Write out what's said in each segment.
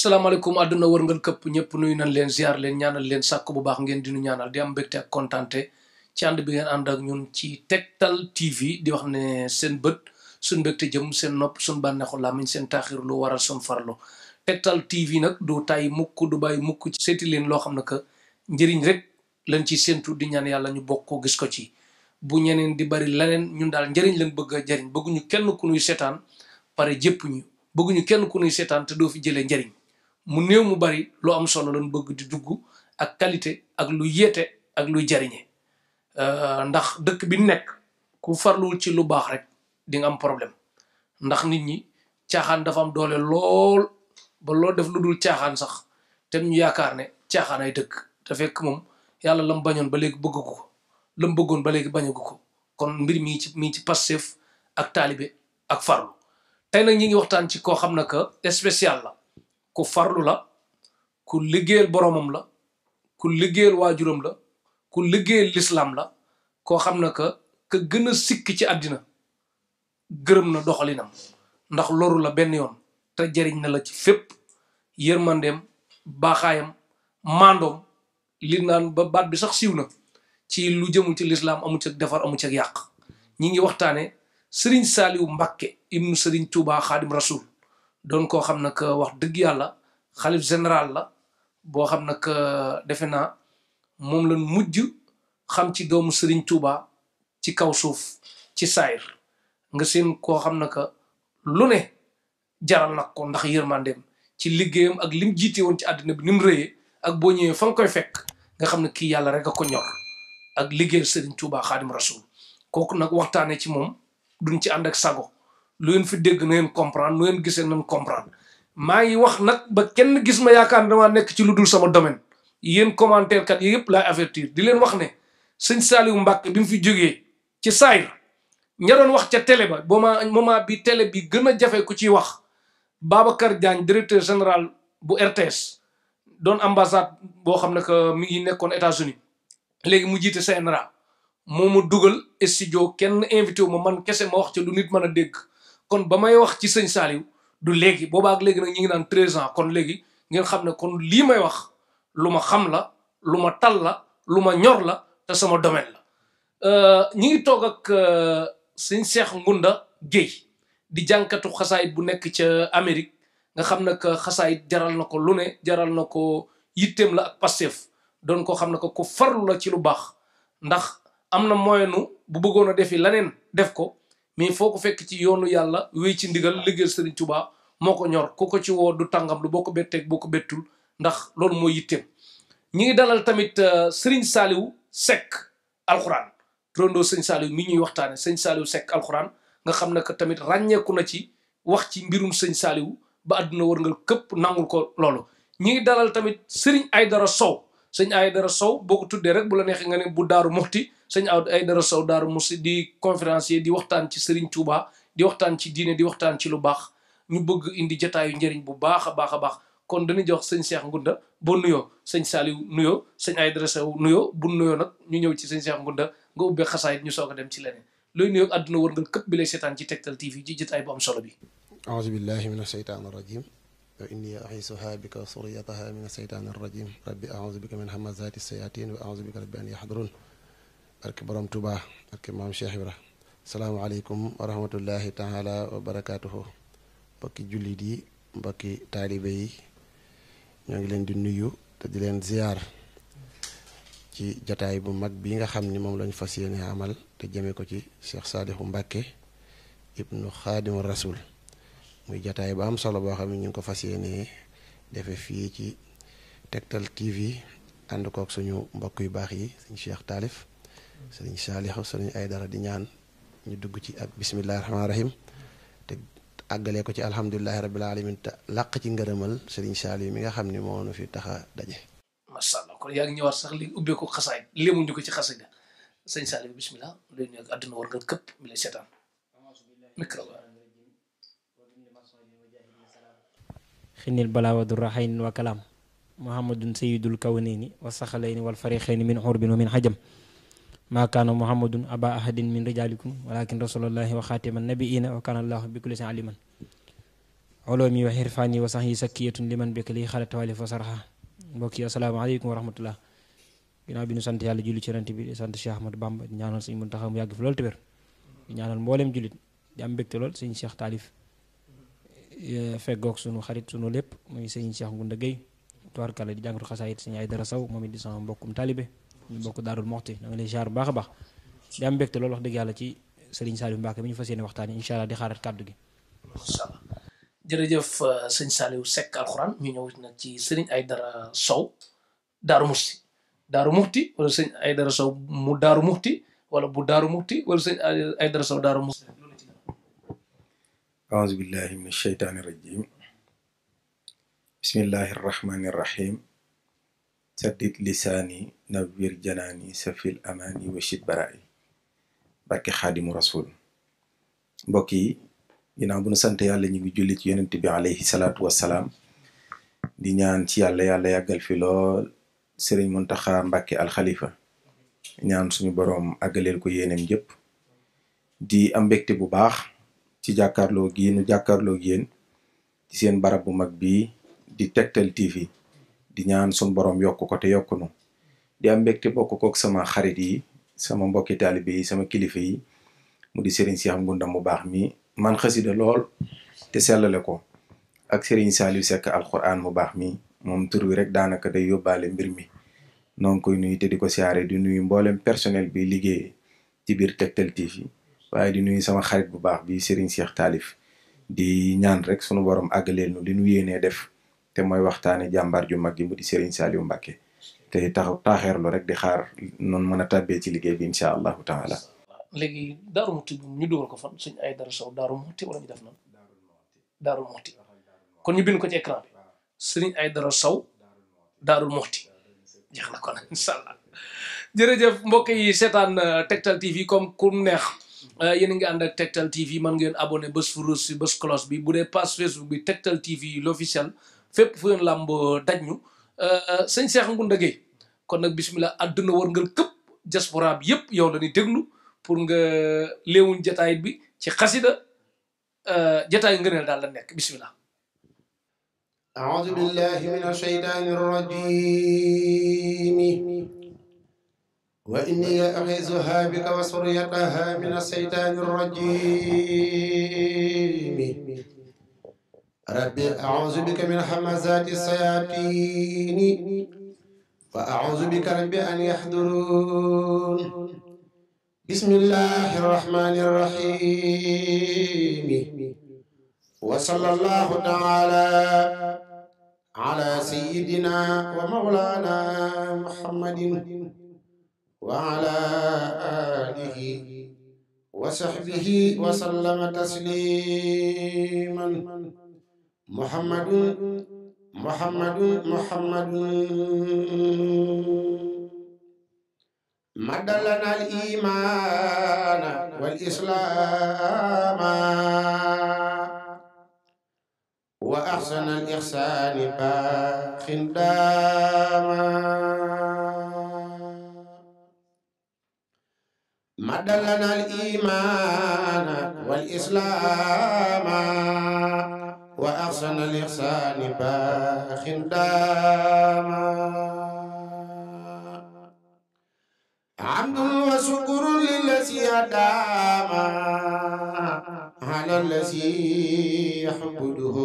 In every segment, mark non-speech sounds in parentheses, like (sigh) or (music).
salaamaaleykum àdduna war wërngal këpp ñëpp nuyu nañ leen ziar leen ñaanal leen sàkk bu baax ngeen di nu ñaanal di am mbégte ak ci ànd bi ngeen ànd ak ñun ci Tektal TV di wax ne seen bët suñ mbégte jëm seen nopp suñ bànneexu làmmiñ seen taaxir lu waral suñ farlu Tektal TV nag du tay mukk du bàyyi mukk seeti leen loo xam ne que njëriñ rek lañ ci séentu di ñaan yàlla ñu bokk gis ko ci bu ñeneen di bari leneen ñun daal njëriñ lañ bëgg a jëriñ bëgguñu kenn ku nuy seetaan pare jëpp ñu bëgguñu kenn ku nuy seetaan doo fi jëlee njëriñ mu néew mu bari lu am solo lañ bëgg di dugg ak qualité ak lu yéete ak lu jariñe euh, ndax dëkk bi nekk ku farluwul ci lu baax rek di am problème ndax nit ñi caaxaan dafa am doole lool ba loo def lu dul caaxaan sax te ñu yaakaar ne caaxaan ay dëkk te fekk moom yàlla mu bañoon ba léegi bëggu ko lam bëggoon ba léegi bañagu ko kon mbir mi ci mi ci Pastef ak taalibe ak farlu te nag ñi ngi waxtaan ci ko xam ne que spécial la ku farlu la ku liggéeyal boromam la ku liggéeyal waajuram la ku liggéeyal lislaam la koo xam ne que ka gën a sikki ci àddina gërëm na doxalinam ndax loru la benn yoon te jariñ na la ci fépp yërmandeem baaxaayam maandoom li naan ba baat bi sax siiw na ci lu jëmul ci lislaam amu ci defar amu ci yàq ñi ngi waxtaane sëriñ saaliwu mbàkke ibnu sëriñ tuubaa xaadim rasul doon koo xam ne que wax dëgg yàlla xalif général la boo xam ne que defe naa moom lañ mujj xam ci doomu Serigne Touba ci kaw suuf ci saayir nga seen koo xam ne que lu ne jaral nag ko ndax yërmandeem ci liggéeyam ak lim jiitee woon ci àddina bi ni mu rëyee ak boo ñëwee fa koy fekk nga xam ne kii yàlla rek a ko ñor ak liggéeyal Serigne Touba Xaadim Rasul kooku nag waxtaanee ci moom duñ ci ànd ak sago. lu ngeen fi dégg na ngeen comprendre lu ngeen gisee nan comprendre maa ngi wax nag ba kenn gis ma yaakaar ne maa nekk ci lu dul sama domaine yéen commentaire kat yëpp laa avertir di leen wax ne sëñ Saliou Mbacke bi mu fi jógee ci saay ña doon wax ca télé ba boomaa moment bi télé bi gën a jafe ku ciy wax Babacar Diagne directeur général bu RTS doon ambassade boo xam ne que mi ngi nekkoon États-Unis léegi mu jiite CNRA moo mu dugal studio kenn invité wu man kese ma wax ca lu mën a dégg kon ba may wax ci sëñ Saliou du léegi boobaak léegi nag ñi ngi naan treize ans kon léegi ngeen xam ne kon lii may wax lu ma xam la lu ma tal la lu ma ñor la te sama domaine la euh, ñi ngi toog ak euh, sëñ Cheikh Ngunda Guèye di jànkatu xasaayit bu nekk ca Amérique nga xam ne que xasaayit jaral na ko lu ne jaral na ko yitteem la ak Pastef doon koo xam ne que ko farlu la ci lu baax ndax am na nu bu bëggoon a defi laneen def ko mais foo ko fekk ci yoonu yàlla wéy ci ndigal liggéey Serigne Touba moo ko ñor ku ko ci woo du tàngam lu boo ko betteeg boo ko bettul ndax loolu mooy yitteem ñi ngi dalal tamit euh, Serigne saaliw Seck alxuraan turandoo sëñ Saliou mi ñuy waxtaane sëñ Saliou Seck alxuraan nga xam ne que tamit ràññeeku na ci wax ci mbirum sëñ saaliw ba àdduna wërngal këpp nangul ko loolu ñi dalal tamit ay Aydara Sow sëñ dara Sow boo ko tuddee rek bu la neexee nga ne bu daaru muxti sëñ Aydara Sow daaru muxti di conférencier di waxtaan ci Serigne Touba di waxtaan ci diine di waxtaan ci lu baax ñu bëgg indi jataayu njëriñ bu baax a baax a baax kon dañuy jox sëñ Cheikh Ngunda boo nuyoo sëñ Saliou nuyoo sëñ Aydara Sow nuyoo bu nuyoo nag ñu ñëw ci sëñ Cheikh Ngunda nga ubbee xasaayit ñu soog a dem ci leneen looy nuyoo àdduna wërngal këpp bi lay seetaan ci Tektal TV ci jataay bu am solo bi. auzu billahi mina shaytaani rajim wa inni a'iisuhaa bika wa suriyatahaa mina seytaani rajiim rabbi a'uuzu bika min hamazaati sayaatiin wa a'uuzu bika rabbi an yaxduruun barke borom Tuubaa barke maam Cheikh Ibra salaamaaleykum wa rahmatullahi taala wa barakaatuhu mbokki jullit yi mbokki taalibe yi ñoo ngi leen di nuyu te di leen ziyaar ci jataay bu mag bi nga xam ni moom lañu fas yéene amal te jëme ko ci Cheikh Saalihu Mbàkke ibnu Xaadimu Rasuul muy jataay ba am solo boo xam ne ñu ngi ko fas yéenee defe fii ci Tektal TV ànd kook suñu mbokk yu baax yi suñu Cheikh Taalif suñu Saalixu suñu ay dara di ñaan ñu dugg ci ak bismillahi rahmaani rahim te àggalee ko ci alhamdulilahi rabbil alamin te làq ci ngërëmal sëriñ Saaliw mi nga xam ni moo nu fi tax a daje masha Allah kon yaa ngi ñëwaat sax li ubbeeku xasaay léemu ko ci xasida sëñ Saaliw bismillah léegi nag àdduna war nga këpp mi lay seetaan wa balaawadu raxayn wa kalaam muhammadun sayidul kawnayni wa saxalayni wal farixayni min xurbin wa min xajam maa kaana muhammadun aba ahadin min rijaalikum walakin rasulullahi wa xaatiman nabiina wa kaana allahu bi kulli seen aliman oloomi wa xirfaani wa sax yi sakkiyatun liman bika li xalat walif wa sarxa mbokk yi asalaamaaleykum wa rahmatullah ginnaaw bi ñu sant yàlla julli ci rant bi sant Cheikh Ahmad Bamba ñaanal suñ mun taxaw mu yàgg fi loolu te wér ñaanal mbooleem jullit di am mbégte lool suñ Cheikh feggoog sunu xarit sunu lépp muy sëñ Cheikh Ngounda Guèye tubaarkàlla di jàngatu xasaayit sëñ ay dara saw moom it di sama mbokkum taalibe ñu bokk daarul moxti da nga lay jaar a baax di am mbégte loolu dëgg yàlla ci sëriñ Saliou Mbacke bi ñu fas yéene waxtaan incha allah di xaarat kàddu gi incha allah jërëjëf euh, sëñ Saliou Seck alxuraan ñu ñëw nag ci sëriñ ay dara sow daaru musti daaru muxti wala sëñ ay dara sow mu daaru muxti wala bu daaru muxti wala sëñ ay dara sow daaru musti أعوذ بالله من الشيطان الرجيم بسم الله الرحمن الرحيم سدد لساني نوّر جناني سفي الأماني وشد برائي barke xaadimu rasul mbokk yi ginnaaw bu nu sant yàlla ñu ngi julli ci yonent bi alayhi di ñaan ci yàlla yàlla yàggal fi lool sëriñ Muntaxa Mbàkke alxalifa ñaan suñu boroom àggaleel ko yéeneem jëpp di am mbégte bu baax ci jàkkaarloo gi nu jàkkaarloo ak yéen ci seen barab bu mag bii di Tektal TV di ñaan sun borom yokk ko te yokk di am mbégte bokk kook sama xarit yi sama mbokki taalibe yi sama kilifa yi mu di Serigne Cheikh Ngounda mu baax mi man xasida lool te sellale ko ak Serigne Saliou Seck alquran mu baax mi moom tur wi rek daanaka day yóbbaale mbir mi noo ngi koy nuyu te di ko siyaare di nuyu mboolem personnel bi liggéey ci biir Tektal TV waaye di nuyu sama xarit bu baax bi Serigne Cheikh taalif di ñaan rek sunu borom àggaleel nu li nu yéenee def te mooy waxtaane jàmbaar ju mag yi mu di Serigne Saliou Mbacké te taxeer taaxeerlu rek di xaar noonu mën a tàbbee ci liggéey bi incha allahu taala. léegi Darou Mouhty ñu dugal ko fan suñ ay dara sow Darou Mouhty wala ñu def noonu Darou Mouhty kon ñu bind ko ci écran ay dara sow Darou Mouhty jeex na kon incha allah jërëjëf mbokk yi seetaan euh, Tektal TV comme ku neex. Euh, yéen a ngi ànd ak Tektal TV mën ngeen abonné bés fu ruus bi bés cloche bi bu dee page Facebook bi Tektal TV l'officiel fépp fu ngeen làmb euh, daj ñu euh, sëñ Cheikh Ngounda Gueye kon nag bismillah àdduna war ngeen këpp diaspora bi yëpp yow la ñuy déglu pour nga léewuñ jataay bi ci xasida jataay ngëneel daal la nekk bismillah a'udhu billahi minash shaytanir rajim وإني أعيذها بك وسريتها من الشيطان الرجيم ربي أعوذ بك من همزات الشياطين وأعوذ بك ربي أن يحضرون بسم الله الرحمن الرحيم وصلى الله تعالى على سيدنا ومولانا محمد وعلى آله وصحبه وسلم تسليما محمد محمد محمد مد لنا الإيمان والإسلام وأحسن الإحسان باخ داما مد لنا الإيمان والإسلام وأحسن الإحسان باخ داما حمد وشكر للذي أدام على الذي يحبده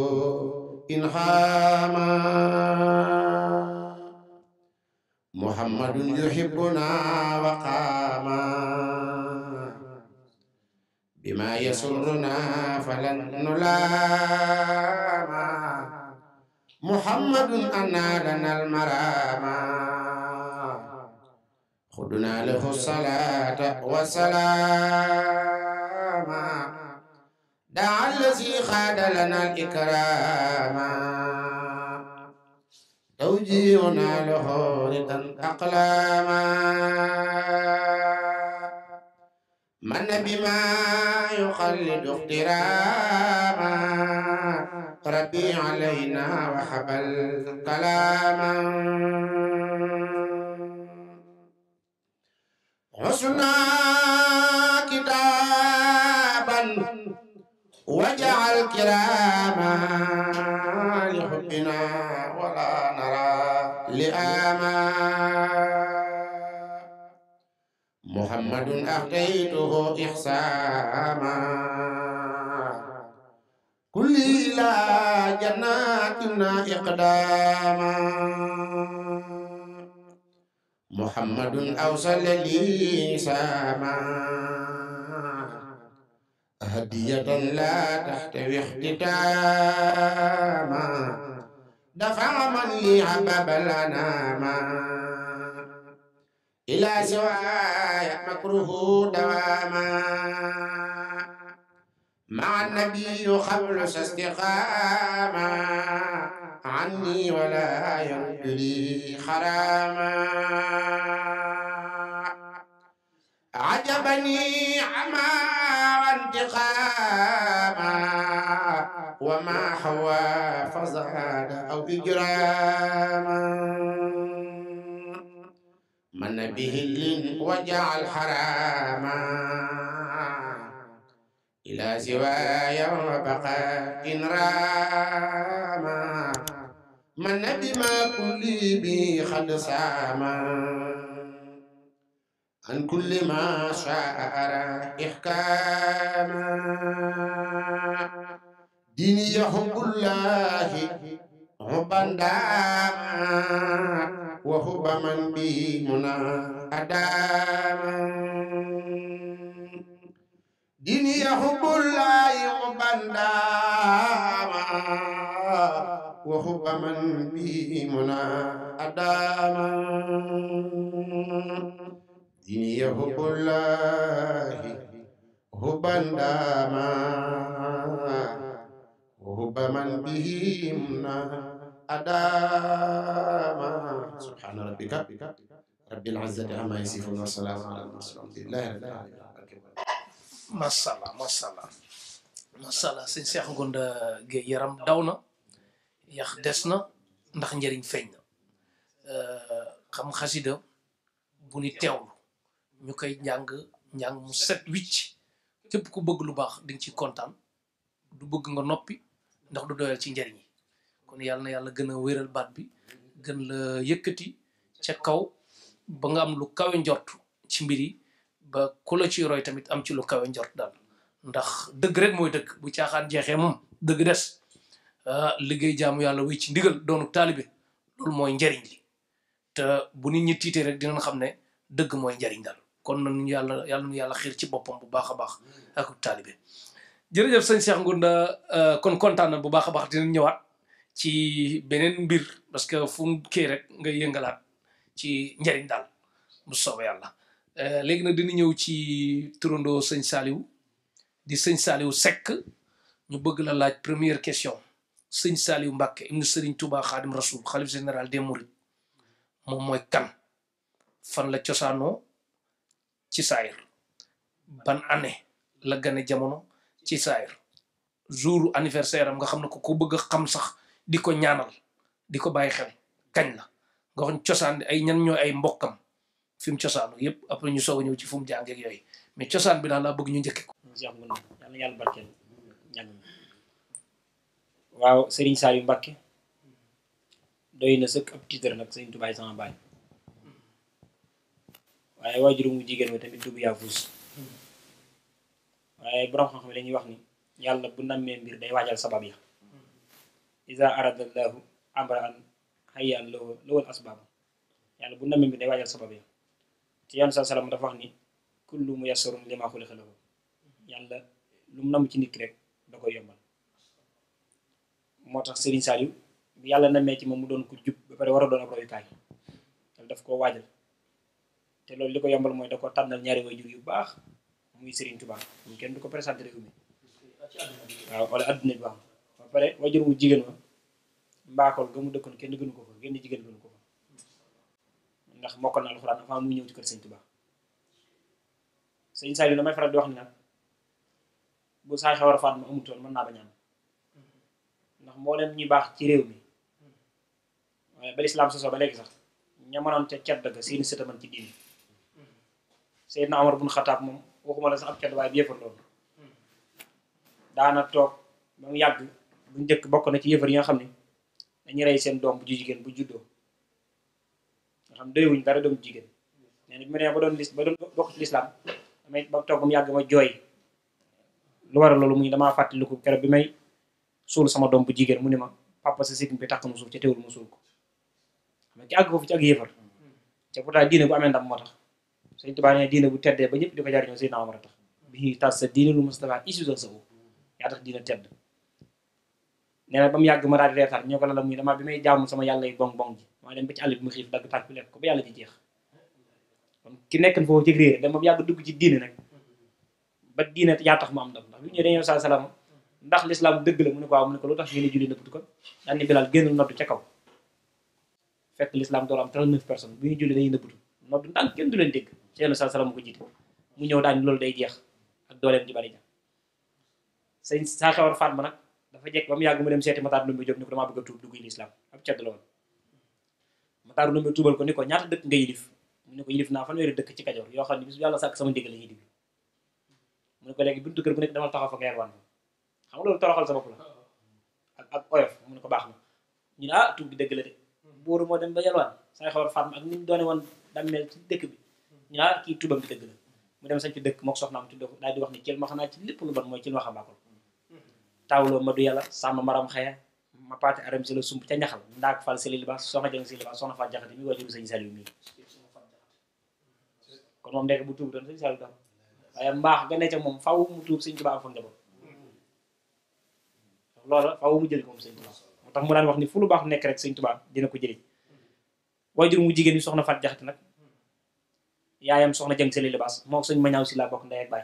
إنحاما محمد يحبنا وقاما بما يسرنا فلن نلام محمد أنا لنا المرام خدنا له الصلاة والسلام دعا الذي خاد لنا الإكرام توجيهنا له رضا أقلاما من بما يقلد اقتراما ربي علينا وحبل كلاما حسنا كتابا وجعل كراما لحبنا ولا نرى لآما محمد أهديته إحساما كل إلى جناتنا إقداما محمد أوصل لي ساما هدية لا تحتوي اختتاما دفع من لي عبب الأناما إلى سواي مكروه دواما مع النبي خبلس استقاما عني ولا ينبلي خراما عجبني عما وانتقاما وما حوى فزاد أو إجراما أن به اللين وجعل حراما إلى سواي وبقاء راما من بما كل بي قد ساما عن كل ما شاء أرى إحكاما ديني حب الله حبا داما وخب من به منا أداما ديني يحب الله حبا داما وحب من به منا أداما ديني يحب الله حبا داما وحب من به منا أداما سبحان ربك رب العزة عما يصفون والسلام yaram daw na yax des na ndax njëriñ feeñ na euh, xam xasida bu ni teewlu ñu koy njàng njàng mu set wicc képp ku bëgg lu baax di ci kontaan du bëgg nga noppi ndax du doyal ci njëriñ kon yàlla na yàlla gën a wéral baat bi gën la yëkkati ca kaw ba nga am lu kawe njort ci mbir yi ba ku la ciy roy tamit am ci lu kawe njort daal ndax dëgg rek mooy dëgg bu caaxaan jeexee moom dëgg des ah, liggéey jaamu yàlla wéy ci ndigal doonu taalibe loolu mooy njariñ li te bu nit ñi tiitee rek dinañ xam ne dëgg mooy njariñ daal kon na yàlla yàlla nu yàlla xiir ci boppam bu baax a baax ak taalibe jërëjëf sëñ Cheikh Ngounda ah, kon kontaan bu baax a baax dinañ ñëwaat ci beneen mbir parce que fu mu kii rek nga yëngalaat ci njariñ daal bu soobee yàlla euh, léegi nag dina ñëw ci turandoo sëñ Saliou di sëñ Saliou sekk ñu bëgg la laaj première question sëñ Saliou Mbacke ibnu Serigne Touba Khadim Rasoul xalif général des Mourides moom mooy kan fan la cosaanoo ci saayir ban année la gane jamono ci saayir jour anniversaire am nga xam ne ko ko bëgg xam sax di ko ñaanal di ko bàyyi xel kañ na nga wax cosaan ay ñan ñoo ay mbokkam fi mu cosaanu yëpp après ñu soog a ñëw ci fu mu jàngee yooyu mais cosaan bi daal laa bëgg ñu njëkk ko. yàlla yàlla barkeel ñaan waaw Serigne Saliou Mbacké doy na sëkk ab nag Serigne Touba sama baay waaye waajuru mu jigéen wa tamit dubu yaafus hmm. waaye borom xam-xam dañuy wax ni yàlla bu nammee mbir day waajal sabab ya iza aradallahu amraan hayyan lahu lawal asbaabu yàlla bu namee bi day waajal sabab ya te yoon saa salaam dafa wax ni kullu muyassarun limaa xuliqa lahu yàlla lu mu nam ci nit ki rek da koy yombal moo tax Serigne Saliou bu yàlla namee ci moom mu doon ko jub ba pare war a doon ab royukaay daf koo waajal te loolu li ko yombal mooy da ko tànnal ñaari waajur yu baax muy Serigne Touba kenn du ko présenté réew mi waaw wala adduna bi baax pare wajur wu jigéen wa mbaakool ga mu kenn gënu ko fa genn jigéen gënu ko fa ndax mokkal na alxuraan avant muy ñëw ci kër sëñ Tuubaa sëñ Saliou damay faral bu saa xewar faat ma amutoon mën naa bañ am baax ci réew mi waaye ba lislaam sosoo ba léegi sax ña mënoon ca cedd ga seeni sëta man ci Xataab moom waxuma la sax ab cedd waaye bi yëfar loolu daana toog ba yàgg bu njëkk bokk na ci yëfar yi xam ne dañu rey seen doom bu jigéen bu juddoo nga xam doyewuñ dara doom jigéen nee na bi ma nee ba doon lis ba doon bokk ci lislaam damay ba toog mu yàgg ma jooy lu waral loolu muy damaa ko keroog bi may suul sama doom bu jigéen mu ni ma papa sa sikkim bi takk mu suuf ca teewul mu suul ko xam nga ki àgg foofu ci ak yëfar te pourtant diine bu amee ndam moo tax sëñ Tuubaa nee bu teddee ba ñëpp di ko jariñoo Seydina Omar a tas sa diine lu ma issu sa yaa tax diine tedd nee na ba mu yàgg ma daal di reetaan ñoo ko la la muy damaa bi may jaamu sama yàlla yi bong bong ji maa dem ba ci àll bi ma xiif dagg tànk bi ko ba yàlla di jeex kon ki nekkan foofu jëg réer da yaa tax mu am ndam ndax lu ñëwee dañoo saa ndax lislaam la mu ne ko waaw mu ne ko lu tax ngeen di julli nëbbatu kon noddu ca kaw fekk lislaam door am 39 personnes bu ñu julli dañuy nëbbatu noddu ndànk kenn du leen dégg ci yenn saa salaam mu ko jiite mu ñëw daan loolu day jeex ak dooleem ji bari ja sëñ saa xewar faat ma nag dafa jekk ba mu yàgg mu dem seeti Matar Ndombe Diop ni ko damaa bëgg a tuub dugg lislaam ab cedd la ma Matar Ndombe tuubal ko ni ko ñaata dëkk nga yilif mu ne ko yilif naa fanweeri dëkk ci Kajoor yoo xam ne bis yàlla sàkk sama ndigal la ñuy mu ne ko léegi buntu kër bu nekk dama taxaw fa nga yalwaan xam nga loolu toroxal sa bopp la ak ak mu ne ko baax na ñu ne ah, bi dëgg la de bóoru moo dem ba yalwaan say xawar faatma ak ni ñu doone woon dammel ci dëkk bi ñu ah kii tuubam bi dëgg la mu dem sañ ci dëkk mook soxnaam tuddoo ko daal di wax ni cil ma xanaa ci lépp lu bon mooy cil ma xambaa ko taaw tawlo madu yàlla sàmm maram xaya ma paate aram si la sump ca ñaxal ndaak fal si li ba soxna jëng si li bu tuub doon sëñ Saliou dam waaye mbaax ga ne ca moom faw mu tuub sëñ Tuubaa am fa njaboot loola faw mu ko moom moo tax mu daan wax ni fu baax nekk rek sëñ Tuubaa dina ko jëriñ waajur mu jigéen ñi soxna fat jaxati nag yaayam soxna jëng si li baas moo sëñ mañaaw si laa bokk ndey ak baay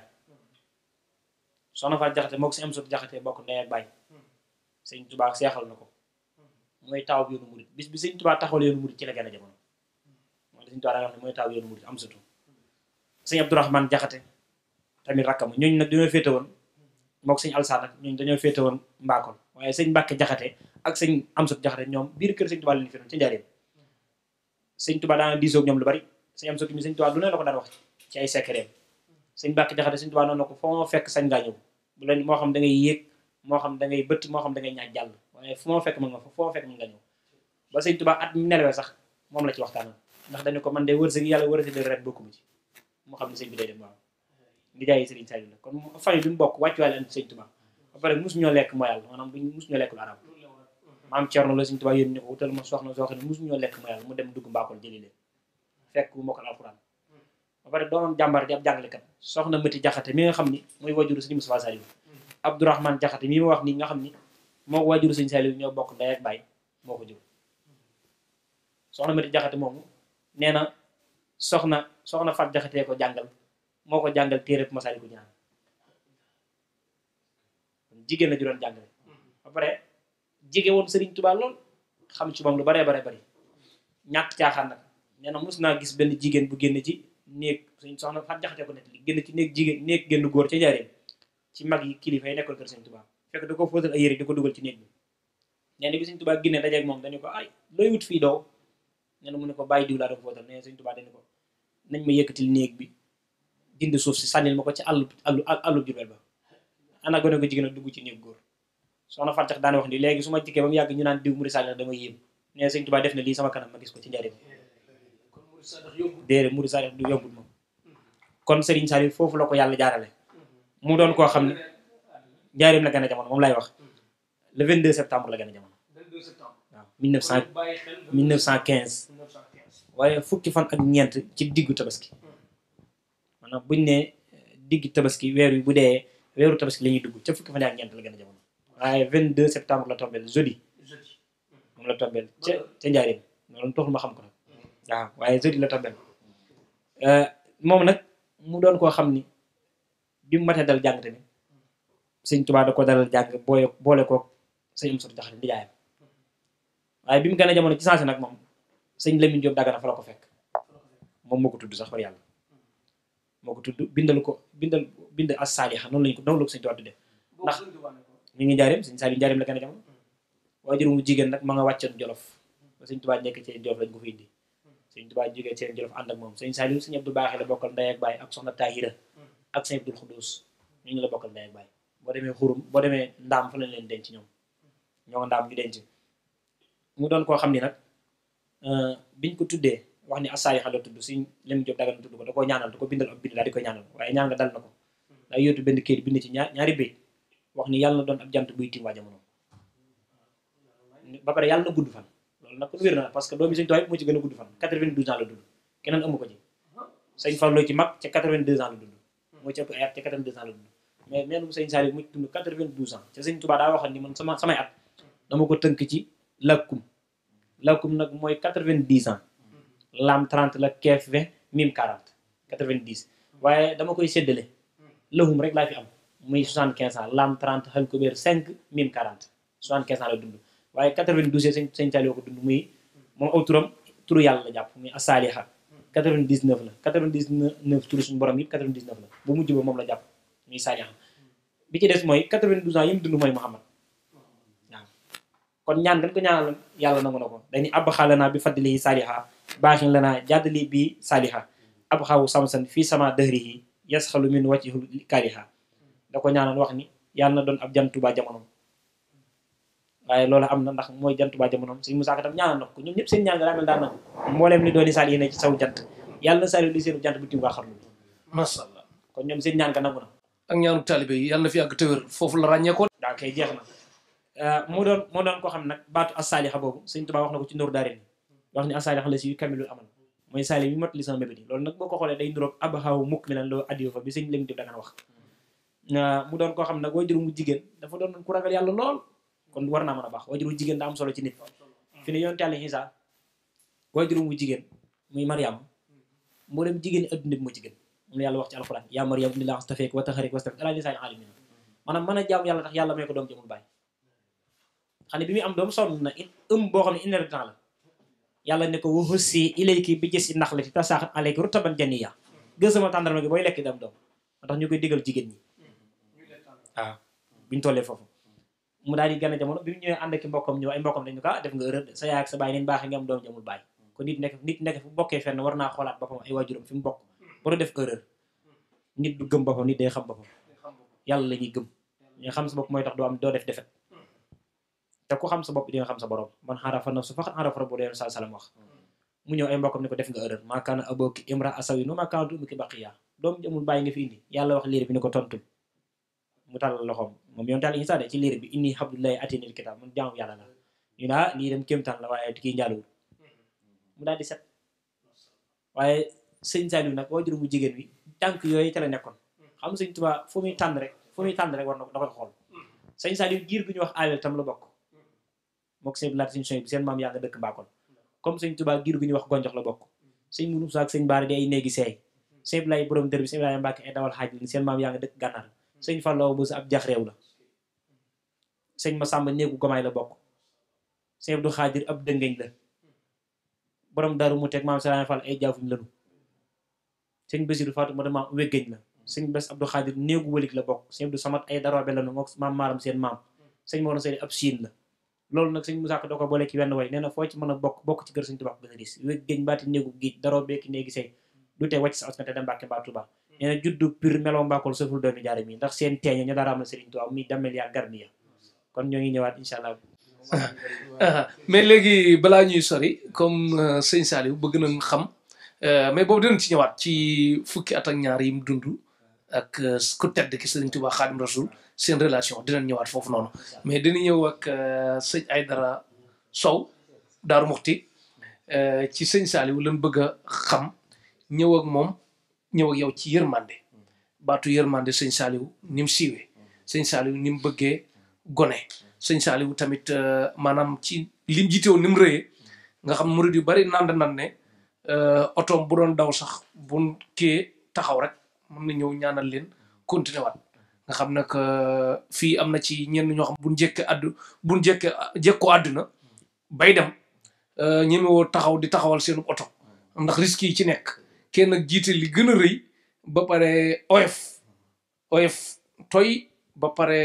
soxna Faat Jaxate moo ko si am bokk ndey ak baay sëñ Tubaa seexal na ko mooy taaw yoonu murit bis bi sëñ Tubaa taxawal yoonu murit ci la gën a jamono moo sëñ Tubaa daa wax ne mooy taaw yoonu murit am satu sëñ Abdourahmane Jaxate tamit rakkam ñooñu nag dañoo féete woon moo ko sëñ Alsaan nag ñooñu dañoo féete woon Mbakol waaye sëñ Mbàkke Jaxate ak sëñ am satu Jaxate ñoom biir kër sëñ Tubaa leen féete woon ci njaareem sëñ Tubaa diisoog ñoom lu bari sëñ am satu mi sëñ Tubaa lu ne la ko daan wax ci ay secret sëñ Mbàkke fekk sañ ngaa la moo xam da ngay yéeg moo xam da ngay moo xam da ngay ñaaj jàll waaye fu ma fekk mën nga fa foo fekk mën nga ñëw ba sëñ Tuubaa at mi nelawee sax moom la ndax dañu ko man de wërsëg yàlla wërsëg de ret bokkuma ci moo xam ne sëñ bi day dem waaw ngi jaay sëriñ Saliou la kon famille bi mu bokk wàccuwaale am sëñ Tuubaa ba pare mus ñoo lekk moyal maanaam buñ mus ñoo lekk lu ko wutal ma leen fekk bu alxuraan pare doonoon jàmbaar di ab jàngalekat soxna Mati Jaxate mi nga xam ni mooy waajuru sëñ Moustapha Saliou mm-hmm. Abdourahmane Jaxate mi wax ni nga xam ni moo waajuru sëñ Saliou ñoo bokk ndey ak baay moo ko jur mm-hmm. soxna Mati Jaxate moomu nee na soxna soxna Fat Jaxate ko jàngal moo ko jàngal téere bu Masaalikul Jinaan jigéen la ju doon jàngale mm-hmm. ba pare jigéen woon Sëriñ Tuubaa lool xam ci moom lu baree bare bari ñàkk caaxaan nag nee na naa gis benn jigéen néeg suñ soxna Fatou Jaxate ko nettali ci néeg jigéen néeg génn góor ca jaareen ci mag yi kilifa yi nekkoon kër Sëñ Tuubaa fekk da ko fóotal ay yére di ko dugal ci néeg bi nee na bi Sëñ Tuubaa moom dañu ko ay looy wut fii doo nee na mu ne ko bàyyi diw laa da ko fóotal nee na Sëñ Tuubaa dañu ko nañ ma yëkkatil néeg bi dindi suuf si sànnil ma ko ci àllu àllu àllu Jurbel ba ana gone ko jigéen a dugg ci néeg góor soxna Fatou Jaxate daan wax ni léegi su jikkee ba mu yàgg ñu naan diw mu di sànnil dama yéem nee na Sëñ Tuubaa def na lii sama kanam ma ko ci njariñ déedéet murid saadix du yombul moom kon Serigne Saliou foofu la ko yàlla jaarale mu doon koo xam ne njaareem la gën a jamono moom laay wax le 22 septembre la gën a jamono waaw 1900 1915 waaye fukki fan ak ñeent ci diggu tabaski maanaam buñ ne diggu tabaski weer wi bu dee weeru tabaski la ñuy dugg ca fukki fan ak ñeent la gën a jamono waaye 22 septembre la tombeel jeudi moom la tombeel ca ca njaareem noonu taxul ma xam ko waaw waaye jeudi la tax benn euh, moom nag mu doon koo xam ni bi mu matee dal jàng tamit sëñ Tuubaa ko dalal jàng booy boole koog sëñ am sot jaxate bi mu a jamono ci sensé nag moom sëñ Lamine Diop Dagana fa la ko fekk moom moo tudd sax yàlla moo tudd bindal ko bindal bind as saaliha noonu lañ ko noonu la ko sëñ Tuubaa tuddee ndax ñu ngi njaareem sëñ Saaliu njaareem la gën a jamono mm. waaye juróom jigéen nag ma nga wàccoon Jolof ba sëñ Tuubaa ci Jolof lañ ko fi indi sëñ Tuubaa jógee seen Jolof ànd moom sëñ Saliou sëñ Abdou Baaxe la bokkal ndey ak baay ak soxna Tahira ak sëñ Abdul Xuduus ñu ngi la bokkal ndey ak baay boo demee xurum boo demee ndaam fa lañ leen denc ñoom ñoo ndaam ñu denc mu doon koo xam ni nag euh, biñ ko tuddee wax ni assaalixa la tudd si lem job dagal tudd ko da koo ñaanal da ko bindal ab bind daal di koy ñaanal waaye ñaan nga dal na ko daa yóotu benn kayit bind ci ñaar ñaari béy wax ni yàlla doon ab jant buy tiim waa jamono ba loolu nag kon parce que doomi sëñ Tuubaa moo ci a gudd fan 92 ans la dund keneen amu ko ci sëñ Fallou ci ci ëpp ay samay at dama ko tënk ci lakkum lakkum nag mooy 90 ans laam 30 la keef 20 mim 40 90 waaye dama koy séddale lahum rek laa fi am muy 75 ans laam 30 xañ ko béer 5 mim 40 75 ans la dund waaye 92 sëñ sëñ Saliou ko dund muy moom aw turam yàlla la jàpp muy asaaliha 99 la 99 turu suñu borom yëpp 99 la bu mujj ba moom la jàpp muy saaliha bi ci des mooy 92 ans yi mu dund mooy Muhammad waaw kon ñaan dañ ko ñaanal yàlla nangu na ko dañu abxaa lanaa bi fadlihi saaliha baaxin lanaa jaddali bi saaliha abxaawu samsan fii sama dëhrihi yasxalu min wàccihu kaaliha da ko ñaanal wax ni yàlla na doon ab jant Tuubaa waaye loolu am na ndax mooy jant baa jamonoom suñ Musaa Ka tam ñaanal na ko ñoom ñëpp seen ñaan nga daa mel daan na mbooleem ni dooni sal yi ne ci saw jant yàlla na a li seen jant bi tiw waa xarlu masha Allah kon ñoom seen ñaan nga nangu na la ràññeekoo waaw euh, mu doon mu xam nag boo ko da nga wax euh, mu doon koo xam nag waajur mu jigéen dafa doon ku ragal yàlla lool kon war naa mën a baax waajur wu jigéen daa am solo ci nit fi ne yonent Yàlla Isa waajur mu jigéen muy Mariam mboolem jigéen adduna bi mu jigéen moom la yàlla wax ci alxuraan yaa Mariam inna llaaha stafaaki wa taharaki wastafaki alaa nisaa'il aalamiin maanaam a jaamu yàlla tax yàlla may ko doom jëmul bàyyi xale bi muy am doom sonn na it ëm boo xam ne inhéritant yàlla ne ko wa hussii ilayki bi jiz'i naxlati tasaaqqat alayki rutban janiyya gës sama tàndarma gi booy lekk dam doom moo tax ñu koy digal jigéen ñi hmm. waaw buñu tollee foofu mu daal di gën a jamono bi mu ñëwee ànd ak mbokkam ñëw ay mbokkam dañu ko ah, def nga erreur sa yaay ak sa baay neen baaxee nga am doom jamul baay kon nit nekk nit la ñuy gëm nga xam sa bopp mooy tax doo am doo def defet te ku sa bopp di nga xam sa borom man xarafa na su faxat xarafa rabbu leen sa salam wax mu ñëw ay mbokkam ne ko def nga erreur maakaana aboki imra asawinu maakaana tuubi ki baqiya doom baay nga fi indi yàlla wax liir bi ne ko tontul mu tàllal loxoom moom yoon tàll Isa de ci liir bi inni habdullahi atinil kitab mun jaamu yàlla la ñu ne ah lii dem kéemtaan la waaye kii njaaluwul mu daal di set waaye sëñ Saliou nag waajur bu jigéen bi tànk yooyu te la nekkoon xam sëñ Tuubaa fu muy tànn da koy xool sëñ giir bu ñu wax alel la bokk mook sëñ laat sëñ soñ bi seen maam yaa nga dëkk mbaakoon comme sëñ Tuubaa giir bu gonjox la bokk sëñ Mourou Moussa ak sëñ Baara di ay néegi seey sëñ Ibrahima borom dër bi sëñ Ibrahima Mbàkke ay dawal xaaj seen maam yaa nga dëkk gànnaar sëñ Fallou Bousso ab jax réew la sëñ Massamba néegu gomaay la bokk sëñ Abdou Khadir ab dëngeñ la borom daru mu teg maam Salaam Fall ay jaafuñ lanu sëñ Basiru Fatou moo maam wéggeñ la sëñ Bas Abdou Khadir néegu wëlig la bokk sëñ Abdou ay daroobe lanu mook maam maaram seen maam sëñ Mor Seydi ab siin la loolu nag sëñ Moussa Ka da ko boole ci wenn way nee na foo ci mën a bokk bokk ci kër sëñ Tuubaa gën a dis wéggeñ baati néegu géej daroo beeki néegi sey du tee wàcc sa os nga te dem Mbàkke mbaa Tuubaa nee juddu pur meloo mbàkkul sëful doonu jaare mi ndax seen teeñe ñu dara am na sëriñ Tuubaa muy kon ñoo ngi ñëwaat incha allah (laughs) mais léegi balaa ñuy sori comme euh, sëñ Saliou bëgg nañ xam euh, mais boobu dinañ ci ñëwaat ci fukki at ñaar yi mu dund ak euh, ku tedd ki sëriñ Tuubaa Xaadim Rasul seen relation dinañ ñëwaat foofu noonu mais dina ñëw ak sëñ Aydara Sow Daaru Muxti ci sëñ Saliou lañ bëgg a xam ñëw moom ñëw ak yow ci yërmande baatu yërmande sëñ Saliou ni mu siiwee sëñ Saliou ni bëggee gone sëñ Saliou tamit euh, maanaam ci lim jiite woon ni mu rëyee nga xam murid yu bari nand nan ne euh, otoom bu doon daw sax bu kee taxaw rek mën na ñëw ñaanal leen continuer waat nga xam nag euh, fii am na ci ñenn ñoo xam buñ jekke addu buñ jekke jekkoo àdduna bay dem ñemewoo taxaw di taxawal seen oto ndax risques ci nekk kenn nag jiite li gën a rëy ba pare oyof oyef toy ba pare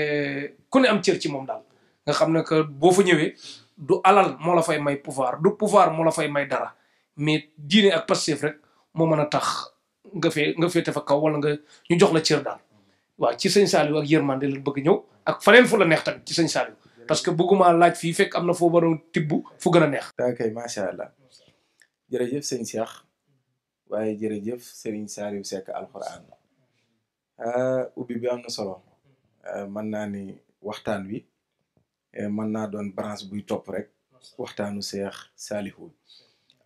ku ne am cër ci moom daal nga xam ne que boo fa ñëwee du alal moo la fay may pouvoir du pouvoir moo la fay may dara mais diine ak Pastef rek moo mën a tax nga fee nga féete fa kaw wala nga ñu jox la cër daal waaw ci sëñ Saliou ak yërmande la bëgg ñëw ak faneen fu la neex tamit ci sëñ Saliou parce que bëgguma laaj fii fekk am na foo waroon tibb fu gën a neex. ok macha allah waaye jërëjëf Serigne Saliou Seck alxuraan ah, ubbi bi am na solo ah, mën naa ni waxtaan wi eh, mën naa doon branche buy topp rek waxtaan waxtaanu Seex Saalihu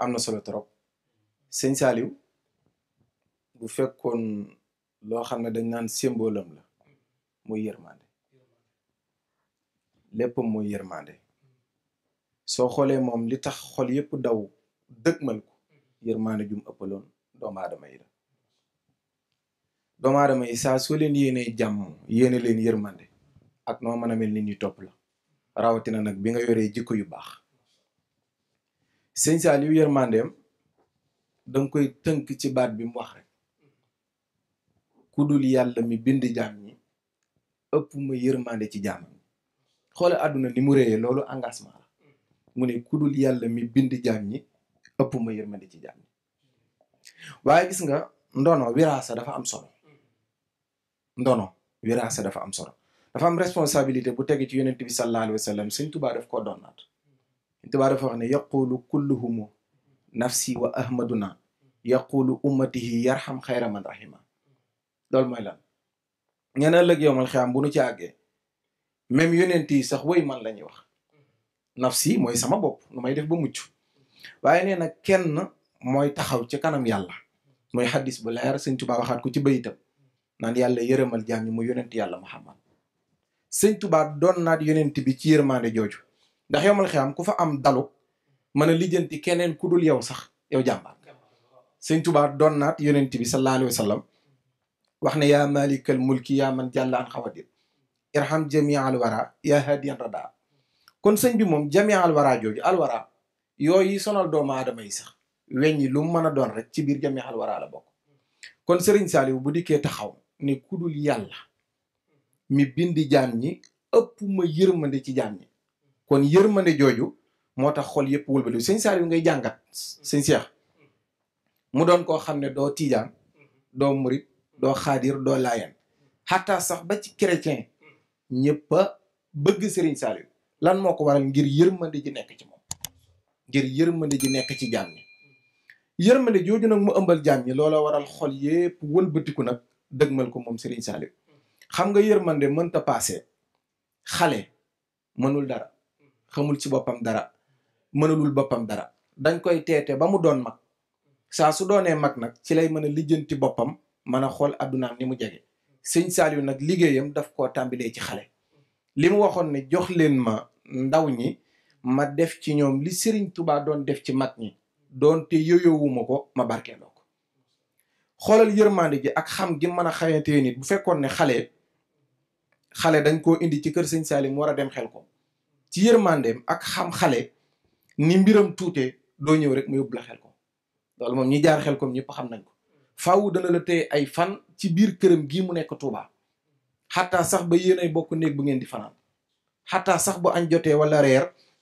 am na solo trop sëñ Saliou bu fekkoon loo xam ne dañ naan symbole am la muy yërmande léppam mooy yërmande soo xoolee moom li tax xol yëpp daw dëgmal ko yërmaane jum ëppaloon doomu aadama yi la doomu yi saa soo leen yéene jàmm yéene leen yërmande ak noo man a mel nit ñi topp la rawatina nag bi nga yoree jikko yu baax sëñ Saliou yërmandeem danga koy tënk ci baat bi mu wax rek ku dul yàlla mi bind jaam ñi ëpp ma yërmande ci jaam ñi àdduna li mu réyee loolu engagement la mu ne ku dul yàlla mi bind jaam ñi ëpp ma yërmande ci jàmm waaye gis nga ndono wiraasa dafa am solo ndono wiraasa dafa am solo dafa am responsabilité bu tege ci yonent bi sallallahu alayhi wa sallam sëñ tubaa daf koo donnaat sëñ o dafa wax ne yaqulu kulluhumu nafsi wa ahmaduna yaqulu ummatihi yarham xayra man rahima loolu mooy lan ñeen ëllëg yowmal xiyaam ci àggee même yonent yi sax woy man la wax nafsi mooy sama bopp nu may def ba mucc waaye nee na kenn mooy taxaw ci kanam yàlla mooy xaddis bu leer sëñ Tuubaa ko ci bayitam naan yàlla yërëmal jaam yi mu yonent yàlla Muhammad sëñ Tuubaa doon naat yonent bi ci yërmaande jooju ndax yomal xiyaam ku fa am dalu mën a lijjanti keneen ku dul yow sax yow jàmbaar sëñ Tuubaa doon naat yonent bi sallallahu alayhi wa sallam wax ne yaa malikal mulki yaa man jàll an xawadir irham jami alwara yaa hadiyan rada kon sëñ bi moom jami alwara yooyu sonal doomu aadama yi sax weñ yi lu mu mën a doon rek ci biir jamexal waraa la bokk kon Serigne Saliou bu dikkee taxaw ne kudul yàlla mi bindi jaam ñi ëpp ma yërmande ci jaam ñi kon yërmande jooju moo tax xol yëpp wëlbali Serigne Saliou ngay jàngat Serigne Cheikh mu doon koo xam ne doo tiijaan doo murit doo xaadir doo laayeen xataa sax ba ci chrétien ñëpp bëgg Serigne Saliou lan moo ko waral ngir yërmande ji nekk ci ngir yërmande ji nekk ci jaam ñi yërmande jooju nag mu ëmbal jaam ñi loola waral xol yépp wëlbatiku nag mal ko moom Serigne Saliou xam nga yërmande mënta paase xale mënul dara xamul ci boppam dara mënulul boppam dara dañ koy teete ba mu doon mag saa su doonee mag nag ci lay mën a lijjanti boppam mën a xool addunaam ni mu jege sëñ Saliou nag liggéeyam daf koo tàmbilee ci xale li waxoon ne jox ma ndaw ñi ma def ci ñoom li Serigne Touba doon def ci mag ñi doon te yoyowuma ko ma barkeeloo ko xoolal yërmande ji ak xam gi mën a xayante nit bu fekkoon ne xale xale dañ ko indi ci kër sëñ Salim war a dem xel ko ci yërmandeem ak xam xale ni mbiram tuute doo ñëw rek mu yóbbu la xel ko loolu moom ñi jaar xel ko ñëpp xam nañ ko faaw dana te ay fan ci biir këram gi mu nekk Touba xataa sax ba yéen bokk néeg bu ngeen di fanaan xataa sax bu añ jotee wala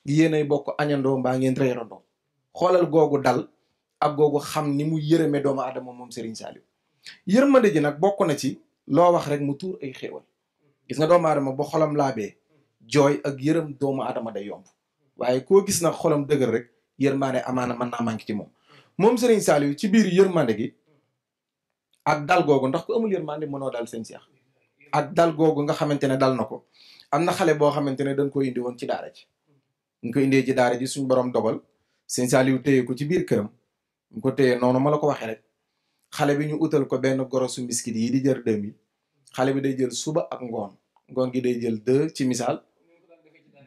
yéenay bokk añandoo mbaa ngeen reerandoo xoolal googu dal ak googu xam ni mu yërëme doomu aadama moom Serigne Saliou yërmande ji nag bokk na ci loo wax rek mu tuur ay xéewal gis nga doomu aadama ba xolam laabee jooy ak yërëm doomu adama day yomb waaye koo gis nag xolam dëgër rek yërmande amaana mën naa manqué ci moom moom Serigne Saliou ci biir yërmande gi ak dal googu ndax ku amul yërmande mënoo dal seen seex ak dal googu nga xamante ne dal na ko am na xale boo xamante ne dañ ko indi ci daara ci ñu ko indee ci daara ji suñu borom dogal sëñ Saliou téye ko ci biir këram ñu ko téye noonu ma la ko waxee rek xale bi ñu utal ko benn gorosu biscuit yi di jër deux mille xale bi day jël suba ak ngoon ngoon gi day jël deux ci misaal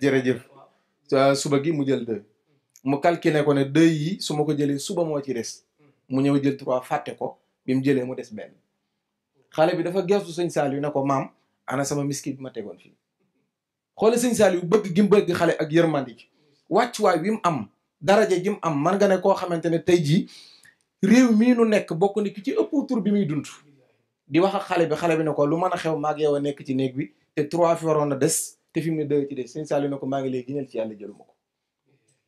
jërëjëf suba gi mu jël mu calculé ko ne deux yi su ma ko jëlee suba moo ci des mu ñëw jël trois fàtte ko bi mu jëlee mu des benn xale bi dafa gestu sëñ Saliou na ko maam ana sama biscuit bi ma tegoon fii xoole sëñ Saliou bëgg gi mu bëgg xale ak yërmandi ji wàccuwaay wi mu am daraja ji mu am man nga ne koo xamante ne tey jii réew mii nu nekk bokk ni ki ci ëpp tur bi muy dund di wax ak xale bi xale bi ne ko lu man a xew maag yow nekk ci néeg bi te trois a des te fi mu ne ci des sëñ Saliou ne ko maa ngi lay giñal ci yàlla jëluma ko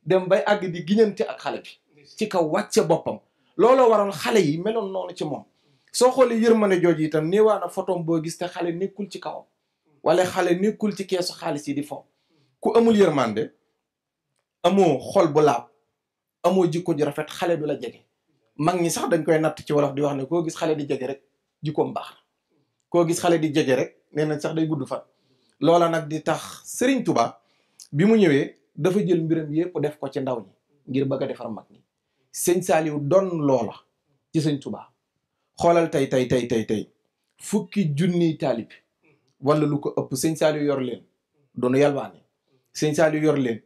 dem bay àgg di giñante ak xale bi ci kaw wàcce boppam looloo waroon xale yi meloon noonu ci moom soo xoolee yërmande jooju itam néewaa na photom boo gis te xale nekkul ci kawam wala xale nekkul ci keesu xaalis yi di fo ku amul yërmande amoo xol bu laab amoo jikko ju rafet xale du la jege mag ñi sax dañ koy natt ci wolof di wax ne koo gis xale di jege rek jikkoom baax koo gis xale di jege rek nee nañ sax day gudd fan loola nag di tax sëriñ tubaa bi mu ñëwee dafa jël mbiram yépp def ko ci ndaw ñi ngir bëgg a defar mag ñi sëñ Saaliw doon loola ci sëñ Touba xoolal tey tey tey tey tey fukki junniy taalibi wala lu ko ëpp sëñ Saliou yor leen doonu yalwaane sëñ Saliou yor leen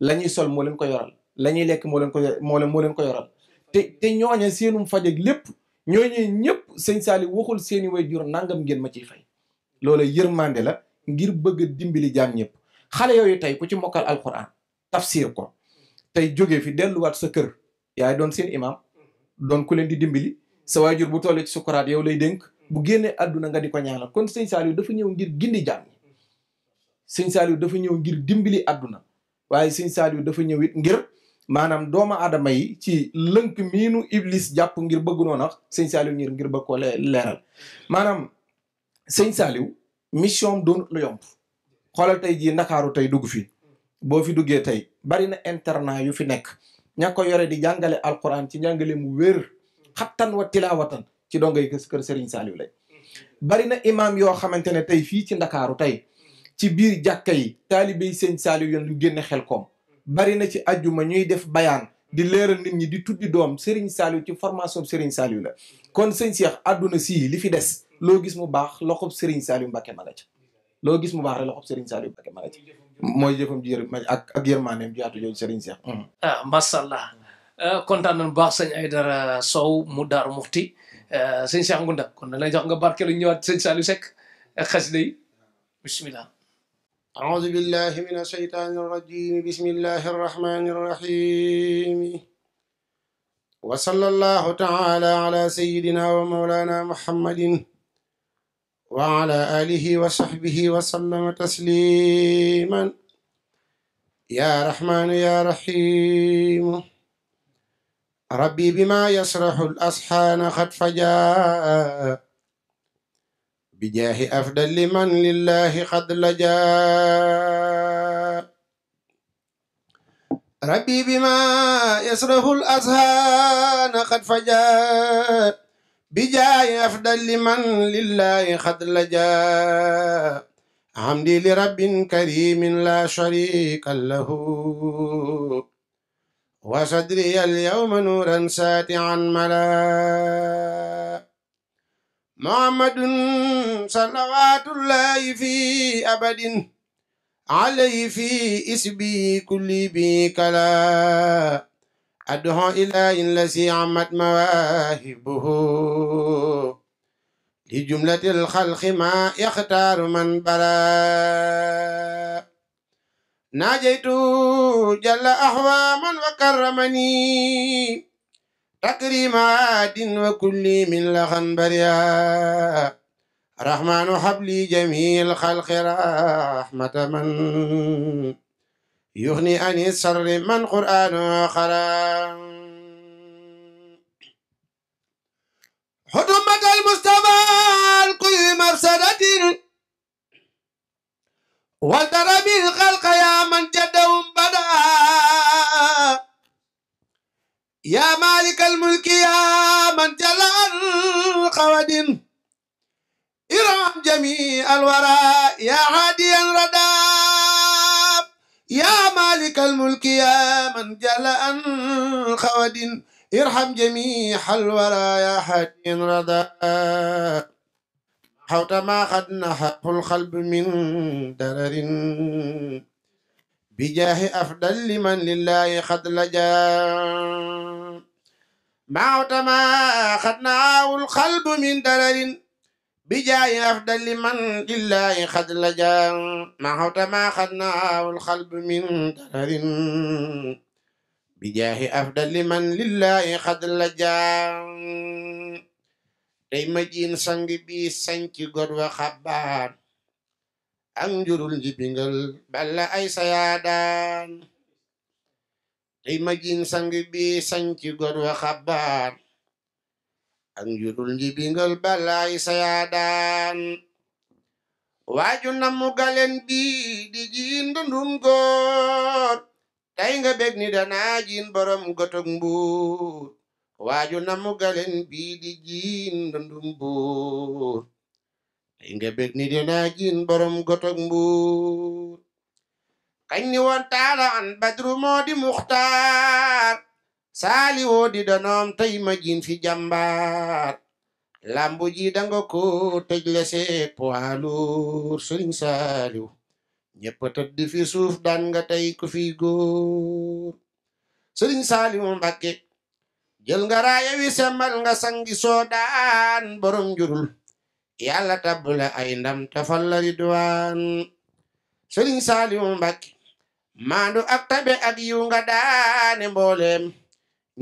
la ñuy sol moo leen ko yoral la ñuy lekk moo leen ko moo leen moo leen ko yoral te te ñooñe seenum faj ak lépp ñooñee ñëpp sëñ Saliou waxul seeni way jur nangam ngeen ma ci fay loola yërmande la ngir bëgg dimbali jaan ñëpp xale yooyu tey ku ci mokkal alquran siir ko tey jóge fi delluwaat sa kër yaay doon seen imaam doon ku leen di dimbali sa jur bu tollee ci sukuraat yow lay dénk bu génnee àdduna nga di ko ñaanal kon sëñ Saliou dafa ñëw ngir gindi jaam dafa ñëw ngir dimbali àdduna waaye sëñ Saliou dafa ñëw it ngir maanaam doomu aadama yi ci lënk miinu iblis jàpp ngir bëgg noonu sëñ Saliou ngir ngir bëgg koo leeral maanaam sëñ Saliou mission doon lu yomb xoolal tey jii ndakaaru tey dugg fi boo fi duggee tey bari na internat yu fi nekk ña ko yore di jàngale alquran ci njàngale mu wér xattan wa tilawatan ci dongay kër Serigne Saliou lañ bari na imaam yoo xamante ne tey fii ci ndakaaru tey ci biir jàkka yi taalibey Serigne Saliou yoon lu génne xel koom bari na ci ajjuma ñuy def bayaan di leeral nit ñi di tuddi doom Serigne Saliou ci formation Serigne Saliou la kon sëñ Cheikh àdduna sii li fi des loo gis mu baax loxob Serigne Saliou Mbacké ma nga ca loo gis mu baax rek loxob Serigne Saliou Mbacké ma nga ca mooy jëfam ji yërëm ak ak yërmaaneem jaatu jooju Serigne Cheikh ah macha allah eh, kontaan nañu baax sëñ Aydara Sow mu daaru muxti sëñ Cheikh Ngunda kon da lay jox nga barkeelu ñëwaat sëñ Saliou Seck ak xasida yi bismillah أعوذ بالله من الشيطان الرجيم بسم الله الرحمن الرحيم وصلى الله تعالى على سيدنا ومولانا محمد وعلى آله وصحبه وسلم تسليما يا رحمن يا رحيم rabbi bima yasrahu al-asxaana xad fajaa bijaahi afdali man lillahi xad lajaa rabbi bima yasrahu al-asxaana xad fajaa bijaahi afdali man lillahi xad lajaa hamdi li rabbin karimin la sharika lahu وصدري اليوم نورا ساتعا ملا محمد صلوات الله في أبد علي في إسبي كل بي كلا أدعو إلى الذي عمت مواهبه لجملة الخلق ما يختار من بلا ناجيت جل أحواما وكرمني تكريمات وكل من لخن بريا رحمن حبلي جميل خلق رحمة من يغني عن السر من قرآن خرا حكمة المصطفى القيم مفسدة وضرب الخلق يا من جدهم بدا يا مالك الملك يا من جل عن خواد ارحم جميع الورى يا عاديا رداب يا مالك الملك يا من جل عن خواد ارحم جميع الورى يا حاديا رداب حوت ما قد نحف القلب من درر بجاه أفضل لمن لله قد لجا معوت ما أخذناه القلب من درر بجاه أفضل لمن لله قد لجا معوت ما أخذناه القلب من درر بجاه أفضل لمن لله قد لجا day majiin sang sanci gor wa xabbaan ak njurul njibingal balla ay sayaadaan day majiin sang bi sanci gor wa xabbaan ak njurul njibingal balla ay sayaadaan waaju namu bi di jiin dundum góor tay nga bég ni danaa jiin borom gotog mbuur waaju namu galen bii buur ay ni dinaa borom gotok mbuur kañ ni woon an badru moo di saali woo di donoom tey fi jàmbaar lambu ji ko tëj leseeg poiluur sëriñ saaliw ñépp tëdd di suuf daan nga tey ku fi góor sëriñ saaliw jël nga raaya semmal nga sangi soodaan borom njurul yàlla tabbula ay ndam tafal la ridwaan sëriñ saalimu mbàkke maandu ak tabe ak yiw nga daane mbooleem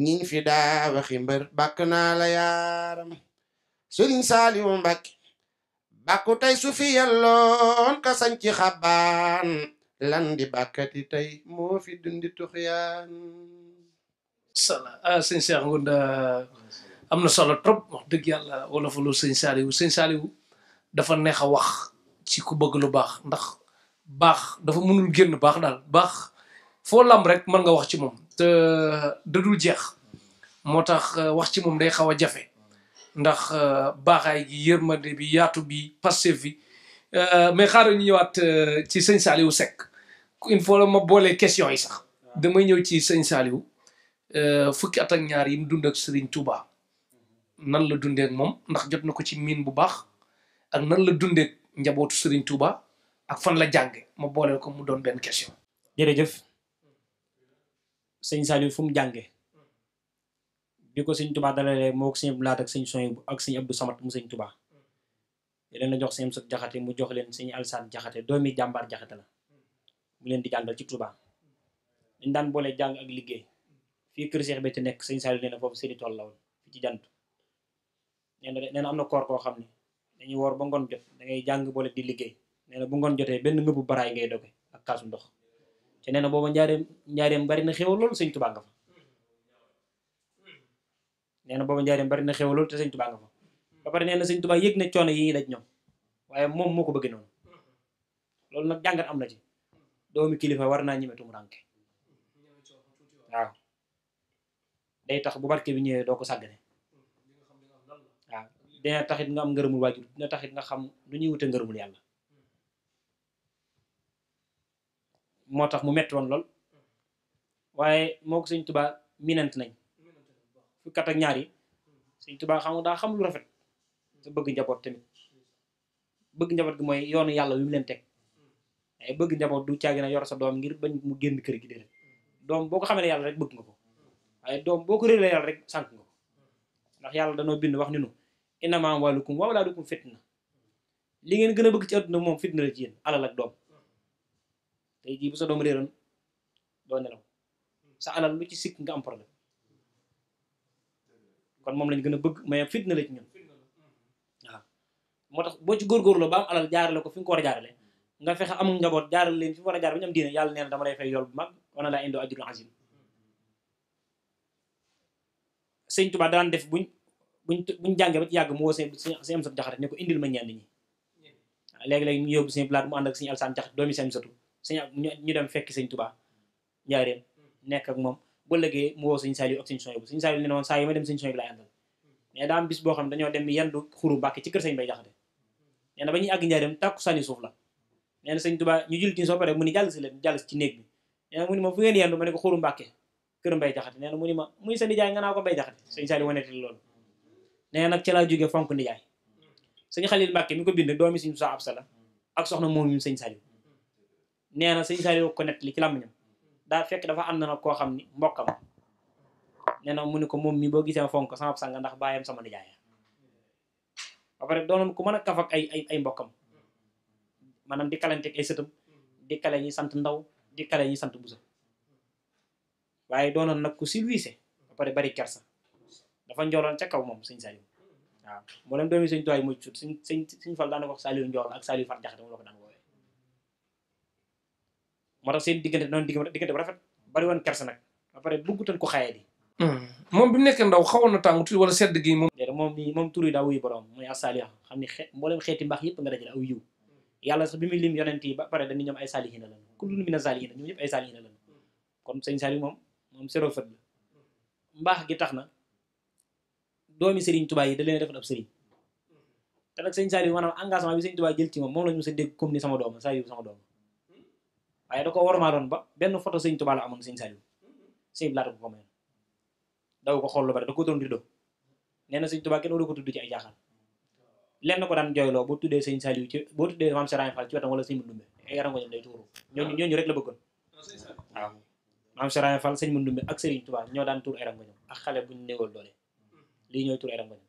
ñiñ fi daa waxi mbër bàkk naa la yaaram sëriñ saalimu mbàkke bàkku tey su fi yelloon ka xabbaan lan di bàkkati tey dundi tuxyaan salaam ah sëñ Cheikh Ngounda am na solo trop wax dëgg yàlla wala sëñ Saliou sëñ Saliou dafa neex a wax ci ku bëgg lu baax ndax baax dafa mënul génn baax daal baax foo lamb rek mën nga wax ci moom te dadul jeex moo tax ah, wax ci moom day xaw a jafe ndax ah, baaxaay gi yërmande bi yaatu bi passef bi ah, mais xaaral ñu ñëwaat ci sëñ Saliou Seck il faut la ma boolee question yi sax damay ñëw ci sëñ saaliwu Euh, fukki at ak ñaar yi mu dund ak Serigne Touba nan la dundeek moom ndax jot na ko ci miin bu baax ak nan la dundeek njabootu Serigne Touba ak fan la jànge ma booleel ko mu doon benn question. jërëjëf sëñ Saliou fu mu jànge bi ko sëñ Touba dalalee moo ko sëñ Abdou Lahat ak sëñ Soyibu ak sëñ Abdou Samad mu sëñ Touba leen na jox sëñ Amsat Jaxate mu jox leen sëñ Alsaan Jaxate doomi jàmbaar Jaxate la mu leen di jàngal ci Touba dañ daan boole jàng ak liggéey. fii kër Cheikh Béthio nekk sëñ Saliou nee na foofu seeni tool la woon fi ci jant na nee am na koor koo xam ne dañuy woor ba ngoon jot da ngay jàng boole di liggéey nee bu ngoon jotee benn ngëbu baraay ngay doge ak kaasu ndox te nee na booba njaareem njaareem bari na xew loolu sëñ Tuubaa nga fa bari na xéwal loolu te sëñ Tuubaa nga fa ba pare nee na sëñ Tuubaa yëg na coono yi ñuy daj ñoom waaye moom moo ko bëgg noonu loolu nag jàngat am na ci doomi kilifa war naa ñeme tumurànke day tax bu barke bi ñëwee doo ko sàggane waaw dina taxit nga am ngërëmul waajur dina taxit nga xam lu ñuy wute ngërëmul yàlla moo tax mu metti woon lool waaye moo suñ sëñ tubaa minant nañ fukkat ak ñaar yi sëñ tubaa xam daa xam lu rafet te bëgg njaboot tamit bëgg njaboot gi mooy yoonu yàlla wi mu leen teg ay bëgg njaboot du caagi na yor sa doom ngir bañ mu génn kër gi déedéet doom boo ko xamee ne yàlla rek bëgg nga ko waaye doom boo ko réeréyal rek sànq nga ndax yàlla danoo bind wax ni nu innama amwaalukum wa awlaadukum fitna li ngeen gën a bëgg ci na moom fitna la ci yéen alal ak doom tey jii bu sa doom réeroon doo nelaw sa alal lu ci sikk nga am problème kon moom lañ gën a bëgg mais fitna la ci ñun waaw moo tax boo ci góorgóorloo ba am alal jaarale ko fi nga ko war a jaarale nga fexe am njaboot jaarale leen fi mu war a jaar ba ñu am yàlla neen dama lay fay yool bu mag wana laa indoo ajrun azim sëñ Tuubaa daan def buñ buñ buñ jàngee ba ci yàgg mu woo sëñ sëñ Amsatu Jaxate ne ko indil ma ñenn ñi léegi-léegi ñu yóbbu sëñ Blaat mu ànd ak sëñ Alsaan Jaxate doomi sëñ Amsatu sëñ ñu dem fekk sëñ Tuubaa njaareem mm. nekk ak moom bu lëggee mu woo sëñ Saaliw ak sëñ Soñ bu sëñ Saaliw ne woon bi laay àndal mm. mais daa bis boo xam ne dañoo dem yendu xuru Mbàkke ci kër sëñ Bay Jaxate mm. nee na ba ñuy àgg njaareem tàkku sànni suuf la nee na sëñ Tuubaa ñu jul ci soo pare mu ni jàll si leen jàll ci néeg bi nee na mu ni ma fu ngeen yendu ma ne ko xuru Mbàkke kër mbay jaxate nee na mu ni ma muy sa nijaay nga naa ko mbay jaxate sëñ Saliou wanete loolu nee nag ca laa jógee fonk nijaay sëñ Xalil Mbàkke mi ko bind doomi sëñ Musaa Absa la ak soxna moom mi sëñ Saliou nee na sëñ Saliou ko nett li ci làmmiñam daa fekk dafa ànd na koo xam ni mbokkam nee na mu ni ko moom mi boo gisee fonk sama sanga ndax bàyyam sama nijaay ba pare doonoon ku mën a kaf ak ay ay ay mbokkam maanaam di kalante ak ay sëtam di kale ñi sant ndaw di kale ñi sant busa waaye doonoon nag ku civilisé ba pare bari kersa dafa njooloon ca kaw moom sëñ Saliou waaw mboolem doomi sëñ Tuubaa yi mujj sut sëñ sëñ sëñ Fall daana ko wax Saliou njool ak la ko daan woowee moo tax seen diggante noonu diggante bu rafet bari woon kersa nag ba pare buggutoon ko xaye di hmm. moom bi mu nekkee ndaw xawoon na tàng tuuti wala sedd gi moom déedéet moom mi moom tur yi daa wuyu xam ni xe mboolem xeeti mbaax yëpp nga dajale aw yiw yàlla bi muy lim yonent ba pare dañu ñoom ay saalihiina lañu kullun mina saalihiina ñoom ay saalihiina lañu kon sëñ Saliou moom moom zéro faute la mbaax gi tax na doomi Serigne Touba yi da leen defal ab Serigne te nag sëñ Saliou a engagement bi sëñ Touba jël ci moom moom lañu mos a dégg comme ni sama dooma ko war maa ba benn photo sëñ Touba la amoon sëñ Saliou ko ko mayoon daw ko xool lu bari da ko doon rido nee na kenn waru ko tudd ci ay jaaxal lenn ko daan jooyloo boo tuddee sëñ Saliou ci boo tuddee maam Serigne Fall ci wetam wala sëñ Moudoumbe ay yaram ko ñoom tuuru ñooñu ñooñu rek la bëggoon maam Saraye Fall sëñ Mandumbe ak Serigne Touba ñoo daan tur ay rangoñam ak xale bu ñu néewal doole mm-hmm. lii ñooy tur ay rangoñam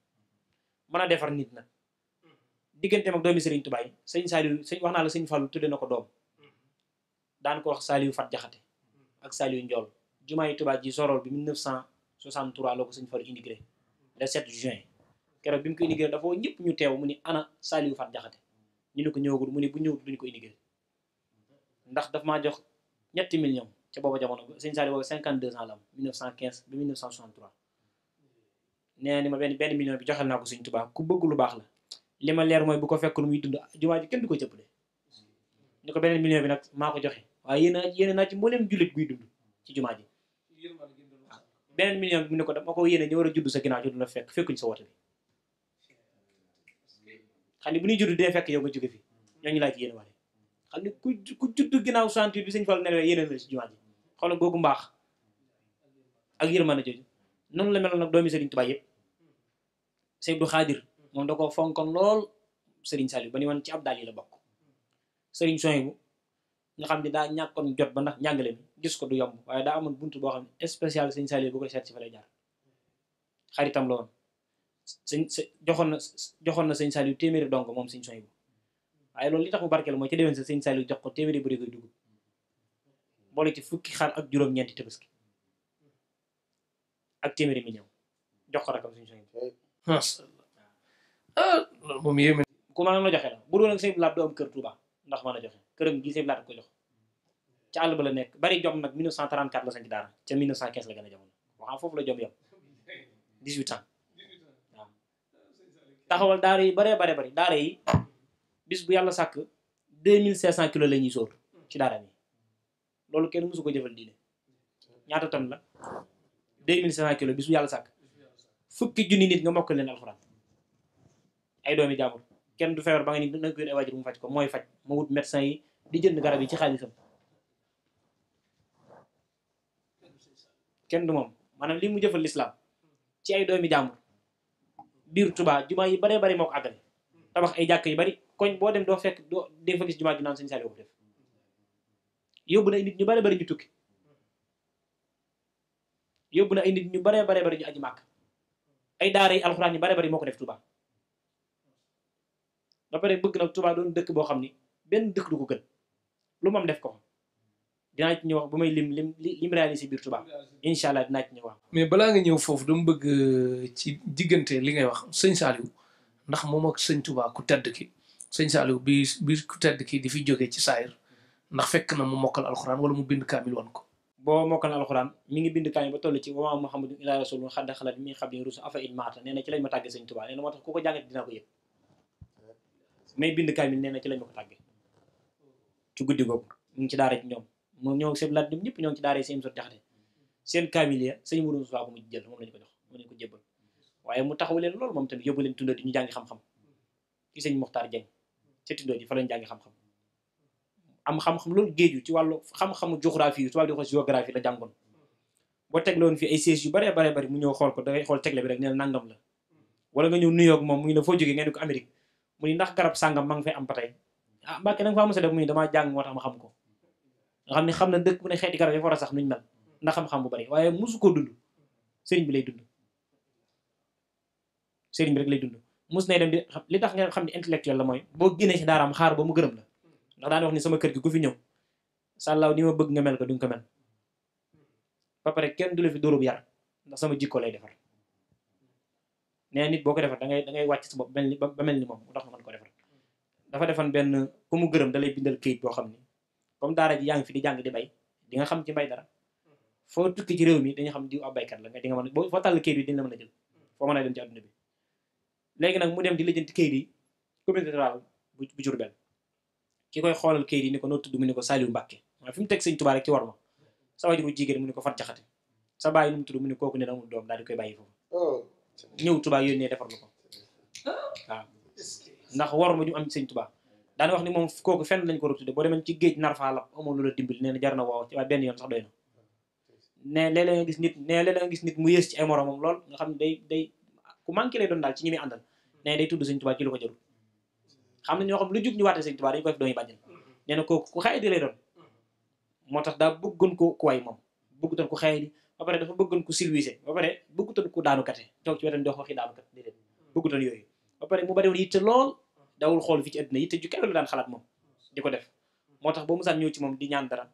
mën a defar nit nag mm-hmm. diggante mag doomi Serigne Touba yi sëñ Saliou sëñ wax naa la sëñ Fallu tudde na ko doom mm-hmm. daan ko wax Saliou Fat Jaxate ak Saliou Ndiol jumaa yi Touba ji sorol bi 1963 la ko sëñ Fallu indigré le 7 juin keroog bi mu ko indigré dafa ñëpp ñu teew mu ni ana Saliou Fat Jaxate ñu ne ko ñëwagul mu ne bu ñëwut duñu ko indigré ndax daf maa jox ñetti million ca boobu jamono sëñ Saliou boobu cinquante deux ans la am 1915 ni ma benn benn million bi joxel naa ko sëñ Tuubaa ku bëgg lu baax la li ma leer mooy bu ko fekk lu muy dund jumaa ji ko jëppale ko beneen million bi nag maa ko joxe waaye yéen a yéen naa ci mbooleem jullit guy ci jumaa ji waaw beneen million bi ne ko dama ko yéene ñu war a judd sa ginnaaw ci dund fekk fekkuñ sa woote bi xam ne bu ñuy judd dee fekk yow nga jóge fi ñooñu laa ci yéen waale xam ne ku ku judd ginnaaw 68 bi sëñ Fall nelawee yéene la ci jumaa xoolal googu mbaax ak yërmande jooju noonu la meloon nag doomi Serigne Touba yëpp Seydi moom da ko lool Serigne Saliou ba ni woon ci ab la bokk Serigne Souhaïbou nga xam ne daa ñàkkoon jot ba ndax njàngale mi gis ko du yomb waaye daa amoon buntu boo xam ne spécial Serigne Saliou bu seet si fa jaar xaritam la woon sëñ joxoon na joxoon na sëñ Saliou téeméeri donk moom sëñ Souhaïbou waaye loolu li tax mu barkeel mooy ci déwén sa sëñ Saliou jox ko téeméeri bëri koy dugub boole ci fukki xar ak juróom-ñeenti tabaski ak téeméeri ñëw jox ko rakam suñu soxna. macha allah moom yéeme. ku la joxe bu doon ak sëñ kër Touba ndax mën a joxe këram gii sëñ Blaat ko jox ci àll la nekk bari jom nag 1934 la sañ ci daara ca 1915 la gën a jamono waxaa foofu la jom yam 18 ans waaw taxawal daara yi baree bare bari daara yi bis bu yàlla sàkk 2500 kilos la ñuy sóor ci daara bi loolu kenn mësu ko jëfal diine ñaata tonne la 2500 kilos bisu yàlla sàkk fukki junni nit nga mokkal leen alxuraan ay doomi jaamur kenn du feebar ba nga ni nag yónni ay waajur mu faj ko mooy faj mu wut médecin yi di jënd garab yi ci xaalisam kenn du moom maanaam li mu jëfal lislaam ci ay doomi jaamur biir Tuubaa jumaa yi baree bari moo ko àggale tabax ay jàkk yu bari koñ boo dem doo fekk doo dee fa gis jumaa ju naan sëñ Saliou ko def yóbbu na ay nit ñu bare bari ñu tukki yóbbu na ay nit ñu bare bare bari ñu aji màkk ay daara yi alxuraan ñu bare bari moo ko def Touba dapare pare bëgg nag Touba doon dëkk boo xam ni benn dëkk du ko gën lu moom def ko dinaa ci ñëw bu may lim lim lim réalisé biir Touba incha allah dinaa ci ñëw wax. mais balaa nga ñëw foofu dama bëgg euh, ci diggante li ngay wax sëñ Saliou ndax moom ak sëñ tubaa ku tedd ki sëñ Saliou bi bi ku tedd ki di fi jóge ci saayir ndax fekk na mu mokkal alxuraan wala mu bind kaamil wan ko boo mokkal alxuraan mi ngi bind kaamil ba toll ci wama muhammadun ila rasulun xadda xalat mi xam nee na ci lañ ko jàngati guddi googu ñu ngi ci daara ñoom moom ñoo seen laaj ñëpp ñoo ngi ci daara seen sot jaxate seen kaamil ya sëñ Mourou Moussa bu mu jël moom lañu ko jox moom lañu ko jébbal waaye mu taxaw leen loolu moom tamit yóbbu leen tundoo di ñu jàngi xam-xam ki sëñ Muxtaar Jeng ca tundoo di fa jàngi xam-xam am xam-xam loolu géeju ci wàllu xam-xamu géographie yu tubaab di ko géographie la jàngoon boo tegloon fii ay sièges yu bare bare bari mu ñëw xool ko dangay xool tegle bi rek ne la nangam ñëw New moom mu ngi foo jógee nga ne ko Amérique mu ndax garab sàngam ma nga fay am ba tey ah a def mu ni damaa jàng moo tax ma xam ko nga xam ne xam na dëkk bu ne xeeti garab yi war a sax nuñ mel ndax xam-xam bu bari waaye musu koo dund sëriñ bi lay dund sëriñ bi rek lay dund mus nay dem di li tax nga xam ne intellectuel la mooy boo génnee ci daaraam xaar ba mu gërëm la ndax daan wax ni sama kër gi ku fi ñëw sàllaaw ni ma bëgg nga mel ko duñ ko mel ba pare kenn du la fi dóorub yar ndax sama jikkoo lay defar nee nit boo ko defar da da ngay wàcc sa bopp mel ni ba mel ni moom mu tax ko defar dafa defan benn ku mu gërëm da lay bindal këyit boo xam ni comme daara ji yaa fi di jàng di bay di nga xam ci mbay dara foo tukki ci réew mi dañu xam diw ab baykat la nga di nga mën boo foo tàll këyit yi a jël foo mën a dem ci àdduna bi léegi nag mu dem di lijjanti këyit yi communauté rurale bu Diourbel ki koy xoolal kayit yi ni ko noo tudd mu ne ko Saliou Mbacké waaye fi mu teg sëñ Tuubaa rek ci war ma sa wajuru jigéen mu ne ko fa Jaxate sa bàyyi nu mu tudd mu ne kooku ne daal di koy bàyyi foofu oh. ñëw Tuubaa ko waaw ndax war ma ñu am sëñ Tuubaa daana wax ni moom kooku fenn lañ ko war a tudde boo demee ci géej nar faa lab amoon lu la dimbali nee na jar na woow ci waaye benn yoon sax doy na ne léeg nga gis nit ne léeg-léeg gis nit mu yées ci moro moromam lool nga xam ne day day ku manqué lay doon daal ci ñi muy ne day tudd sëñ Tuubaa ci lu ko jarul xam ne ñoo xam lu jug ñu waatee sëñ Tuubaa dañu ko def doomi bàjjen mm-hmm. nee na kooku ku xaye di lay mm-hmm. moo tax daa bëggoon ko ku way moom bëggutoon ku xaye di ba pare dafa bëggoon ko silwisé ba pare bëggutoon ku daanu kate toog ci wetam di wax waxi daanu mm-hmm. yooyu ba pare mu bari woon yitte lool dawul xool fi ci àdduna yitte ju kawe la daan xalaat moom di ko def moo tax boo musaan ñëw ci moom di ñaan dara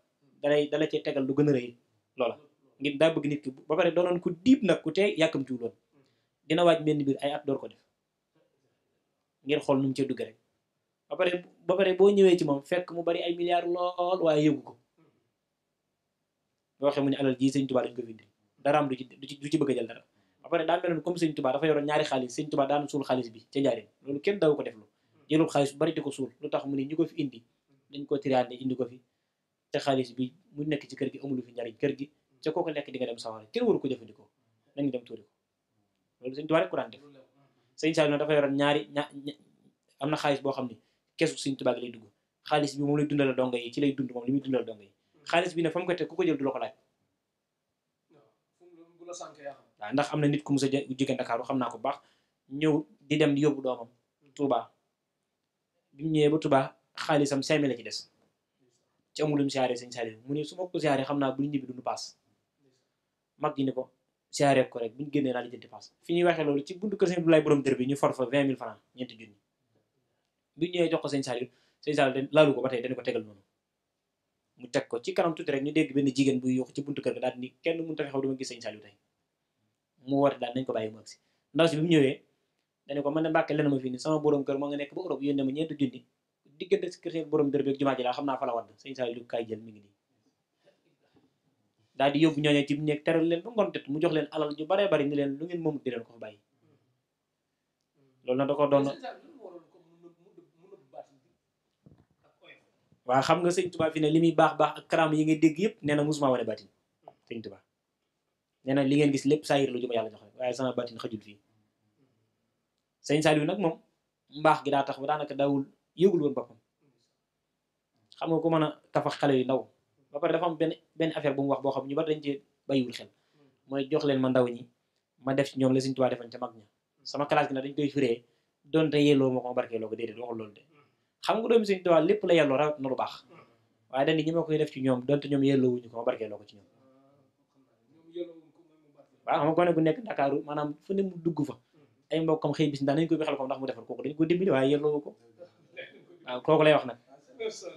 dalay dala cee tegal lu gën a rëy loola ngir daa bëgg nit ki ba pare doonoon ku diib nag ku tey yàkkamtiwuloon dina waaj benn biir ay at door ko def ngir xool nu mu cee ba pare ba pare boo ñëwee ci moom fekk mu bari ay milliards lool waaye yëgu ko boo waxee mu ne alal jii sëñ Tuubaa dañ ko bindee dara du ci du ci bëgg a dara ba pare daa meloon comme sëñ Tuubaa dafa ñaari xaalis sëñ Tuubaa daan suul xaalis bi ca njaareen kenn daw ko def lu jëlul xaalis bari di ko suul lu tax mu ne ñu ko fi indi dañ ko tiraande indi ko fi te xaalis bi mu nekk ci kër gi amulu fi njariñ kër gi ca kooku nekk di nga dem sawara kenn waru ko jëfandikoo nañu dem tuuri ko loolu sëñ Tuubaa rek ko daan def sëñ Saliou dafa yoroon ñaari ña am na xaalis boo xam ne keesu Sëriñ tubaa gi lay dugg xaalis bi moom lay dundal donga yi ci lay dund moom li muy dundal donga yi xaalis bi ne fa mu ko teg ku ko jël du la ko ndax am na nit ku mos a jóge Ndakaaru xam naa ko baax ñëw di dem di yóbbu doomam Tuubaa bi mu ñëwee ba Tuubaa xaalisam cinq mille a ci des ci amul lu mu siyaaree sëñ Saliou mu ne su ma ko siyaaree xam naa bu ñu ñibbi du ñu paas mag gi ni ko siyaaree ko rek bu ñu génnee naa di jënti paas fi ñu for bi ñëwee jox ko sëñ Saliou sëñ Saliou laalu ko ba tey dañu ko tegal noonu mu teg ko ci kanam tuuti rek ñu dégg benn jigéen buy yuux ci buntu kër ga daal ni ko bàyyi bi mu ñëwee dañu ko a mbàkke len ma fii ni sama borom kër moo nga ba Europe yónnee laa xam naa fa wadd sëñ Saliou kaay jël mi ngi nii daal di yóbbu ñooñee ci nekk teral leen ba ngoon jot mu jox leen alal ju baree bari ni leen lu ngeen moomut di leen ko fa bàyyi loolu na da ko waaw xam nga sëñ Tuubaa fi ne li muy baax baax ak karaama yi nga dégg yëpp nee na musuma wane baatin sëñ Tuubaa nee na li ngeen gis lépp saayir lu juma yàlla jox rek waaye sama baatin xajul fii sëñ nag moom mbaax gi daa tax ba daanaka daawul yëgul woon boppam xam nga ku mën a tafax xale yu ndaw ba pare dafa am benn benn affaire bu mu wax boo xam ñu bari dañ cee bàyyiwul xel mooy jox leen ma ndaw ñi ma def ci ñoom la sëñ Tuubaa defoon ca mag ña sama classe gi nag dañ koy firee donte yelloo ma ko barkeeloo ko déedéet waxul loolu de xam nga doomi Sëriñ Tuubaa lépp la yelloo rawat na lu baax waaye dañ ñi ma koy def ci ñoom donte ñoom yelloowuñu ko ma barkeeloo ko ci ñoom waaw xam nga gone nekk Dakar maanaam fu ne mu dugg ay mbokkam xëy bis ndax nañ koy bexal ko ndax mu defal kooku dañ ko dimbali waaye yelloowu ko waaw lay wax nag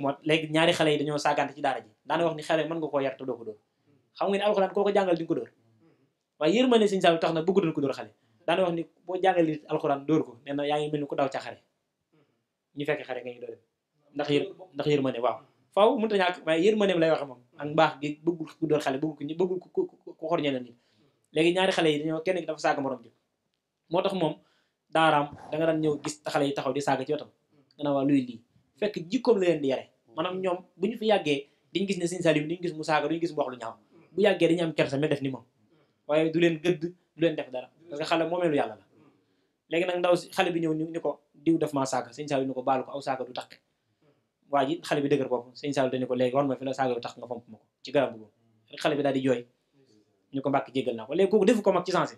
moo léegi ñaari xale yi dañoo saagante ci daara ji daana wax ni xale mën nga koo yar te doo ko dóor xam nga ne alxuraan koo ko jàngal di nga ko dóor waaye yërmande Sëriñ Saliou tax na bëggutoon ko dóor xale daana wax ni boo jàngal alxuraan dóor ko nee na yaa ngi mel ni ko daw ca xare ñu fekk xare nga ñu doole ndax yër ndax yërmande waaw faaw mënut a ñàkk waaye yërmandeem lay waxe moom ak mbaax gi bëggul ku xale bëggul ku bëggul ku xor ñeneen ñi léegi ñaari xale yi dañoo kenn ki saaga morom ji moo tax moom daaraam da nga daan ñëw gis xale yi taxaw di saaga ci wetam nga fekk jikkoom la leen di yare maanaam ñoom bu ñu fi yàggee diñ gis ne Sëñ Saliou duñu gis mu saaga duñu gis mu wax lu ñaaw bu yàggee dañu am kersa mel def ni moom waaye du leen gëdd du leen def dara parce que xale moomeelu yàlla la léegi nag ndaw si xale bi ñëw ni ko diw def maa saaga sëñ Saliou ni ko baalu ko aw saaga du tax waa xale bi dëgër bopp sëñ Saliou dañu ko léegi war ma fi la saaga du tax nga fomp ma ko ci garab boobu xale ñu ko mbàkk jégal naa ko léegi kooku defu ko mag ci sensé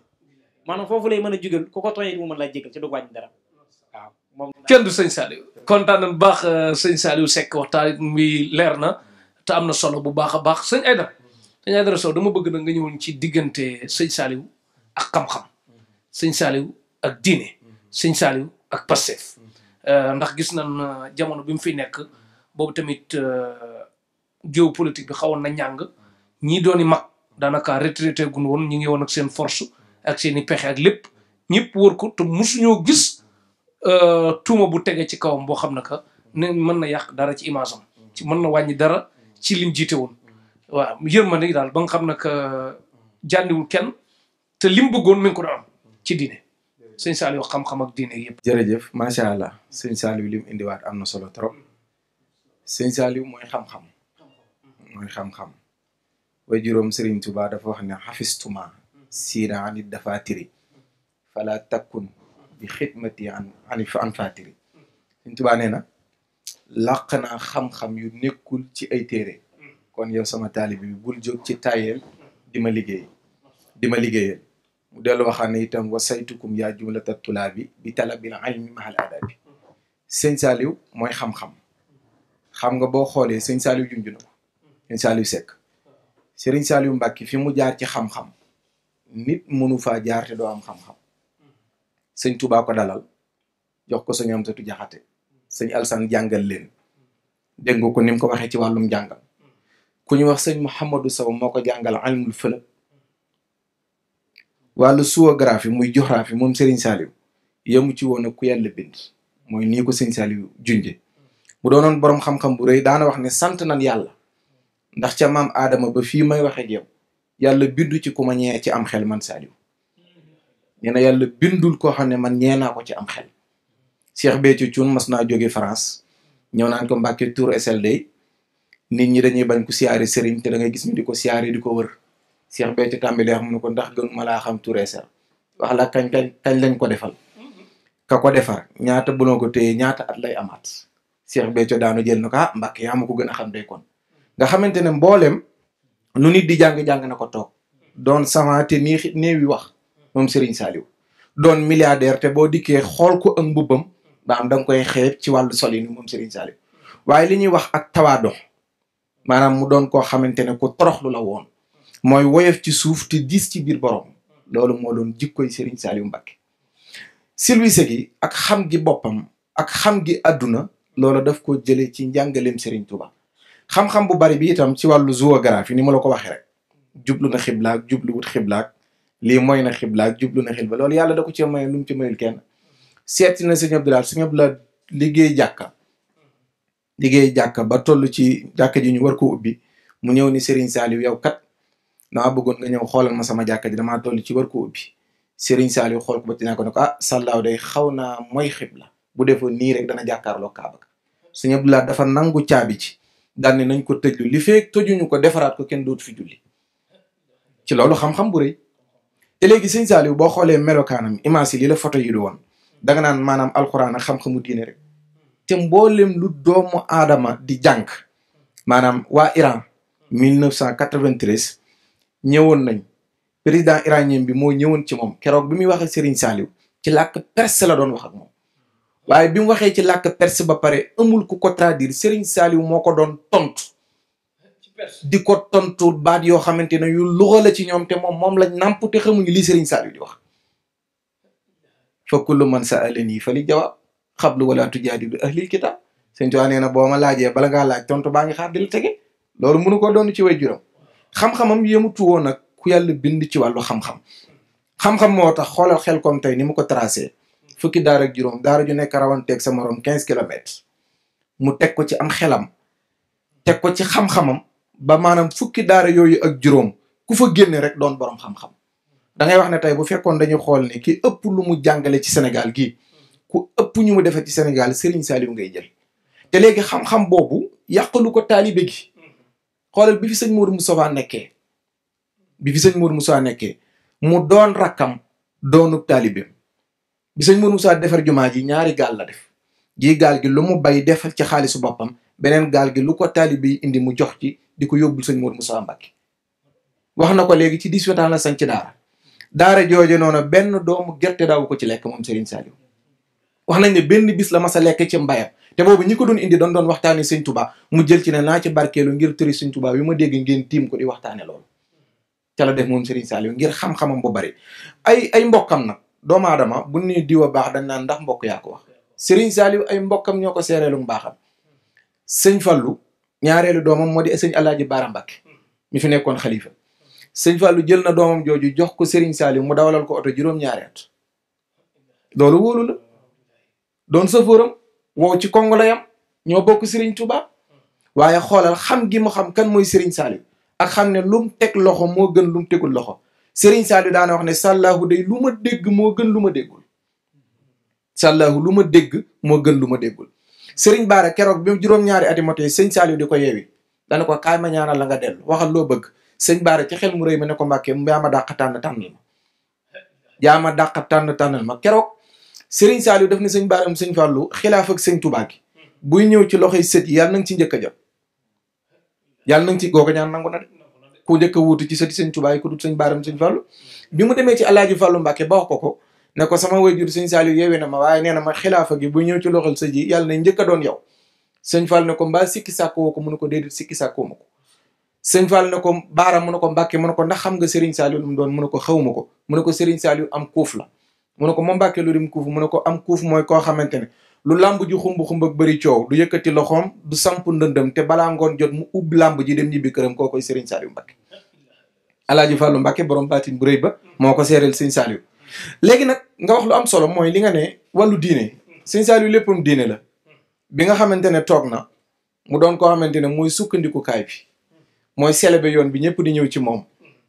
maanaam foofu lay mën a jugal ku ko tooñee mu mën laa jégal ci dug wàññi dara waaw moom kenn du sëñ Saliou kontaan nañu baax euh, sëñ Saliou Seck waxtaan mi leer na te am na solo bu baax a baax sëñ Aïdara sëñ Aïdara Sow dama bëgg na nga ñëwoon ci diggante sëñ Saliou ak xam-xam sëñ Saliou ak diine sëñ Saliou ak Pastef euh, ndax gis nañ euh, jamono bi mu fi nekk boobu tamit euh, géopolitique bi xawoon na ñàng ñii dooni mag daanaka retraité gun woon ñi ngi woon ak seen force ak seen i pexe ak lépp ñëpp war ko te musuñoo gis tuuma bu tegee ci kawam boo xam ne que ne mën na yàq dara ci image ci mën na wàññi dara ci lim jiite woon waaw yërmande daal ba xam ne que jàndiwul kenn te lim bëggoon mi ko doon ci diine sëñ Saliou xam-xam ak diine yëpp. jërëjëf macha allah sëñ Saliou li mu indiwaat am na solo trop sëñ Saliou mooy xam-xam mooy xam-xam way juróom Serigne Touba dafa wax ne xafistuma siina anit dafa tiri fala takkun bi xidmati an an fatiri Serigne Touba xam-xam yu nekkul ci ay téere kon yow sama taalibe bul jóg ci tayeel di ma liggéey ma liggéeyal mu dellu waxaan ne itam wa saytukum yaa jumlata tulaabi bi talabil ilmi mahal adabi sëñ Saliou mooy xam-xam xam nga boo xoolee sëñ Saliou junj na ko sëñ Saliou Seck sëriñ Saliou Mbacke fi mu jaar ci xam mënu faa jaar te doo am xam-xam sëñ Touba jox ko sëñ Amsatu Jaxate sëñ Alsan jàngal leen dégg nga ko ni mu ko waxee ci wàllum jàngal ku ñu wax sëñ Mouhamadou Sow moo ko jàngal almul fëlëb wàllu géographie muy géographie moom Serigne Saliou yemu ci woon ak ku yàlla bind mooy nii ko Serigne Saliou junje mu doonoon borom xam-xam bu rëy daana wax ne sant nañ yàlla ndax ca maam Adama ba fii may waxee ak yàlla bindu ci ku ma ci am xel man Saliou nee yàlla bindul koo xam ne man ñee naa ko ci am xel. Cheikh Béthio Thioune mas naa jóge France ñëw naan ko Mbàkke Tour SLD nit ñi dañuy bañ ko siyaare Serigne te da ngay gis ñu di ko siyaare di ko wër. Cheikh Béthio tàmbali wax mu ne ndax gën ma laa xam Touré Sène wax kañ kañ ko defal ka ko defar ñaata bulon ko téye ñaata at lay amaat Cheikh Béthio daanu jël na ko ah Mbàkke yaa ma ko gën a xam de kon nga xamante ne mboolem lu nit di jàng-jàng na ko toog doon savant te nii néewi wax moom Serigne Saliou doon milliardaire te boo dikkee xool ko a mbubam ba am da koy xeeb ci wàllu sol yi ni moom Serigne waaye li ñuy wax ak tawaado maanaam mu doon koo xamante ne ku toroxlu la woon mooy woyof ci suuf te diis ci biir borom loolu moo doon jikkoy Serigne Saliou Mbacké silwise gi ak xam gi boppam ak xam gi àdduna loolu def ko jële ci njàngaleem Serigne Touba xam-xam bu bari bi itam ci wàllu géographie ni ma la ko waxee rek jublu na xiblaak jublu wut xiblaak lii mooy na xiblaak jublu na xibla loolu yàlla da ko ci may lu mu ci mayul kenn seeti na sëñ Abdoulaye sëñ Abdoulaye liggéey jàkka liggéey jàkka ba toll ci jàkka ji ñu war ko ubbi mu ñëw ni Serigne damaa bëggoon nga ñëw xoolal ma sama jàkka ji damaa toll ci war ko ubbi Serigne Saliou xool ko ba dinaa ko ne ko ah sàllaaw day xaw naa mooy xibla bu defoon nii rek dana jàkkaarloo Kaaba ga Sëñ Abdou Lahad dafa nangu caabi ci daan ne nañ ko tëjlu li feek tëjuñu ko defaraat ko kenn dootu fi julli ci loolu xam-xam bu rëy te léegi Sëñ Saliou boo xoolee melokaanam image yi li la foto yi lu woon danga naan maanam alxuraan xam-xamu diine rek te mboolem lu doomu aadama di jànk maanaam waa Iran 1993 ñëwoon nañ président iranien bi moo ñëwoon ci moom keroog bi muy wax ak Serigne ci làkk perse la doon wax ak waaye bi mu waxee ci làkk perse ba pare amul ku ko traduire Serigne Saliou moo ko doon tontu di ko tontu baat yoo xamante ne yu luxa la ci ñoom te moom moom lañ nàmp te xamuñu lii Serigne Saliou di wax fa kullu man sa'alani fa li jawaab xablu wala tujaadilu ahlil kitaab sëñ Tuubaa nee na boo ma laajee bala ngaa laaj tontu baa ngi xaar di la tege loolu mënu ko doon ci way juram xam-xamam yëmutu woon nag ku yàlla bind ci wàllu xam-xam xam moo tax xoolal xel comme tey ni mu ko tracé fukki daara juróom daara ju nekk rawanteeg sa morom quinze kilomètres mu teg ko ci am xelam teg ko ci xam-xamam ba maanaam fukki daara yooyu ak juróom ku fa génne rek doon boroom xam-xam da ngay wax ne tey bu fekkoon dañuy xool ni ki ëpp lu mu jàngale ci Sénégal gii ku ëpp ñu mu defee ci Sénégal Serigne Saliou ngay jël te léegi xam-xam boobu yàqalu ko taalibe gi xoolal bi fi sëñ Mourou Moustapha nekkee bi fi sëñ Mourou nekkee mu doon rakkam doonu taalibeem bi sëñ Mourou Moustapha defar jumaa ji ñaari gaal la def jii gaal gi lu mu bay defal ci xaalisu boppam beneen gaal gi lu ko taalibe yi indi mu jox ci di ko yóbbul sëñ mu Moustapha Mbacké wax na ko léegi ci 18 ans la sañ ci daara daara jooju noonu benn doomu gerte daawu ko ci lekk moom Serigne Saliou wax nañ ne benn bis la masa lekk ci mbayam te boobu ñi ko doon indi doon doon waxtaane sëñ Tuubaa mu jël ci ne naa ci barkeelu ngir tëri sëñ Tuubaa bi ma dégg ngeen tiim ko di waxtaane loolu ca la def moom Serigne Saliou ngir xam-xamam bu bari ay ay mbokkam nag doomu aadama bu ne diwa baax dañ naan ndax mbokk yaa ko wax Serigne Saliou ay mbokkam ñoo ko seereelu mbaaxam sëñ Fallou ñaareelu doomam moo di sëñ Alaaji Baara Mbakke mi fi nekkoon xalifa sëñ Fallou jël na doomam jooju jox ko Serigne Saliou mu dawalal ko oto la doon safóoram wow ci kongo la yam ñoo bokk Serigne Touba waaye xoolal xam gi mu xam kan mooy Serigne Saliou a xam ne lum teg loxo moo gën lum tegul loxo Serigne Saliou daana wax ne sàllaahu day lu ma dégg moo gën lu ma déggul sàllaahu lu ma dégg moo gën lu ma déggul Serigne Bara keroog bi juróom-ñaari ati motee sëñ Saliou di ko yeewi dana ko kaay ma ñaanal la nga dellu waxal loo bëgg sëñ Bara ci xel mu rëy ma ne ko Mbàkke yaa ma dàq tànn tànnal ma yaa ma dàq Serigne Saliou def ne sëñ baaram sëñ Fallou xilaaf ak sëñ Touba buy ñëw ci loxo yi yi yal nañ ci njëkk a jot yàlla na ci googa ñaan nangu na de ku njëkk a wuutu ci sëti sëñ Touba yi ku dul sëñ baaram sëñ Fallou bi mu demee ci Alaaji Fallou Mbàkke ba wax ko ko ne ko sama wayjur sëñ Saliou yeewee na ma waaye nee ma xilaa gi buy ñëw ci loxo sët yi yàlla nañ njëkk doon yow sëñ Fall ne ko mbaa sikki sàkkoo wooko mu ne ko déedéet sikki sàkkoo ma ko sëñ Fall ne ko baara mu ne ko Mbàkke mu ne ko ndax xam nga Serigne Saliou doon mu ne ko xawma ko mu ne ko Serigne Saliou am kuuf la mu ne ko moom Mbàkke lu rim kuuf mu ne ko am kuuf mooy koo xamante ne lu làmb ji xumb-xumb ak bëri coow du yëkkati loxoom du samp ndëndëm te balaa ngoon jot mu ubb làmb ji dem ñibbi këram koo koy Serigne Saliou Mbàkke Alaaji Fàllu Mbàkke borom baatin bu rëy ba moo ko seereel Serigne Saliou léegi nag nga wax lu am solo mooy li nga ne wàllu diine Serigne Saliou léppam diine la bi nga xamante ne toog na mu doon koo xamante ne mooy sukkandikukaay bi mooy célébé yoon bi ñëpp di ñëw ci moom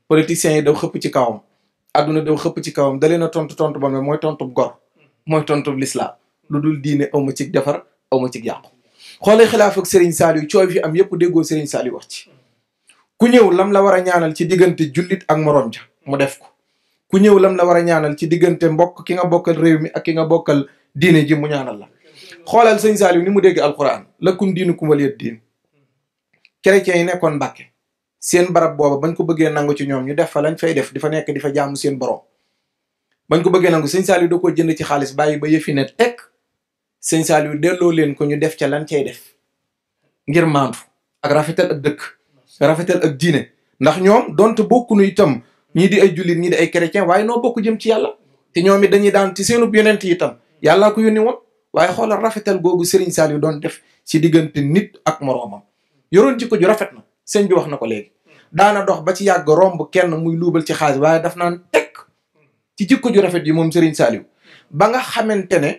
politiciens yi daw xëpp ci kawam àdduna daw xëpp ci kawam dalee na tontu tontu ba mooy tontu gor mooy tontu lislaam lu dul diine aw ma cig defar aw ma cig yàqu. xoolee xilaaf ak Serigne Saliou coow am yëpp déggoo Serigne Saliou wax ci ku ñëw lam la war a ñaanal ci diggante jullit ak morom ja mu def ko ku ñëw lam la war a ñaanal ci diggante mbokk ki nga bokkal réew mi ak ki nga bokkal diine ji mu ñaanal la. xoolal sëñ Saliou ni mu dégg alquran lakum diinukum waliyad diin chrétiens yi nekkoon Mbàkke seen barab booba bañ ko bëggee nangu ci ñoom ñu def fa lañ fay def di fa nekk di jaamu seen borom bañ ko bëggee nangu sëñ Saliou da koo jënd ci xaalis bàyyi ba yëfi ne teg sëñ Saliou delloo leen ko ñu def ca lan cay def ngir maandu ak rafetal dëkk rafetal ak diine ndax ñoom donte bokkunu itam ñii di jullit ñii di ay chrétien waaye noo bokk jëm ci yàlla te ñoom it ci seenub yonent itam yàllaa ko yónni woon rafetal googu sëriñ Saliou doon def ci diggante nit ak moroomam yoroon ci ko ju rafet na sëñ bi wax na ko léegi daana dox ba ci yàgg romb kenn muy luubal ci xaalis waaye daf naan teg ci jikko ju rafet yi moom Serigne Saliou ba nga xamante ne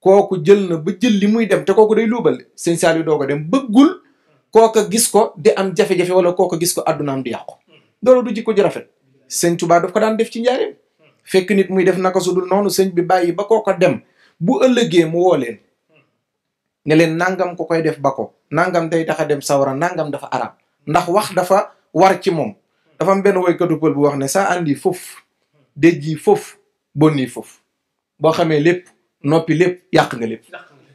kooku jël na ba jël li muy dem te kooku day luubal sëñ Saliou doo ko dem bëggul kooka gis ko di am jafe-jafe wala kooka gis ko addunaam di yàqu loolu du jikko ju rafet sëñ Touba daf ko daan def ci njaareem fekk nit muy def naka su dul noonu sëñ bi bàyyi ba kooka dem bu ëllëgee mu woo leen ne leen nangam ko koy def ba ko nangam day tax a dem sawara nangam dafa arab ndax wax dafa war ci moom dafa am benn woykatu pël bu wax ne saa andi foofu déjji foofu bonni foofu boo xamee lépp noppi lépp yàq nga lépp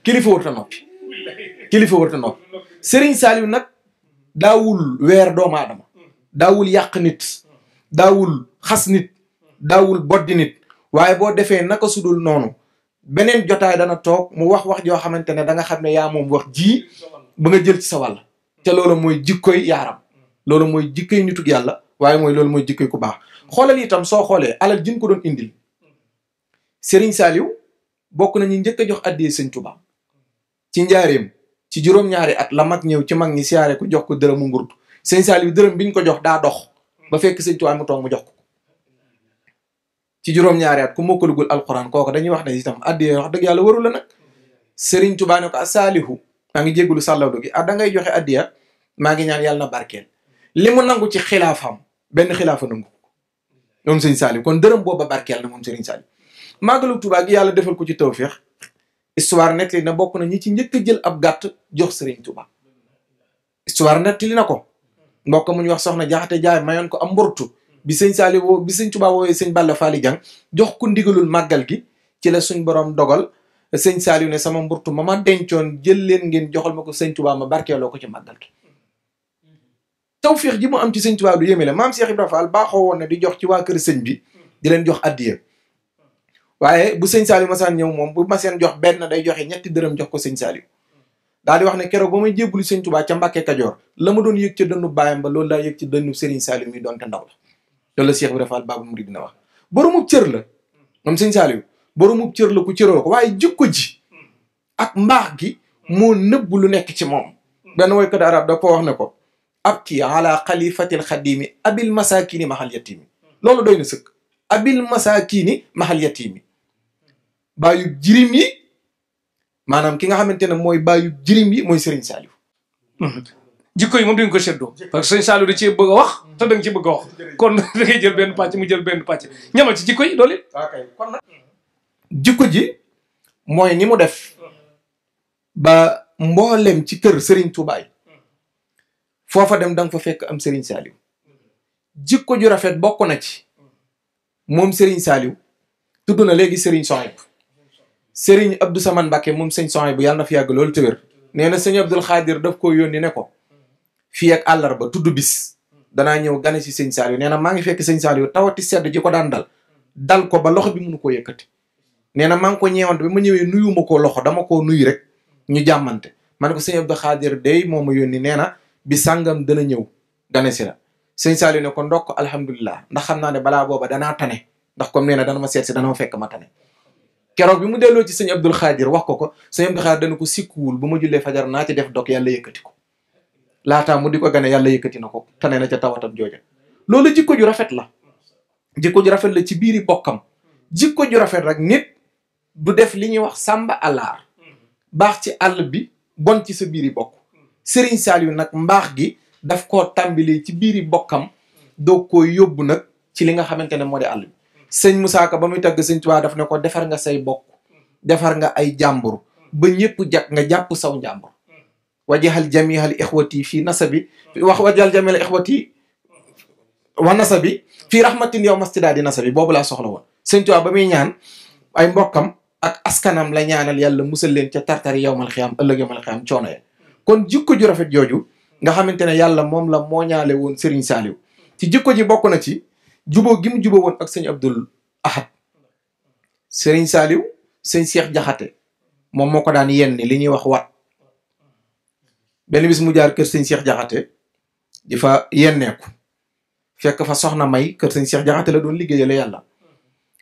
kilifa warut a noppi kilifa warut a nag daawul weer doomu aadama daawul yàq nit daawul xas nit daawul boddi nit waaye boo defee naka sudul noonu beneen jotaay dana toog mu wax wax joo xamante ne da nga xam ne yaa moom wax ji ba nga jël ci sa te loolu mooy jikkoy yaaram loolu mooy jikkoy nitug yàlla waaye mooy loolu mooy jikkoy ku baax xoolal itam soo xoolee alal jin ko doon indil sëriñ Saliou bokk na nañu njëkk a jox addiyee sëñ Tuubaa ci njaareem ci juróom-ñaari at la mat ñëw ci mag ñi siyaare ko jox ko dërëmu ngurtu sëñ Saliou dërëm biñ ko jox daa dox ba fekk sëñ Tuubaa mu toog mu jox ko ci juróom-ñaari at ku mokkalugul alxuraan kooku dañuy wax ne itam addiyee wax dëgg yàlla warula la nag Serigne Tuubaa ne ko maa ngi jégalu sàllawlu gi ah da ngay joxe addiya maa ngi ñaan yàlla na barkeel li mu nangu ci xilaafam benn xilaafa nangu ko moom sëñ Saliou kon dërëm booba barkeel na moom sëriñ Saliou màggalu Tuubaa gi yàlla defal ko ci tawféex histoire nettali na bokk na ci njëkk jël ab gàtt jox sëriñ Tuubaa histoire nettali na ko mbokk mu ñu wax soxna jaxate jaay mayoon ko am mbortu bi sëñ Saliou bi sëñ Tuubaa woowee sëñ Balla Faali Jang jox ko ndigalul màggal gi ci la suñ boroom dogal sëñ Saliou ne sama mburtu ma ma dencoon jël leen ngeen joxal ma ko sëñ Touba ma barkeeloo ko ci màggal gi tawféex ji mu am ci sëñ Touba du yéeme la maam Cheikh Ibrahima Fall baaxoo woon ne di jox ci waa kër sëñ bi di leen jox addiya waaye bu sëñ Saliou masaan ñëw moom bu ma seen jox benn day joxe ñetti dërëm jox ko sëñ Saliou daal di wax ne keroog ba may jébbali sëñ Touba ca Mbàkke Kajoor la ma doon yëg ca dënnu baayam ba lool daa yëg ci dënnu Serigne Saliou mi doonte ndaw la loolu la Cheikh Ibrahima Fall Baabul Muriid dina wax boroomu la moom sëñ Saliou boromub cër la ku cëroo waaye jikko ji ak mbaax gi moo nëbb lu nekk ci moom benn woykat arab da ko wax ne ko ab kii ala xalifatil xadimi abil masakini ma yatimi loolu doy na sëkk abil masakini mahal yatimi bàyyu jirim yi maanaam ki nga xamante ne mooy bàyyu jirim yi mooy Serigne Saliou jikko yi moom dañ ko seddoo parce que sëñ Saliou da cee bëgg a wax te da nga ci bëgg a wax kon da ngay jël benn pàcc mu jël benn pàcc ñamal ci jikko yi doole jikko ji mooy ni mu def ba mboolem ci kër sëriñ Touba yi foofa dem da fa fekk am Serigne Saliou jikko ju rafet bokk na ci moom Serigne Saliou tudd na léegi Serigne Sohaïbou Serigne Abdou Saman Mbacké moom sëñ Sohaïbou yàlla na fi yàgg loolu te wér nee na sëñ Abdoul Khadir daf ko yónni ne ko fii ak ba tudd bis danaa ñëw gane si sëñ Saliou nee na maa ngi fekk sëñ Saliou tawati sedd ji ko daan dal dal ko ba loxo bi mënu ko yëkkati nee na maa ngi ko ñeewante bi ma ñëwee nuyu ma ko loxo dama koo nuyu rek ñu jàmmante man ko sëñ Abdou Khadir day moo ma yónni nee na bi sàngam dana ñëw gane si la sëñ Saliou ne ko ndokk alhamdulilah ndax xam naa ne balaa booba danaa tane ndax comme nee na dana ma seet si dana ma fekk ma tane keroog bi mu delloo ci sëñ Abdou Khadir wax ko ko sëñ Abdou Khadir dana ko sikkuwul bu ma jullee fajar naa ci def dog yàlla yëkkati ko laataa mu di ko gane yàlla yëkkati na ko tane na ca tawatam jooja loolu jikko ju rafet la jikko ju rafet la ci biiri bokkam jikko ju rafet rek nit du def li ñuy wax sàmba àllaar baax ci àll bi bon ci sa biir i bokk sëriñ Saliou nag mbaax gi daf ko tàmbali ci biir biiri bokkam doog ko yóbbu nag ci li nga xamante ne moo di àll bi sëñ Moussa Ka ba muy tagg sëñ waa daf ne ko defar nga say bokk defar nga ay jàmbur ba ñëpp jag nga jàpp saw njàmbur wajahal jamihal ixwati fii nasabi wax wajahal jamihal ixwati wa nasabi fii rahmatin yow mastidaa di nasabi boobu laa soxla woon sëñ Tuubaa ba muy ñaan ay mbokkam ak askanam la ñaanal yàlla musal leen ca tartari yowmal xiyaam ëllëg yowmal xiyaam coono ya kon jikko ju rafet jooju nga xamante ne yàlla moom la mooñaale woon Serigne Saliou ci jikko ji bokk na ci juboo gim mu juboo woon ak sëñ Abdul Ahad Serigne Saliou sëñ Cheikh Jaxate moom moo ko daan yenn li ñuy wax wat benn bis mu jaar kër sëñ Cheikh Jaxate di fa yenneeku fekk fa soxna May kër sëñ seex Jaxate la doon liggéeyale yàlla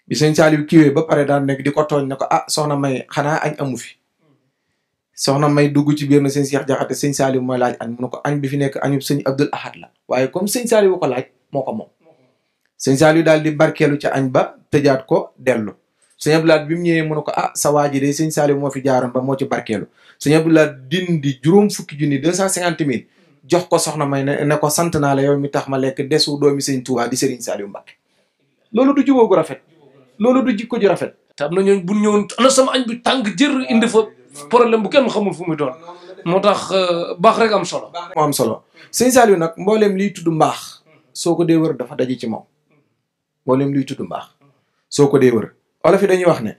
bi sëñ Saaliw kiiwee ba pare daan nekk di ko tooñ ne ko ah soxna May xanaa añ amu fi soxna May dugg ci biir na sëñ Seex Jaxate sëñ Saaliw mooy laaj añ mu ne ko añ bi fi nekk añub sëñ Abdul Ahad la waaye comme sëñ Saaliw ko laaj moo ko moom sëñ Saaliw daal di barkeelu ca añ ba tëjaat ko dellu sëñ Abdulaat bi mu ñëwee mu ne ko ah sa waa ji de sëñ Saaliw moo fi jaaroon ba moo ci barkeelu sëñ Abdulaat dindi juróom fukki junni deux cent cinquante mille jox ko soxna May ne ne ko sant naa la yow mi tax ma lekk desu doomi sëñ Tuubaa di sëriñ Saaliw Mbàkke loolu du jubóo gu rafet loolu du jikko ju rafet te na ñooñ bu ñëwoon ana sama añ bu tàng jër indi fa problème bu kenn xamul fu muy doon moo tax euh, baax rek am solo moo am solo sëñ Saliou nag mbooleem liy tudd mbaax soo ko dee wër dafa daje ci moom mbooleem liy tudd mbaax soo ko dee wër wala fi dañuy wax ne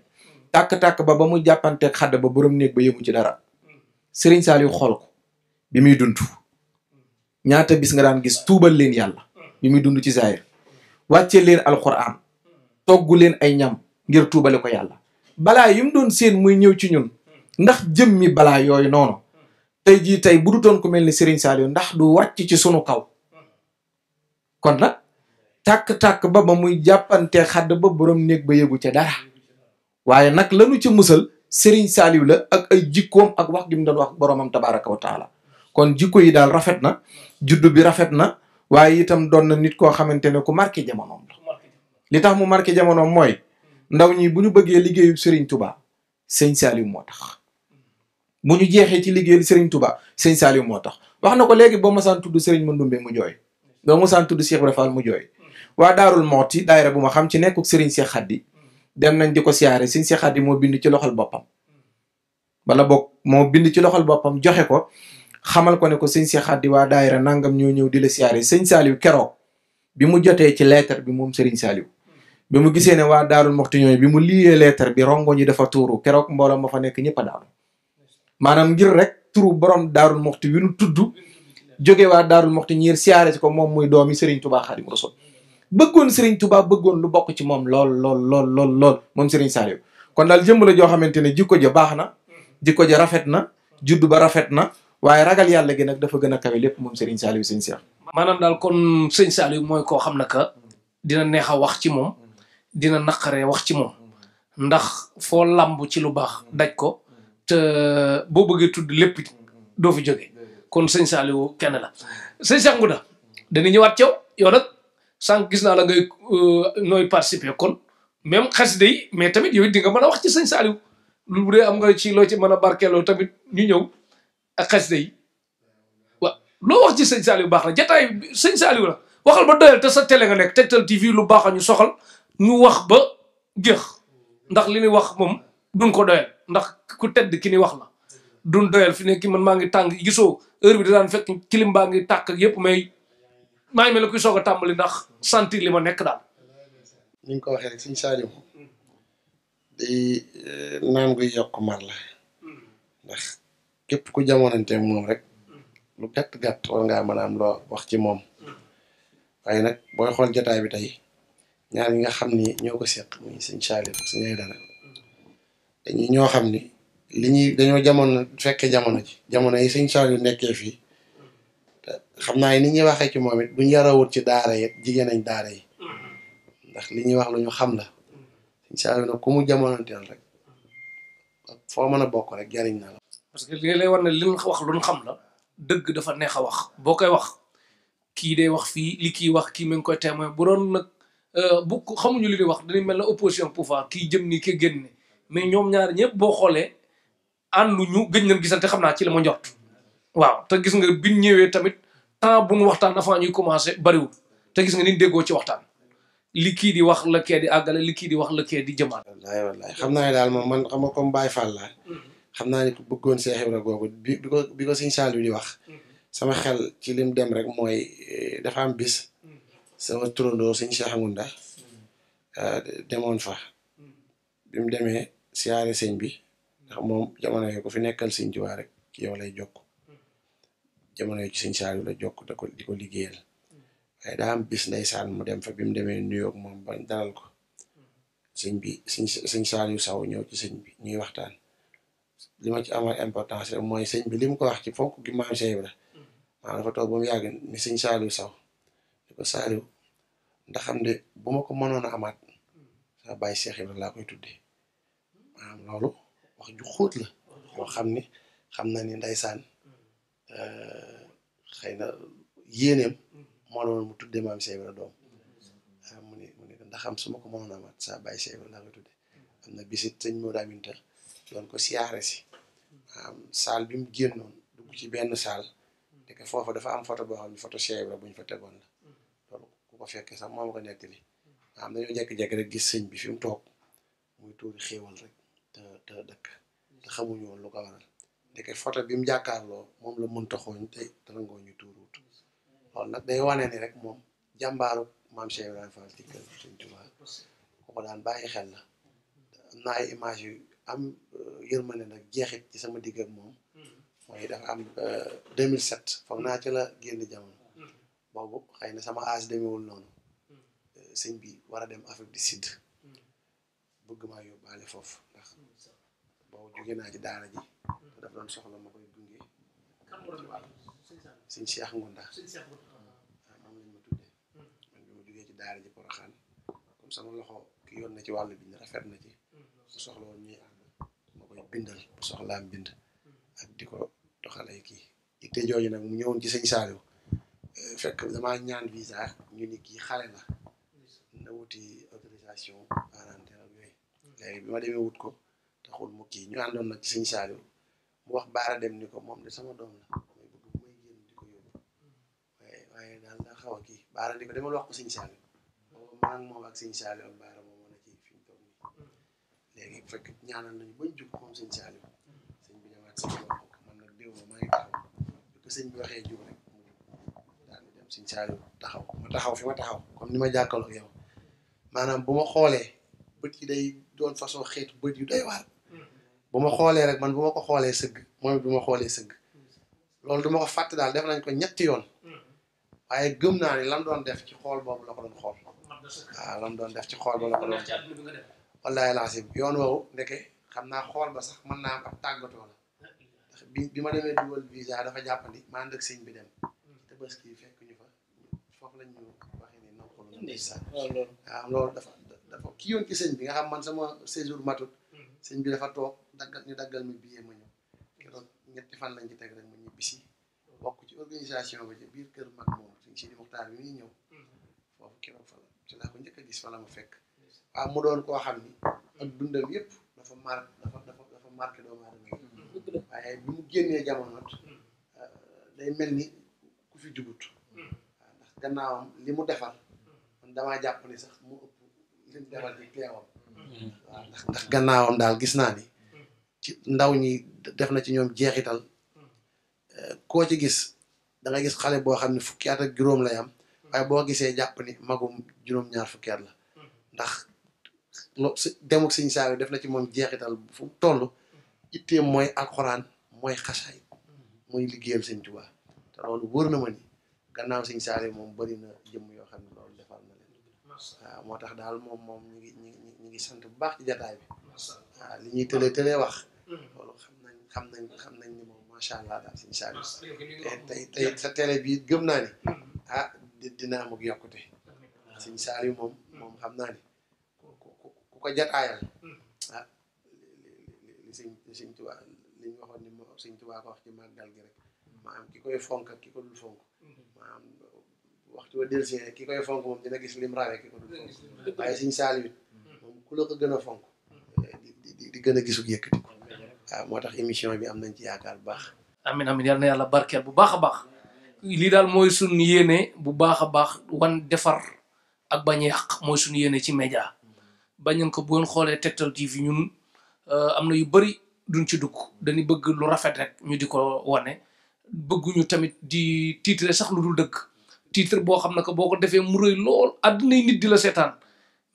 tàkk takk ba ba mu jàppanteeg xadd ba borom néeg ba yëmu ci dara sëriñ Saliou xool ko bi muy dund ñaata bis nga daan gis tuubal leen yàlla bi muy dund ci zaahir wàccee leen alquran toggu leen ay ñam ngir tuubale ko yàlla balaa yi doon seen muy ñëw ci ñun ndax jëmmi balaa yooyu noonu tey jii tey bu dutoon ku mel ni Serigne Saliou ndax du wàcc ci sunu kaw kon nag tàkk-tàkk ba ba muy jàppante xadd ba borom néeg ba yëgu ca dara waaye nag lanu ci musal Serigne Saliou la ak ay jikkoom ak wax gi mu doon wax boromam tabaraka wa taala kon jikko yi daal rafet na juddu bi rafet na waaye itam doon na nit koo xamante ne ku marqué jamonoom li tax mu marke jamono mooy ndaw ñi bu ñu bëggee liggéeyu sëriñ Touba sëñ Saliou moo tax bu ñu jeexee ci liggéey Serigne Touba sëñ Saliou moo tax wax na ko léegi boo masaan tudd Serigne Mandoumbe mu jooy boo masaan tudd Cheikh Ibra Fall mu jooy waa Daarul Mooti daayira bu ma xam ci nekkuk Serigne Cheikh dem nañ di ko siyaare sëñ Cheikh Khady moo bind ci loxol boppam wala boog moo bind ci loxol boppam joxe ko xamal ko ne ko sëñ Cheikh Khady waa daayira nangam ñoo ñëw di la siyaare sëñ Saliou keroog bi mu jotee ci lettre bi moom Serigne Saliou bi mu gisee ne waa daarul moxti ñooñu bi mu liiyee lettre bi rongo ñi dafa tuuru keroog mbooloo ma fa nekk ñëpp a maanaam ngir rek turu borom daarul moxti wi nu tuddu jóge waa daarul moxti ñiir siyaare si ko moom muy doomi Serigne Touba Xaadimu Rasuul bëggoon Serigne tubaa bëggoon lu bokk ci moom lool lool lool lool lool moom Serigne Saliou kon daal jëmm la joo xamante ne jikko ja baax na jikko ja rafet na juddu ba rafet na waaye ragal yàlla gi nag dafa gën a kawe lépp moom Serigne Saliou sëñ Cheikh maanaam daal kon sëñ Saliou mooy koo xam ne que dina neex a wax ci moom dina naqare wax ci moom ndax foo làmb ci lu baax daj ko te boo bëggee tudd lépp doo fi jóge kon sëñ Saliou kenn la sëñ Cheikh Ngouda ñëwaat caw yow sànq gis naa la ngay euh, nooy participer kon même xasida mais tamit yow di mën a wax ci sëñ Saliou lu bu dee am nga ci loo ci mën a barkeeloo tamit ñu ñëw ak xasida yi waaw loo wax ci sëñ Saliou baax na jataay sëñ Saliou la waxal ba doyal te sa télé nga nekk Tektal TV lu baax a ñu soxal nu wax ba jeex ndax li ñuy wax moom duñ ko doyal ndax ku ted ki ni wax na dun doyal fi nekk man maa ngi tàng gisoo heure bi da fekk kilim baa ngi tàkk ak yëpp mais maa ngi mel ne kuy soog a tàmbali ndax sentir li ma nekk daal. ni ko waxee rek suñu Sadio di eh, guy yokk mar la ndax képp ku jamonante moom rek lu gàtt gàtt war ngaa mën a am loo wax ci moom waaye nag booy xool jotaay bi tey. ñaar ñi nga xam ni ñoo ko seq muy sëñ Saaliw ak sëñ ñoo xam ni li ñuy dañoo jamono fekkee jamono ji jamono yi sëñ Saaliw nekkee fii xam naa ni ñuy waxee ci moom it buñ yarawut ci daara yi jigéen nañ daara yi ndax li ñuy wax lu ñu xam la sëñ Saaliw nag ku mu jamonoonteel rek foo mën a bokkoo rek jariñ na la. parce que li lay war ne li wax lu xam la dëgg dafa neex a wax boo koy wax kii day wax fii li kii wax kii mi ngi koy témoin bu doon Euh, bu xamuñu li di wax dañuy mel ne opposition pouvoir kii jëm nii kii génne mais ñoom ñaar ñëpp boo xoolee ànduñu gëj nañ gisante xam naa ci la ma njort waaw te gis nga biñ ñëwee tamit temps bu nu waxtaan avant ñuy commencé bariwul te gis nga ni déggoo ci waxtaan li kii di wax la kee di àggale li kii di wax la kee di jëmaat. wallaay xam naa ne daal moom man xam nga comme Baye Fall laa mm-hmm. xam naa ne ku bëggoon Seex Ibra googu bi bi ko bi ko Sëñ Saaliw wax. Mm-hmm. sama xel ci sama turandoo sëñ Cheikh Ngunda euh, demoon fa bi mu demee siyaare sëñ bi ndax moom jamono yooyu ko fi nekkal sëñ Tuubaa rek ci yow lay jokk jamono yooyu ci sëñ Saaliw la jokk da ko di ko liggéeyal waaye daa am bis ndeysaan mu dem fa bi mu demee nuyoo moom bañ dalal ko sëñ bi sëñ sëñ Saaliw saw ñëw ci bi ñuy waxtaan li ma ci amal importance rek mooy sëñ bi li mu ko wax ci fonk gi maam Cheikh Ibra maa dafa toog ba mu yàgg ni saw ko saaliw ndax xam ne bu ma ko mënoon a amaat sama baay Cheikh la laa koy tuddee maanaam loolu wax ju xóot la yoo xam ni xam na ni ndaysaan euh, xëy na yéeneem moo doon mu tuddee maam Cheikh Ibrahima doom mu ne mu ni ndax xam su ma ko mënoon a amaat sama baay Cheikh Ibrahima laa koy tuddee am na bisit sëñ Modou Aminta doon ko bi mu génnoon dugg ci benn saal te foofa dafa am photo boo xam ne photo Cheikh Ibrahima bu ñu fa tegoon la ko fekkee sax moo ma ko nettali nga xam dañoo jékki rek gis sëñ bi fi mu toog muy tuuri xéewal rek te te dëkk te xamuñu woon lu ko waral ndeke photo bi mu jàkkaarloo moom la mënta xooñ te nangoo ñu tuuruut loolu nag day wane ni rek moom jàmbaaru maam Cheikh Ibrahima Fall ci kër am na ay image yu am euh, yërmande nag jeexit ci sama digg ak moom mm. mooy dafa am 2007 euh, foog naa ci la génn jamono boobu xëy na sama as demewul noonu hmm. sëñ bi war a dem Afrique di Sud hmm. bëgg maa yóbbaale foofu ndax hmm, boobu jóge naa ci daara ji te dafa doon soxla ma koy gunge sëñ Cheikh Ngunda waaw ah. ah, moom lañ ci daara ji Poroxaan comme sama loxo ki yoon ci wàllu bind rafet na ci mu bindal bu soxlaam bind ak di ko doxalee kii itte jooju nag mu ñëwoon ci sëñ Saliou fekk damaa ñaan visa ñu ni kii xale na na wuti autorisation parentale ak yooyu léegi bi ma demee wut ko taxul mu kii ñu àndoon nag ci sëñ Saliou mu wax baara dem ni ko moom de sama doom la may bëgg bu may génn di ko xaw kii baara ni ko demal wax ko sëñ moom ak sëñ Saliou ak baara moom mën a fekk ñaanal nañu bañ jug moom sëñ Saliou sëñ bi demaat sëñ bi waxee jug rek sëñ Saliou taxaw ma taxaw fi ma taxaw comme ni ma jàkkaarloo yow maanaam bu ma xoolee bët yi day doon façon xeetu bët yu day waar bu ma xoolee rek man bu ma ko xoolee sëgg mooy bu ma xoolee sëgg loolu du ma ko fàtte daal def nañ ko ñetti yoon waaye gëm naa ni lam doon def ci xool boobu la ko doon xool waaw lam doon def ci xool ba la ko doon wallaay lancé yoon woowu ndeke xam naa xool ba sax man naa am ab la bi bi ma demee dugal visa dafa jàppandi ma ànd ak bi dem te bés foofu lañ ñu waxee ni noppalu ndeysaan waaw loolu dafa dafa ki yoon ci sëñ bi nga xam man sama séjour matut mhm. sëñ bi dafa toog daggal ñu daggal mi billet ma ñëw keroog ñetti fan lañ ci teg rek ma ñibbi si bokk ci organisation bi biir kër mag moom suñ si di muxtaar bi ñëw mhm. foofu keroog fa la ci laa ko njëkk a gis fa la ma fekk waaw mu doon koo xam ni mhm. ak dundam yëpp dafa mar dafa dafa dafa marqué doomu waaye bi mu génnee jamonoot euh, day mel ni ku fi jugut gannaawam li mu defar damaa jàpp ni sax mu ëpp li mu ci teewam ndax gannaawam daal gis naa ni ndaw ñi def na ci ñoom jeexital eh, koo ci gis da gis xale boo xam ne fukki at ak juróom lay am waaye boo gisee jàpp ni magum juróom-ñaar fukki at la ndax demuk siñ saa def na ci moom jeexital fu toll itteem mooy alxuraan mooy xasaay mooy liggéeyal sëñ Tuubaa te loolu wóor na ma ni gannaaw sëñ Saaliw moom bëri na jëmm yoo xam ne loolu defal na leen waaw moo tax daal moom moom ñu ngi ñu ngi ñu ngi sant bu baax ci jataay bi waaw li ñuy tëlee tëlee wax hmm. loolu xam nañ xam nañ xam nañ ni moom macha allah daal sëñ Saaliw tey tey sa télé bi gëm naa ni hmm. ah dina am ak yokkute sëñ Saaliw moom hmm. moom xam naa ni ku ko jataayal ah li sëñ li waxoon ni moom sëñ Tuubaa wax ci màggal gi rek ma am ki koy fonk ki ko dul fonk maanaam waxtu wa dellusee ki koy fonk moom dina gis lim rawee ki ko dul fonk waaye Sëñ Saaliw it mm-hmm. moom ku la ko gën a fonk eh, di gën a gisul yëkkati ko waaw moo tax émission bi am nañ ci yaakaar bu baax amin amin yal na yàlla barkeel bu baax a baax lii daal mooy suñu yéene bu baax a baax wan defar ak bañ a yàq mooy suñu yéene ci média bañeen ko bu ngeen xoolee Tektal TV ñun eh, am na yu bari duñ ci dugg dañu bëgg lu rafet rek ñu di wane bëgguñu tamit di titre sax lu dul dëgg titre boo xam ne ko boo ko defee mu rëy lool àdduna yi nit di la seetaan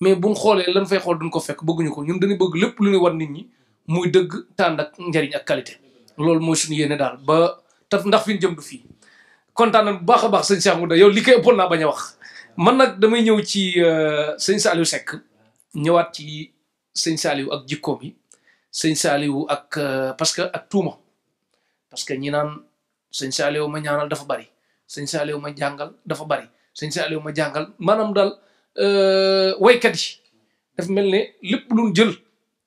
mais buñ xoolee lan fay xool duñ ko fekk bëgguñu ko ñun dañu bëgg lépp lu ñuy wan nit ñi muy dëgg tànd ak njariñ ak qualité loolu mooy suñu yéene daal ba taf ndax fi jëm du fii kontaan na bu baax a baax sëñ Cheikh Ngouda yow li koy ëppoon naa bañ a wax man nag damay ñëw ci euh, sëñ Saliou Seck ñëwaat ci sëñ Saliou ak jikkoom yi sëñ Saliou ak euh, parce que ak tuuma parce que ñi sëñ Saliou ma ñaanal dafa bari sëñ Saliou ma jàngal dafa bari sëñ Saliou ma jàngal maanaam daal euh, waykat daf mel ne lépp luñ jël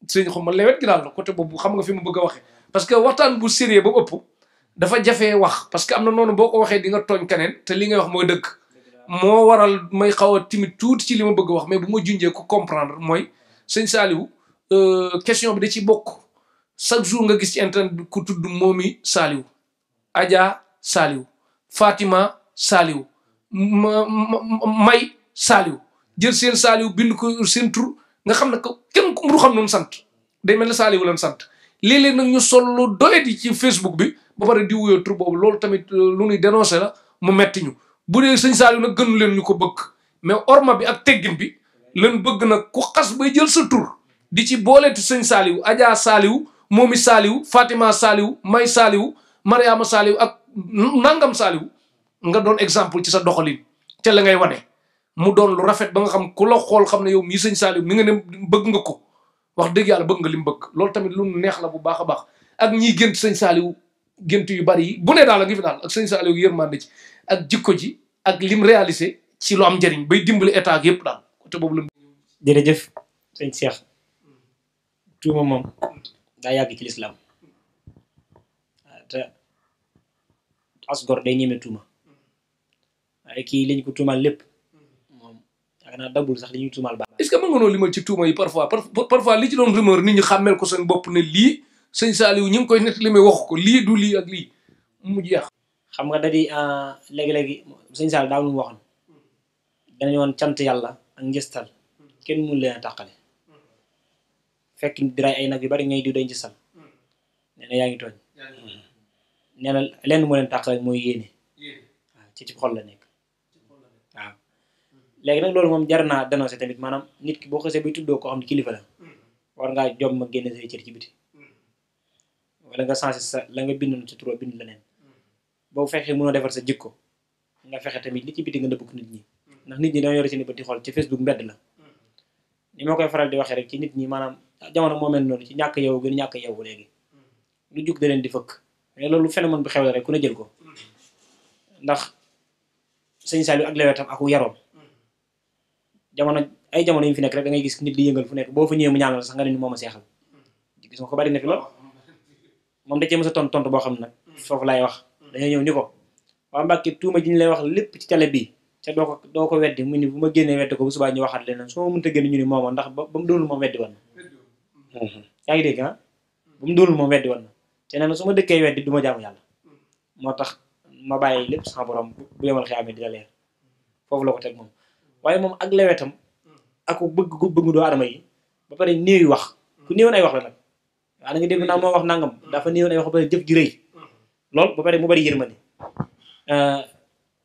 sëñ xaw ma lewet gi daal la côté boobu xam nga fi mu bëgg a waxee parce que waxtaan bu sérieux ba ëpp dafa jafee wax parce que am na noonu boo ko waxee di nga tooñ keneen te li ngay wax mooy dëkk moo waral may xaw a timit tuuti ci li ma bëgg a wax mais bu ma junjee ko comprendre mooy sëñ Saliou euh, question bi da ci bokk chaque jour nga gis ci internet bi ku tudd moomi Saliou Adja Saliou Fatima Saliou May Saliou jël seen Saliou bind ko seen tur nga xam ne ko kenn ku mu xam noonu sant day mel ne Saliou lan sant léeg-léeg nag ñu sol lu doyati ci Facebook bi ba pare di wuyoo tur boobu loolu tamit euh, lu ñuy dénoncé la mu metti ñu bu dee sëñ Saliou nag gënu leen ñu ko bëgg mais orma bi ak teggin bi lan bëgg nag ko xas bay jël sa tur di ci booleeti sëñ Saliou Adja Saliou Momi Saliou Fatima Saliou May Saliou Mariama Saliou ak nangam Saliou nga doon exemple ci sa doxalin ca la ngay wane mu doon lu rafet ba nga xam ku la xool xam ne yow mii sëñ Saliou mi nga ne bëgg nga ko wax dëgg yàlla bëgg nga li mu bëgg loolu tamit lu neex la bu baax a baax ak ñi gént sëñ Saliou gént yu bari yi bu ne daal a ngi fi daal ak sëñ Saliou yërmande ci ak jikko ji ak lim réalisé ci lu am njëriñ bay dimbali état yëpp daal côté boobu la. jërëjëf sëñ Cheikh tuuma moom daa yàgg ci lislaam as gor day ñeme tuuma waaye kii liñ ko tuumaal lépp moom yaakaar naa daggul sax li ñuy tuumaal baax. est-ce que mën nga noo limal ci tuuma yi parfois parfois li ci doon rumeur nit ñi xàmmeel ko seen bopp ne lii sëñ Saliou ñu ngi koy nettali mais waxu ko lii du lii ak lii mu jeex. xam nga da di ah, léegi-léegi sëñ Saliou daawul mu waxoon danañ woon cant yàlla ak njëstal kenn mu leen a tàqale fekk biray ay nag yu bari ngay diw day njëstal mm. nee na tooñ nee na lenn moo leen tàqale mooy yéene waaw ci ci la nekk waaw léegi nag loolu moom jar naa dénoncé tamit maanaam nit ki boo xasee bi tuddoo koo xam ne kilifa la mm-hmm. war ngaa jom ma génne say cër ci biti mm-hmm. nga sensé sa la nga bindoon sa turoo bind mm-hmm. boo fexee mënoo defar sa jikko nga fexe tamit li ci biti nga dëbb nit ñi ndax nit ñi dañoo yore seen bët di xool ci Facebook mbedd la ni moo koy faral di waxee rek ci nit ñi maanaam jamono moo mel noonu ci ñàkk yow gën ñàkk yow léegi lu jug da di fëkk mais loolu phénomène bu xew la rek ku ne jël ko ndax sëñ Saliou ak lewetam ak yaroom jamono ay jamono yi fi nekk rek da ngay gis nit di yëngal fu nekk boo fa ñëwee mu ñaanal sax nga ne ni moom seexal gis ko bari na fi lool moom da cee mës a boo xam ne nag foofu laay wax dañoo ñëw ni ko waa Mbàkke tuuma ji ñu lay wax lépp ci télé bi te doo ko doo ko weddi mu ni bu ma génnee weddi ko bu subaa ñu waxaat leneen soo ma mënta génn ñu ni moomoon ndax ba mu doonul moom weddi woon na ah? na te nee na su ma dëkkee weddi du ma jaamu yàlla moo tax ma bàyyi lépp sama borom bu yemal xëy amee dina leer foofu la ko teg moom waaye moom ak lewetam ak bëgg gu bëggu doo adama yi ba pare néew wax ku néewoon ay wax la nag waa da nga dégg naa moo dafa néewoon ay ba pare jëf ji rëy lool ba pare mu bari yërmande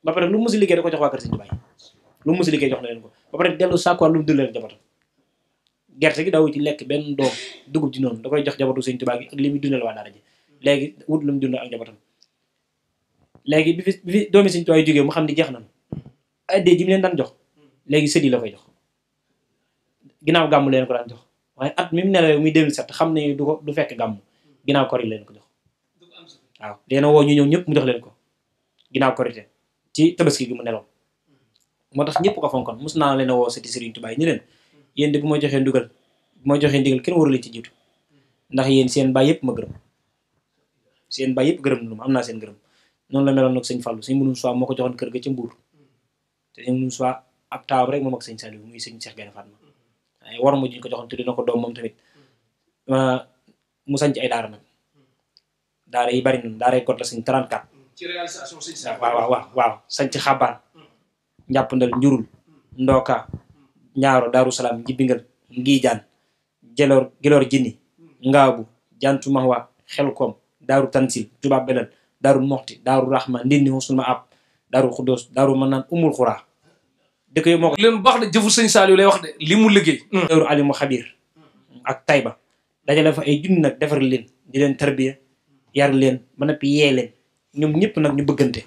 ba pare lu mu musi ko jox waa kër Sëñ lu mu musi liggéey jox na leen ko ba pare dellu sàkkuwaat lu mu dundalee jabatam gerte gi daw ci lekk benn doom dugub ji noonu da koy jox jabatu Sëñ Tuubaa gi ak li muy dundal waa daara ji léegi wut lu mu dund ak njabootam léegi bi fi bi fi doomi Sëñ Tuubaa yi jógee mu xam ni jeex nañ addee ji mu leen daan jox léegi sët la koy jox ginnaaw gàmm leen ko daan jox waaye at mi mu nelawee muy 2007 xam ne du ko du fekk gàmm ginnaaw kori leen ko jox waaw dina woo ñu ñëw ñëpp mu jox leen ko ginnaaw korite ci tabaski gi mu nelaw moo tax ñëpp ko fonkoon mus naa leen a woo sëti Sëriñ Tuubaa baay ñu leen yéen de bu ma joxee ndugal bu ma joxee ndigal kenn waru ci jiitu ndax yéen seen baay yëpp ma gërëm seen baay yëpp gërëm na ma am naa seen gërëm noonu la meloon nag sëñ Fallou sëñ Mounou Sow moo ko joxoon kër ga ca Mbour te sëñ Mounou Sow ab rek moom ak sëñ Saliou muy sëñ Cheikh Gaïndé Fatma waaye war ma juñ ko joxoon tudde na ko doom moom tamit mu sanc ay daara nag daara yi bari na daara yi kot la sëñ 34 ci daaru tansil tubaab belal daaru moxti daaru rahma ndindi xusul ma ab daaru xuddoos daaru mën naan umul xuraa dëkk yi moo ko leen baax de jëfu sëñ Saliou lay wax li mu liggéey hmm. daaru alimu xabir ak tayba dajale fa ay junni nag defar leen di leen tarbiya yar leen ba noppi yee leen ñëpp nag ñu bëggante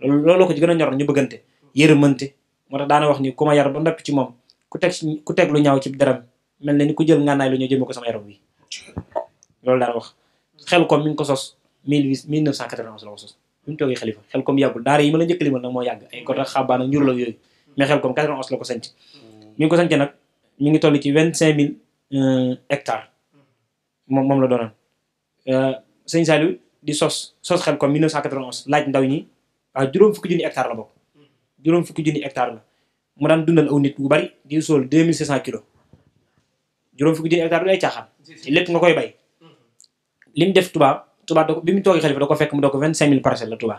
loolu ko ci gën a ñor ñu bëggante yërëmante moo tax daan wax ni ku ma yar ba noppi ci moom ku teg ku teg lu ñaaw ci daram mel na ni ku jël ngànnaay lu ñëw jëmee ko sama yaram wi loolu daana wax xel kom mi ngi ko sos mille huit mille neuf cent quatre-vingt la ko sos mi ngi ko toll ci vingt cinq euh, moom moom la doonoon euh, sëñ Saliou di sos sos xel kom mille neuf cent quatre-vingt laaj ndaw ñi waaw juróom fukki junni hectare la bokk juróom fukki junni hectare la mu daan dundal aw nit bari di sóol deux cent kilos juróom fukki junni hectare du ay lépp nga koy bay li mu def Touba Touba da ko bi mu toogee xalifa da ko fekk mu doo ko vingt cinq mille parcelles la Touba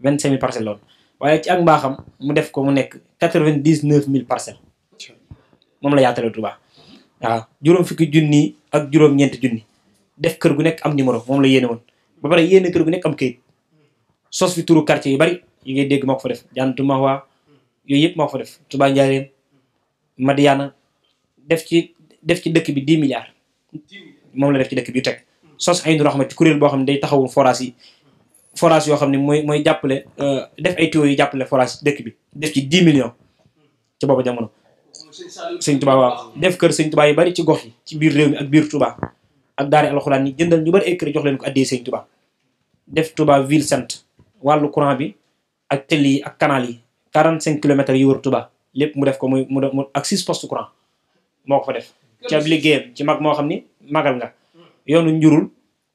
vingt cinq mille parcelles loolu waaye ci ak mbaaxam mu def ko mu nekk quatre vingt dix neuf mille parcelles moom la yaatale Touba waaw juróom fukki junni ak juróom-ñeenti def kër gu nekk am numéro moom la yéene woon ba pare yéene kër gu nekk am këyit sos fi turu quartier yu bari yi ngay dégg moo ko fa def jantu Mahwa yooyu yëpp moo ko fa def Touba Njaareem Madiana ci def ci dëkk bi dix milliards moom la def ci dëkk bi yu teg sos Aynu Rahma ci kuréel boo xam ne day taxawu forage yi forage yoo xam ne mooy mooy jàppale euh, def ay tuyaux yu jàppale forage dëkk bi def ci 10 millions ci boobu jamono. sëñ Tuubaa waaw def kër sëñ Tuubaa yi bari ci gox yi ci biir réew mi ak biir tubaa ak daari alxuraan yi jëndal ñu bari ay kër jox leen ko addee sëñ Tuubaa def tubaa ville sainte wàllu courant bi ak télé yi ak canal yi 45 kilomètres yi war tubaa lépp mu def ko muy mu ak 6 postes courant moo ko def. ci ab ci mag moo xam ni magal nga. yoonu njurul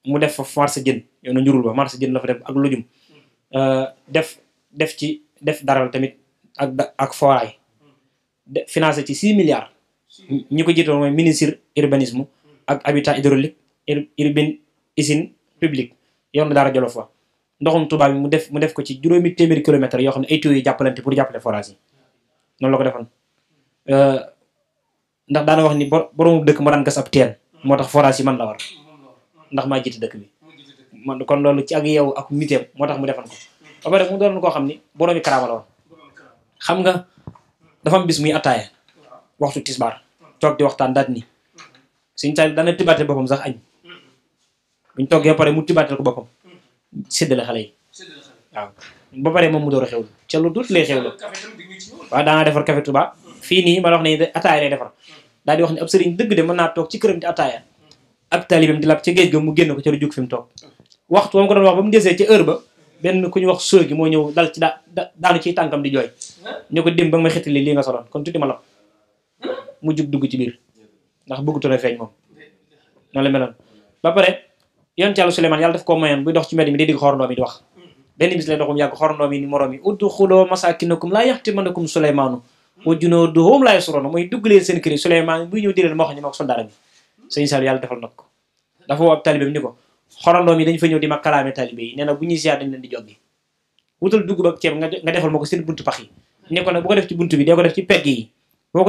mu def fa marché jën yoonu njurul ba marché jën la fa def ak lujum euh, def def ci def daral tamit ak ak foraay financé ci 6 milliards ñi ko jiitoon mooy ministre urbanisme ak habitat hydraulique urbaine usine publique yoonu daara jolof fa ndoxum tubaab bi mu def mu def ko ci juróomi téeméeri kilomètres yoo xam ne ay tuyaux yi jàppalante pour jàppale forage yi noonu la ko euh, ndax daana wax ni boroomu dëkk moo daan gas ab teen moo tax forage man la ndax maa jiite dëkk bi man kon loolu ci ak yow ak miteem moo tax mu defan ko ba pare mu doon koo xam ni boroomi karaama la xam nga dafa am bis muy attaaya waxtu tisbaar toog di waxtaan daat ni suñ taal dana tibaate boppam sax añ buñ toggee ba mu tibaateel ko boppam yi waaw ba pare moom mu door a xewlu ca lu dut lay xewlu waaw daana defar café Touba fii nii ma la wax ne ataaya lay defar daal di wax ne ab dëgg de mën naa toog ci këram di ataaya ab taalibam di lab ca géej ga mu génn ko ca lu jóg fi mu toog waxtu moom ko mu desee ca heure ba benn ku ñu wax sóor gi moo ñëw dal ci daanu ciy tànkam di jooy ñu ko dim ba nga may xettali lii nga soloon kon tuuti ma lab mu jug dugg ci biir ndax bëggutoon a feeñ moom ba pare yoon ci yàlla Suleymaan yàlla daf koo mayoon buy dox ci mbedd mi day digg xorandoom di wax benn bis lay dox mu ni moroom yi udxuluu masaakinakum laa yaxtimanakum laa yash'uruun mooy dugg leen seen sëñ Saliou yàlla defal nag ko dafa woo ab talibeem ni ko xorandoom yi dañ fa ñëw di ma kalaame talibe yi nee bu ñuy ziar dañ leen di joggi wutal dugub ak ceeb nga defal ma ko def ci ko def ci pegg yi boo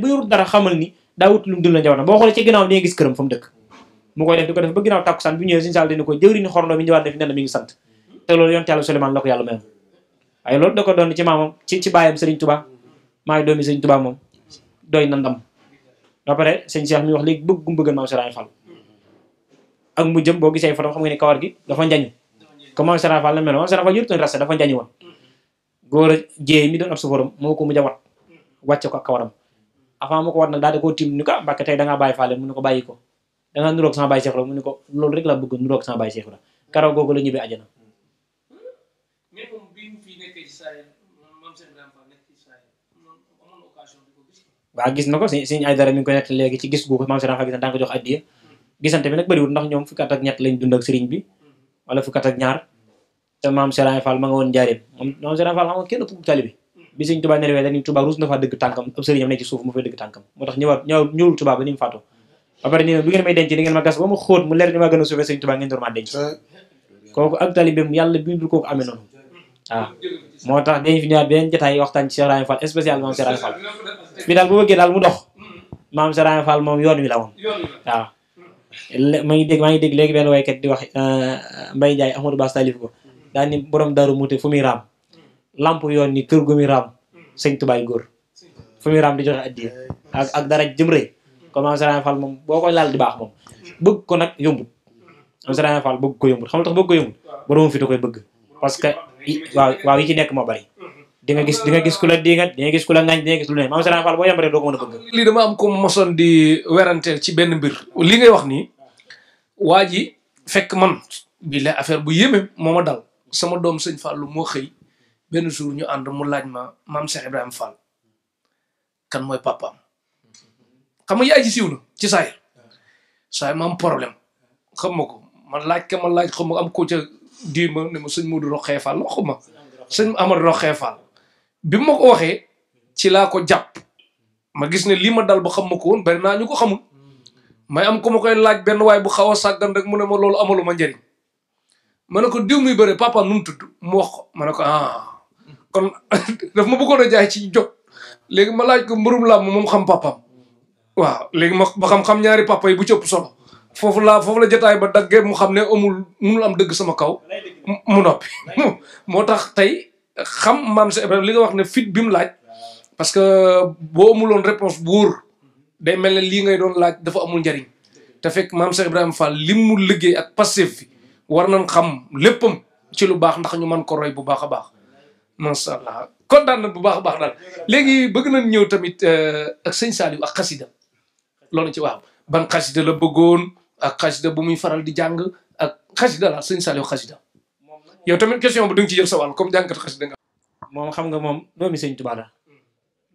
bu yorut dara ni daa di ko ko jëwriñu xorandoom yi ñëwaat na ngi sant te loolu yonte yàlla Souleymane la ko yàlla ay loolu da ko doon ci maamam ci ci baayam Serigne Touba maay doomi Serigne tubaa moom doy na ndam ba pare sëñ Cheikh mi wax léegi bëgg gu mu bëgg Maam Serigne Fall ak mu jëm boo gisee photo xam nga ne kawar gi dafa njañu comme Maam Serigne Fall la mel Maam Serigne Fall yurtoon rasta dafa njañu woon góor a jéey mi doon ab sufaram moo ko ko mu ko war nag daal di koo tiim ni ko ah, mbàkke tey dangaa bàyyi faale mu ne ko bàyyi ko dangaa nuroog sama ko loolu rek la bëgg nuroog sama bàyyi Cheikh la karaw googu la ñibbee àjjana waaw gis na ko si siñu ay dara bi nag bëriwul ndax ñoom fukki at ak bi ma nga woon suuf mu fay ma gën a denc kooku ak talibeem yàlla bindul kooku amee noonu waaw moo tax dañ fi ñëwaat beneen jotaay waxtaan ci Serigne Faal spécialement Serigne Faal bi daal bu bëggee daal mu dox mm-hmm. maam Serigne Fall moom yoon wi la woon waaw mm-hmm. ngi dégg maa ngi dégg léegi benn waykat di wax euh, Mbaye Ndiaye ko mm-hmm. daal ni borom daru lamp yoon ni kër gu muy raam sëñ di joxe addiya ak ak dara maam Serigne Fall boo koy laal di baax bëgg ko nag yombut maam Serigne Fall bëgg ko yombut xam koy bëgg parce que waaw waaw yi ci nekk moo bari di nga gis di nga gis ku la diingat di nga gis ku la ngañ di nga gis lu ne maam Serigne Fall boo yàmbaree doo ko a lii dama am ko mosoon weranteel ci benn mbir li ngay wax nii ji fekk man affaire bu yéeme moo ma dal sama doom sëñ Fallou moo xëy benn ñu ànd mu laaj ma maam Cheikh Ibrahima Fall kan mooy papaam xam nga ma am problème xam ko man laaj ka ma laaj xam ma am ko ca diima ne ma sëñ Modou Roxee Fall waxuma sëñ Amadou Roxee Fall bi ma ko waxee ci laa ko jàpp ma gis ne lii ma dal ba xam ma ko woon bari naa ñu ko xamul may am ko ma koy laaj benn waay bu xaw a sàggan rek mu ne ma loolu amalu ma njëriñ ma ne ko diw muy bëre papa nu mu tudd mu wax ma ne ko ah kon (laughs) daf ma bëggoon a jaay ci jot léegi ma laaj ko mbërum làmb moom xam papam waaw léegi ma ba xam ñaari papa yi bu ci ëpp foofu laa foofu la jotaay ba daggee mu xam ne amul munul am dëgg sama kaw mu noppi (laughs) moo tax tey xam maam Cheikh Ibrahima li nga wax ne fit bi mu laaj parce que boo amuloon réponse bu wóor day mel ne lii ngay doon laaj dafa amul njariñ te fekk maam Cheikh Ibrahima Fall li mu liggéey ak passif bi war nañ xam léppam ci lu baax ndax ñu man ko roy bu baax a baax macha allah kontaan na bu baax a baax daal léegi bëgg nañ ñëw tamit euh, ak sëñ Saliou ak xasida loolu ci waaw ban xasida la bëggoon ak xasida bu muy faral di jàng ak xasida la sëñ Saliou xasida yow tamit question bu da ci jël sa wàll comme jàngkat xasida moom xam nga moom doomi sëñ Tuubaa la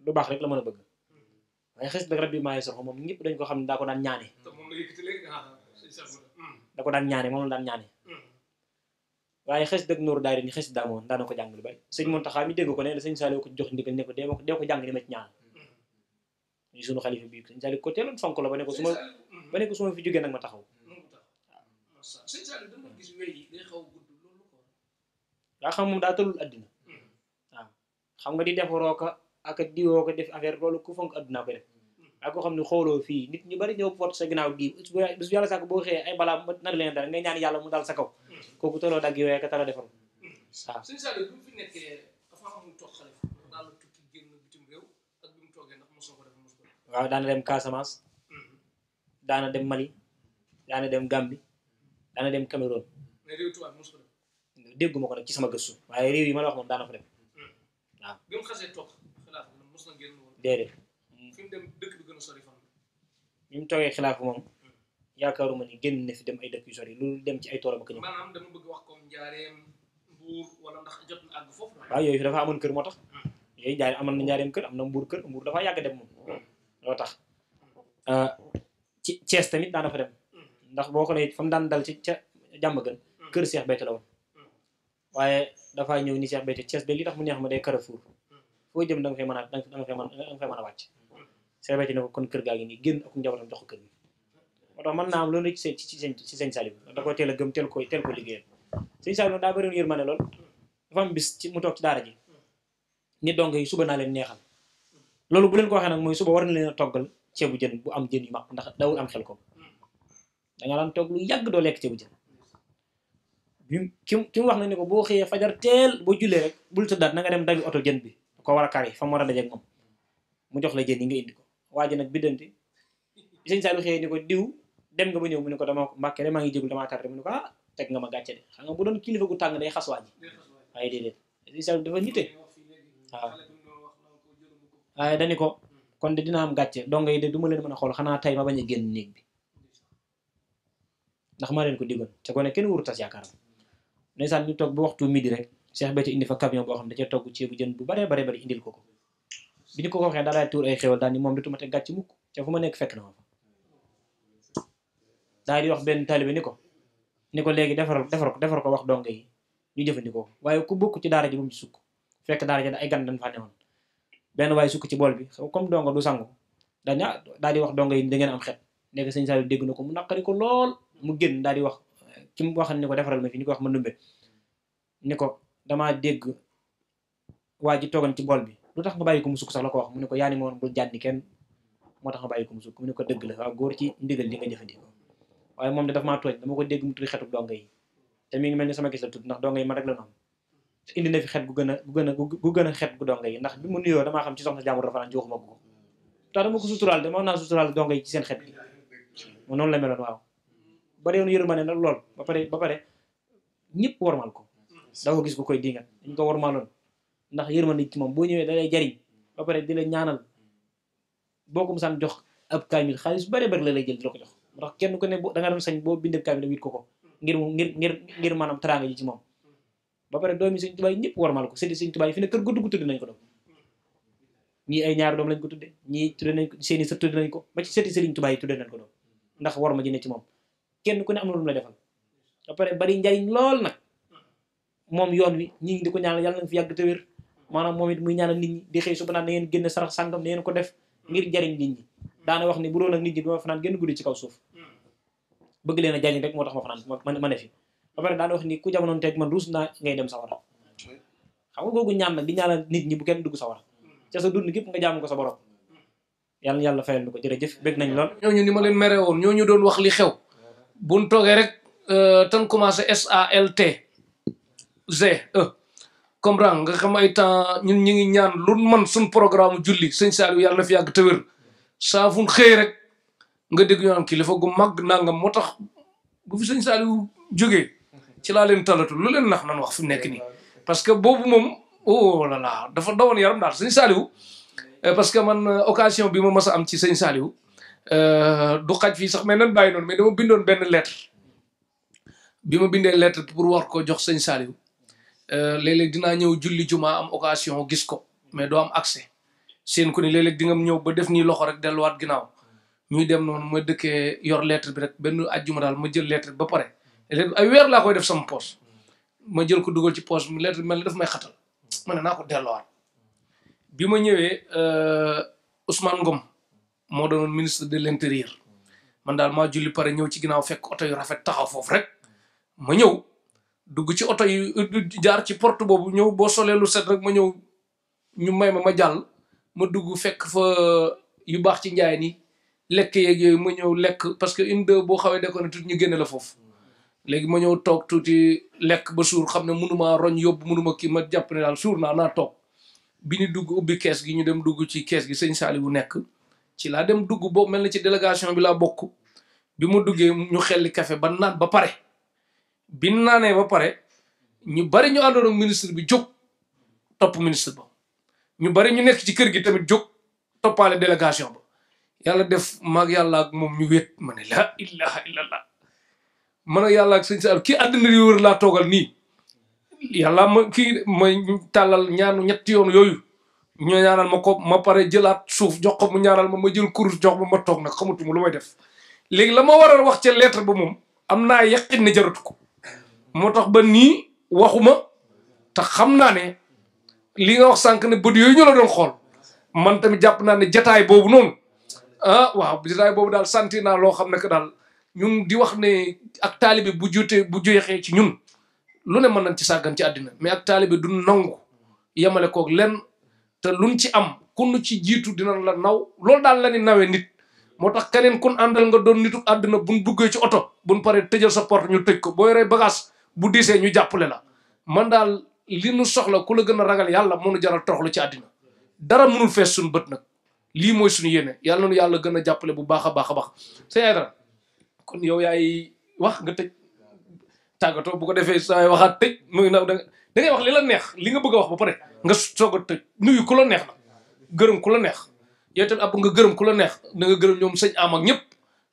lu baax rek la mën a bëgg waaye xasida rab bi maaye sorxo moom ñëpp dañ ko xam ne daa ko daan ñaane ah, mm. da ko daan moom la daan ñaane waaye xes dëgg nooru daari ni xes daamoon daana ko jàng lu bari sëñ Mountakha mi dégg ko ne la sëñ jox ndigal ko dee ma dee ko jàng di ma ci ñaan ñu sunu xalifa bi sëñ Saliou ko teeloon fonk la ba ko su ma mm. ba ne ko su ma fi jógee nag ma taxaw a xam moom daa tëlul addina hmm. waaw xam nga di defaroo ko ak diwoo ko def affaire loolu ku fonk addina ko hmm. ak koo xam ne xooloo fii nit ñu bari ñëw fort sa ginnaaw gi bis yàlla sàkk boo xëyee ay balaa nar leen dara ngay ñaan yàlla mu dal sa kaw hmm. kooku tëloo dagg yooyee ka tara defaru waaw suñu ak bi mu toogee ndax waaw daana dem Casamance daana dem Mali daana dem Gambie daana dem Cameroun dégguma ko nag ci sama gëstu waaye réew yi ma la wax moom daana fa dem waaw. a sori fan. bi mu toogee xilaaf moom. yaakaaruma ni génn na fi dem ay dëkk yu sori lu dem ci ay toolam ak ñoom. maanaam dama bëgg wax yooyu dafa amoon kër moo tax. Hmm. yooyu njaare na njaareem kër am na mbuur kër mbuur dafa yàgg dem moom. Hmm. loo tax euh, ci Cees tamit daana fa dem. Hmm. ndax boo xoolee fa daan dal ci ca gën. kër Seex Béthio la waaye dafaa ñëw ni Cheikh Béthio Thiès de li tax mu neex ma day Carrefour foo jëm da nga fay mën a da nga fay mën da nga fay mën a wàcc Cheikh Béthio ne ko kon kër gaa ngi nii génn ak njabootam jox ko kër gi naa am loolu ci seen ci seen ci seen Saliou da ko teel ko teel ko liggéeyal sëñ Saliou daa bëri yërmande lool dafa am bis ci mu toog ci daara ni donc yi suba naa leen neexal loolu bu leen ko waxee nag mooy suba war na leen a toggal ceebu jën bu am jën yu mag ndax dawul am xel ko da nga daan toog lu yàgg doo lekk ceebu jën bi ki mu wax na ni ko boo xëyee fajar teel boo jullee rek bul tëddaat na nga dem dabi oto jën bi ko war a kari fa mu war a dajeeg moom mu jox la jën yi nga indi ko waa ji nag biddante sëñ Saliou xëyee ko diw dem nga ba ñëw mu ko dama mbàkke maa ngi jégul damaa tardé mu ne ko ah, teg nga ma gàcce de xam nga bu doon kilifa gu tàng day xas waa ji waaye déedéet sëñ Saliou dafa nite waaw waaye dani ko kon de dina am gàcce donga yi de du ma leen mën a xool xanaa tey ma bañ a génn néeg bi ndax maa leen ko digoon te ko ne kenn wuru tas yaakaaram ndeysaan ñu toog wax waxtu midi rek Cheikh Béthio indi fa camion boo xam ne da ceebu jën bu baree baree bari indil ko ko bi ñu ko ko waxee daa daay tuur ay xéwal daal ni moom dutuma te gàcc mukk ca di wax benn taalibe ni ko ni ko léegi defar defar ko defar wax donga yi ñu jëfandikoo waaye ku bokk ci daara ji bu mu ci sukk fekk daara ji ay gan dañ fa newoon benn waaye sukk ci bool bi comme donga du sangu daal di wax donga yi da ngeen am xet nekk sëñ Saliou dégg na ko mu naqari ko lool mu génn daal di wax ki mu waxal ni ko defaral ma fi ni ko wax ma ni ko damaa dégg waa ji toogoon ci bool bi lu tax nga bàyyi ko mu sukk sax la ko wax mu ko yaa ni ma woon bul jànni kenn moo tax ko mu ko dëgg la waaw góor ci ndigal li nga jëfandikoo waaye moom de dafa maa tooñ dama ko dégg mu turi xetu donga yi te mi ngi mel ni sama gis ndax donga yi man rek la noonu te na xet gu gën gën a gu gën a xet gu donga yi ndax bi mu nuyoo damaa xam ci soxna jàmbur dafa naan joxuma ko tax dama ko suturaal dama naa suturaal donga yi ci seen xet gi noonu la meloon waaw bari yoon yërmande nag lool ba pare ba pare ñëpp warmal ko da ko gis ko koy dingat dañ ko warmaloon ndax yërmande ci moom boo ñëwee da lay jariñ ba pare di la ñaanal boo ko musaan jox ab kaamil xaalis bari bari la lay jël di la jox ndax kenn ku ne da nga doon sañ boo bindee kaamil da ko ko ngir mu ngir ngir ngir maanaam teraanga ji ci moom ba pare doomi sëñ tubaay ñëpp warmal ko sëdi sëñ tubaay fi ne kër dugg tudd nañ ko doom doom lañ ko tudde ñii tudde nañ ko seeni sa tudde nañ ko ba ci sëti sëriñ tubaay ko doom ndax war ma ji ne ci moom kenn ku ne am na lu la defal ba pare bari njariñ lool nag moom yoon wi ñi ngi di ko ñaanal yàlla na fi yàgg te wér maanaam moom it muy ñaanal nit ñi di xëy suba naan na ngeen génn sarax sàngam na ko def ngir jariñ nit ñi daana wax ni bu doon ak nit ñi duma fanaan génn guddi ci kaw suuf bëgg leen a rek moo tax ma fanaan ma ne ba pare daana wax ni ku jamonoon teeg man ruus naa ngay dem sawara xam nga googu ñaan nag di ñaanal nit ñi bu kenn dugg sawara ca sa dund gépp nga jaamu ko sa borom yàlla yàlla fayal ko jërëjëf bëgg nañ lool ñooñu ni ma leen mere woon ñu doon wax li xew buñ toogee rek eh, tan commencé SALT GE comprendre nga xam ay temps ñun ñu ngi ñaan lu man suñ programme julli sëñ Saliou yàlla na fi yàgg tëwér saa fu rek nga dégg ñu naan kilifa gu mag nangam moo tax bu fi sëñ Saliou jógee ci laa leen talatu lu leen nax nan wax fi nekk nii parce que boobu moom oh là là dafa dawoon yaram daal sëñ Saliou eh, parce que man occasion bi ma mas a am ci sëñ Saliou Euh, du xaj fii sax mais nan bàyyi noonu mais dama bindoon benn lettre bi ma bindee lettre pour war ko jox sëñ Saliou euh, léeg-léeg dinaa ñëw julli jumaa am occasion gis ko mais doo am accès seen ku ne léeg-léeg di nga ñëw ba def nii loxo rek delluwaat ginnaaw ñuy dem noonu ma dëkkee yor lettre bi rek benn ajjuma daal ma jël lettre ba pare lettre ay weer laa koy def sama poche ma jël ko dugal ci poche mu lettre mel ni daf may xatal ma ne naa ko delluwaat bi ma ñëwee euh, Ousmane Ngom. moo doon ministre de l'intérieur man daal maa julli pare ñëw ci ginnaaw fekk oto yu rafet taxaw foofu rek ma ñëw dugg ci oto yi jaar ci porte boobu ñëw boo solee lu set rek ma ñëw ñu may ma ma jàll ma dugg fekk fa yu baax ci njaay ni lekk yeeg yooyu ma ñëw lekk parce que une boo xawee dekkoon tuuti ñu génne la foofu léegi ma ñëw toog tuuti lekk ba suur xam ne mënumaa roñ yóbbu mënuma kii ma jàpp ne daal suur naa naa toog bi ñu dugg ubbi kees gi ñu dem dugg ci kees gi sëñ Saali bu nekk ci laa dem dugg boo mel na ci délégation bi laa bokk bi mu duggee ñu xelli kafe ba naat ba pare bi naanee ba pare ñu bari ñu àndoon ak ministre bi jóg topp ministre ba ñu bari ñu nekk ci kër gi tamit jóg toppaale délégation ba yàlla def mag yàlla moom ñu wéet ma ne laa ilaha illallah man ak yàlla ak sëñ kii àddina yi laa toogal nii yàlla ma kii tàllal ñaanu ñetti yoon yooyu ñoo ñaanal ma ko ma pare jëlaat suuf jox ko mu ñaanal ma ma jël kurus jox ma ma toog nag xamatuma lu may def léegi la ma waroon wax ca lettre ba moom am naa yaqin ne jaratu ko moo tax ba nii waxuma tax xam naa ne li nga wax sànq ne bët yooyu ñu la doon xool man tamit jàpp naa ne jataay boobu noonu ah waaw jataay boobu daal santi naa loo xam ne que daal ñun di wax ne ak taalibe bu jotee bu jeexee ci ñun lu ne mën nañ ci sàggan ci àddina mais ak taalibe du nangu yemale koog lenn te ñu ci am kun ci jiitu dina la naw loolu daal la ni nawee nit moo tax keneen kun àndal nga doon nitu àdduna buñ duggee ci oto bu buñ paree tëjal sa porte ñu tëj ko boo yoree bagage bu diisee ñu jàppale la man daal li nu soxla ku la gën a ragal yàlla mënu jaral toroxlu ci àddina dara mënul fees suñu bët nag lii mooy suñu yéene yàlla nu yàlla gën a jàppale bu baax a baax a baax sëñ Aïdara kon yow yaay wax nga tëj tàggatoo bu ko defee saa waxaat tëj muy nag da da wax li la neex li nga bëgg a wax ba pare nga soog a tëj nuyu ku la neex na gërëm ku la neex yow tamit nga gërëm ku la neex da nga gërëm ñoom sëñ am ak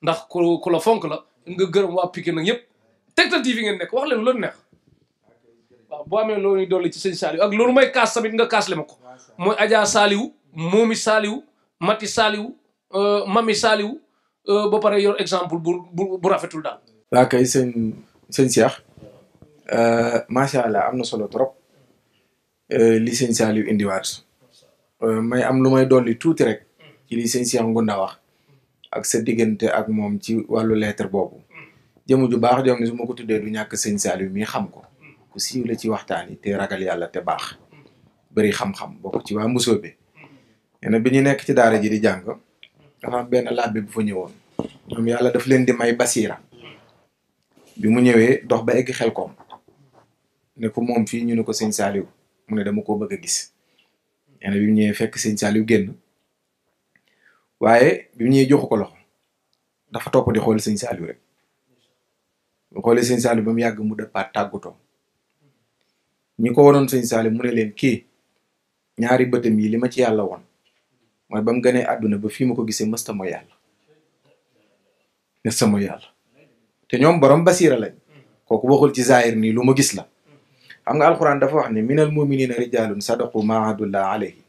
ndax ku ku la fonk la nga gërëm waa Pikine nag teg Tektal TV ngeen nekk wax leen lu neex waaw boo amee loolu ñuy ci sëñ Saliou ak loolu may kaas tamit nga kaas le ma ko mooy Adja Saliou Momi Saliou Mati Saliou euh, Mami Saliou euh, ba pare yor exemple bu bu rafetul daal. waa kay sëñ sëñ Cheikh Euh, macha allah am na solo trop li sëñ Saliou indiwaat euh, may am lu may dolli tuuti rek ci li sëñ Cheikh Ngounda wax ak sa diggante ak moom ci wàllu lettre boobu jëmu ju baax jom ne su ma ko tuddee du ñàkk sëñ Saliou mi xam ko ku siiw la ci waxtaan yi te ragal yàlla te baax bari xam-xam bokk ci wa Mousso bi nee na bi ñu nekk ci daara ji di jàng am benn laaj bu fa ñëwoon ñoom yàlla daf leen di may basiira bi mu ñëwee dox ba egg xel koom ne ko moom fii ñu ne ko sëñ Saliou mu ne dama koo bëgg gis nee na ñëwee fekk sëñ Saliou génn waaye bi mu ñëwee joxu ko loxo dafa topp di xool sëñ Saliou rek bu xoole sëñ Saliou ba mu yàgg mu dëppaat tàggutoo ñi ko waroon sëñ Saliou mu leen kii ñaari bëtam yi li ma ci yàlla woon mooy ba mu gënee àdduna ba fii ma ko gisee mësta mooy yàlla mësta mooy yàlla te ñoom borom basiira lañ kooku waxul ci zaahir nii lu ma gis la xam nga alxuraan dafa wax ne minal muminina rijalun sadaqu ma ahadullah alayhi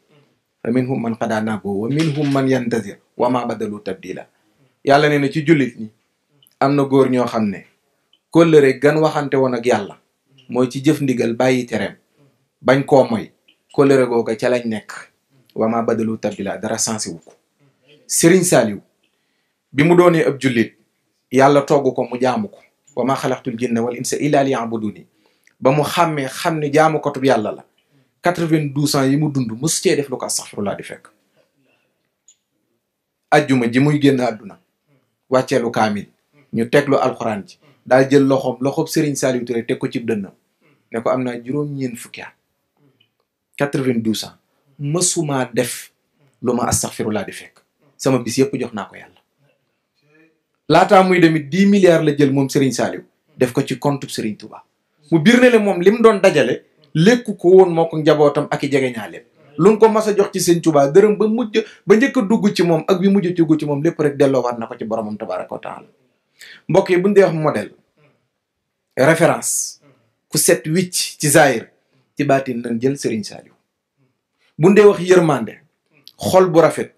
fa ci jullit am na góor ñoo xam ne kóllëre gan waxante woon yàlla mooy ci jëf ndigal bàyyi tereem bañ koo moy kóllëre googa ca lañ nekk wa ma badalu tabdila dara sensé wu ko sëriñ saaliw bi mu doonee ab jullit yàlla togg ko mu jaamu ko wa ma xalaqtul jinna wal insa illa liya'buduni ba mu xàmmee xam ne jaamukatub yàlla la quatre-vingt-douze ans yi mu dund mës cee def lu ko astaxfirullah di fekk ajuma ji muy génn àdduna wàcceelu kaamil ñu teglu alxuraan ji daal jël loxoom loxob sëriñ Saliou Touré teg ko ci dënnam ne ko am na juróom-ñeent fukki at quatre-vingt-douze ans mësumaa def lu ma astaxfirullah di fekk sama bis yëpp jox naa ko yàlla laataa muy demit dix milliards la jël moom Serigne Saliou def ko ci compte Serigne Touba mu biir ne moom li mu doon dajale lekku ko woon moo ko njabootam ak i jegeñaaleem lu mu ko mas a jox ci sëñ Tuubaa dërëm ba mujj ba njëkk dugg ci moom ak bi mujj dugg ci moom lépp rek delloowaat na ko ci boromam tabaaraka wa taala mbokk yi bu ñu dee wax modèle référence ku set wicc ci zaahir ci baatin nañ jël Sëriñ Saaliw bu ñu dee wax yërmande xol bu rafet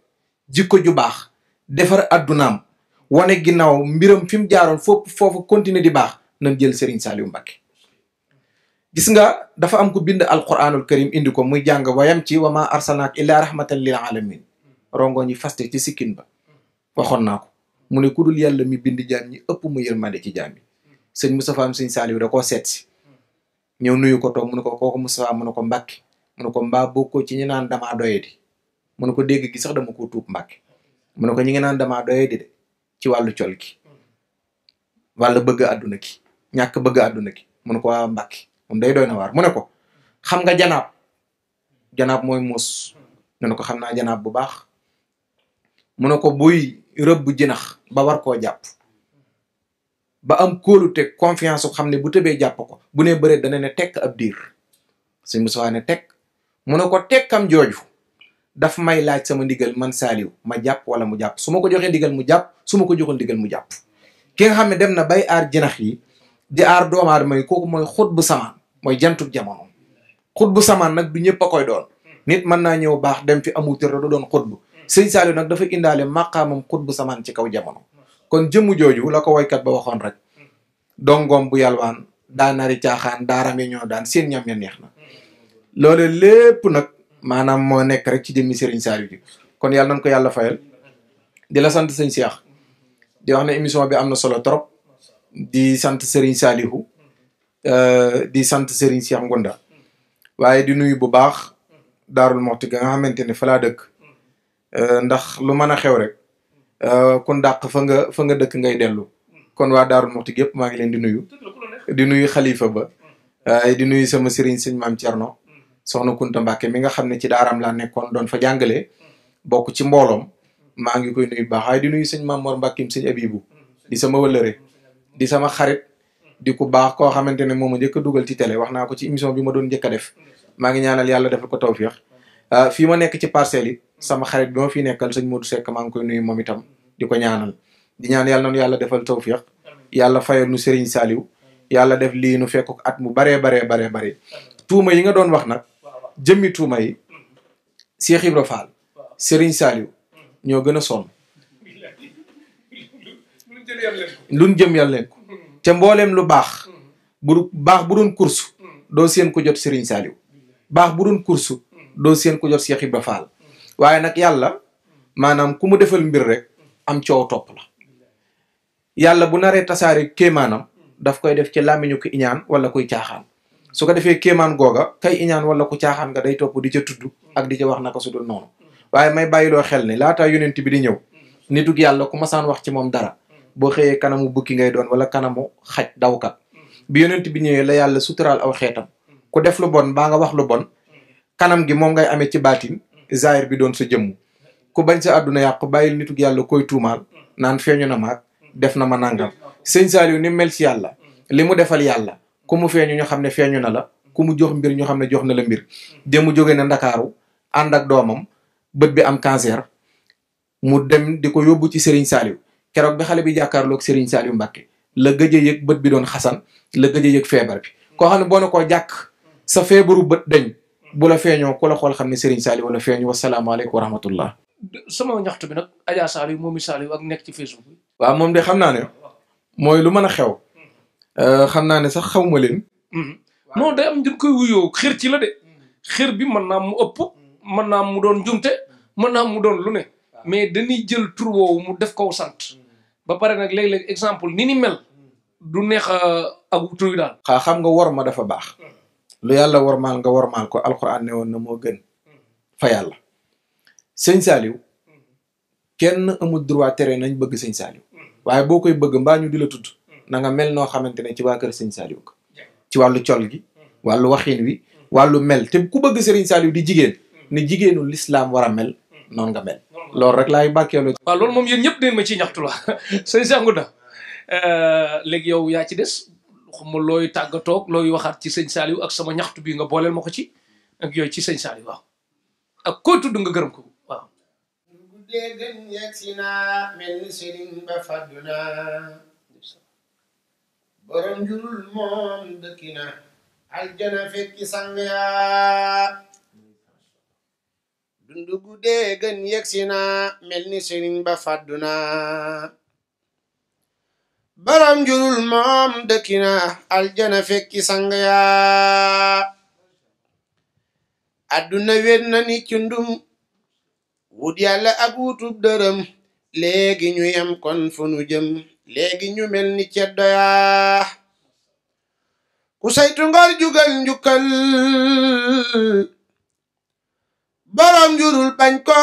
jikko ju baax defar addunaam wane ginnaaw mbiram fi mu jaaroon foofu foofu continuer di baax nañ jël Sëriñ Saaliw Mbàkke gis nga dafa am ku bind al alquranul karim indi ko muy jàng wayam ci wa ma arsalnaak illa rahmatan lil alamin rongoon yi faste ci sikkin ba waxoon naa ko mu ne ku dul yàlla mi bind jaam ñi ëpp mu yërmande ci jaam yi sëñ Moustapha am sëñ Saliou da koo seet si ñëw nuyu ko toog mu ne ko kooku Moustapha mu ko Mbàkke mu ne ko mbaa bokkoo ci ñu naan damaa doyadi mu ne ko dégg gi sax dama ko tuub Mbàkke mu ne ko ñi ngi naan damaa doyadi de ci wàllu col gi wàllu bëgg àdduna ki ñàkk bëgg àdduna ki mu ko waa moom day doy na waar mu ne ko xam nga janaab janaab mooy muus mu ne ko xam naa janaab bu baax mu ne ko buy rëbb jinax ba war koo jàpp ba am koolu kóolute confiance bu xam ne bu tëbee jàpp ko bu ne bëree dana ne tekk ab diir si musuwaa ne tekk mu ne ko tekkam jooju daf may laaj sama ndigal man saaliw ma jàpp wala mu jàpp su ma ko joxee ndigal mu jàpp su ma ko joxul ndigal mu jàpp ki nga xam ne dem na bay aar jinax yi di aar doomu aadama ko kooku mooy xut bu samaan mooy jantub jamono xutbu samaan nag du ñëpp koy doon nit mën naa ñëw baax dem fi amul tër du doon xutbu sëñ Saliou nag dafa indaale maqaamam xutbu samaan ci kaw jamono kon jëmm jooju la ko woykat ba waxoon rek dongoom bu yalwaan daa nari caaxaan daa rame ñoo daan seen ñam ya neex na loole lépp nag maanaam moo nekk rek ci jëmmi Serigne Saliou kon yàlla nañ ko yàlla fayal di la sant sëñ Cheikh di wax ne émission bi am na solo trop di sant Serigne Saliou Euh, di sant Serigne Cheikh Ngonda waaye di nuyu bu baax daarul moxti ga nga xamante ne fa laa dëkk euh, ndax lu mën a xew rek euh, kun dàq fa nga fa nga dëkk ngay dellu kon waa daarul moxti yëpp maa ngi leen di nuyu di nuyu xalifa ba di nuyu sama Serigne sëñ maam Thierno soxna Kunta Mbàkke mi nga xam ne ci daaraam laa nekkoon doon fa jàngalee bokk ci mbooloom maa ngi koy nuyu baax waaye di nuyu sëñ maam Mor Mbàkkim sëñ Abibu di sama wëllëre di sama xarit di ku baax koo xamante ne moom a njëkk a dugal ci télé wax naa ko ci émission bi ma doon njëkk def maa ngi ñaanal yàlla defal ko tawféex ah, fii ma nekk ci parcelles yi sama xarit bi ma fi nekkal sëñ Modou Seck maa ngi koy nuyu moom itam di ko ñaanal di ñaan yàlla noonu yàlla defal tawféex yàlla fayal nu Serigne Saliou yàlla def lii nu fekk at mu baree baree baree baree tuuma yi nga doon wax nag jëmmi tuuma yi Cheikh Ibra Fall Serigne Saliou ñoo gën a sonn luñ jëm yàlla ca mbooleem lu baax mm-hmm. bu baax bu doon kursu mm-hmm. doo seen ko jot Serigne Saliou baax bu doon kursu mm-hmm. doo seen ko jot Cheikh Ibra Fall waaye nag yàlla maanaam ku mu defal mbir rek am coow topp la yàlla bu naree tasaare kéemaanam daf koy def ci làmmiñu ko iñaan wala kuy caaxaan su ko defee kéemaan googa kay iñaan wala ko caaxaan nga day topp di ca tudd ak di ca wax naka su dul noonu waaye may bàyyiloo xel ne laataa yonent bi di ñëw dug yàlla ku masaan wax ci moom dara boo xëyee kanamu bukki ngay doon wala kanamu xaj dawkat bi yonent bi ñëwee la yàlla suturaal aw xeetam ku def lu bon baa nga wax lu bon kanam gi moom ngay amee ci baatin zaahir bi doon sa jëmmu ku bañ sa àdduna yàqu bàyyil nituk yàlla koy tuumaal naan feeñu na maag def na ma nangam sëñ Saliou ni mel ci yàlla li mu defal yàlla ku mu feeñu ñu xam ne feeñu na la ku mu jox mbir ñoo xam ne jox na la mbir jëmu jóge na ndakaaru ànd ak doomam bët bi am cancer mu dem di ko yóbbu ci Serigne Saliou keroog bi xale bi jàkkaarloog Serigne Saliou la gëj a yëg bët bi doon xasan la gëj a yëg feebar bi koo xam ne boo na koo jàkk sa feebaru bët dañ bu la feeñoo ku la xool xam ne Serigne Saliou wala feeñu wasalaamaaleykum wa rahmatullah sama ñaxtu bi nag Adja Saliou moomi Saliou ak nekk ci Facebook bi waaw moom de xam naa ne mooy lu man a xew euh, xam naa ne sax xawma leen hmm. non de am njën ci la de bi mën naa mu ëpp mën naa mu doon njumte ma naa mu doon lu ne mais dañuy jël tur woowu mu def kow sant ba pare nag léeg-léeg exemple ni ni mel du neex ak wutuy daal xaa xam nga worma dafa baax lu yàlla wormaal nga wormaal ko alxuraan ne woon na moo gën fa yàlla sëñ Saliou kenn amul droit tere nañ bëgg sëñ Saliou waaye boo koy bëgg mbaa ñu di la tudd nanga nga mel noo xamante ne ci waa kër sëñ Saliou ci wàllu col gi wàllu waxin wi wàllu mel te ku bëgg sëriñ Saliou di jigéen ne jigéenu lislaam war a mel noon nga mel loolu rek laay barkeelu. waaw loolu moom yéen ñëpp deen ma ciy ñaxtu la (laughs) sëñ Cheikh Ngouda euh, léegi yow yaa ci des xuma looy tàggatoog looy waxaat ci sëñ Saliou ak sama ñaxtu bi nga booleel ma ko ci ak yooyu ci sëñ Saliou waaw ak koo tudd nga gërëm ko waaw. guddee moom dëkki na aljana fekki yaa dundu guddee gën yegsi naa mel ni sëriñ ba fàddu naa jurul moom dëkki aljana fekki sang yaa adduna wér na ni cundum wut yàlla ak wutub dërëm léegi ñu yem kon fu nu ñu mel ni ceddo ku saytu jugal njukkal borom jurul bañ ko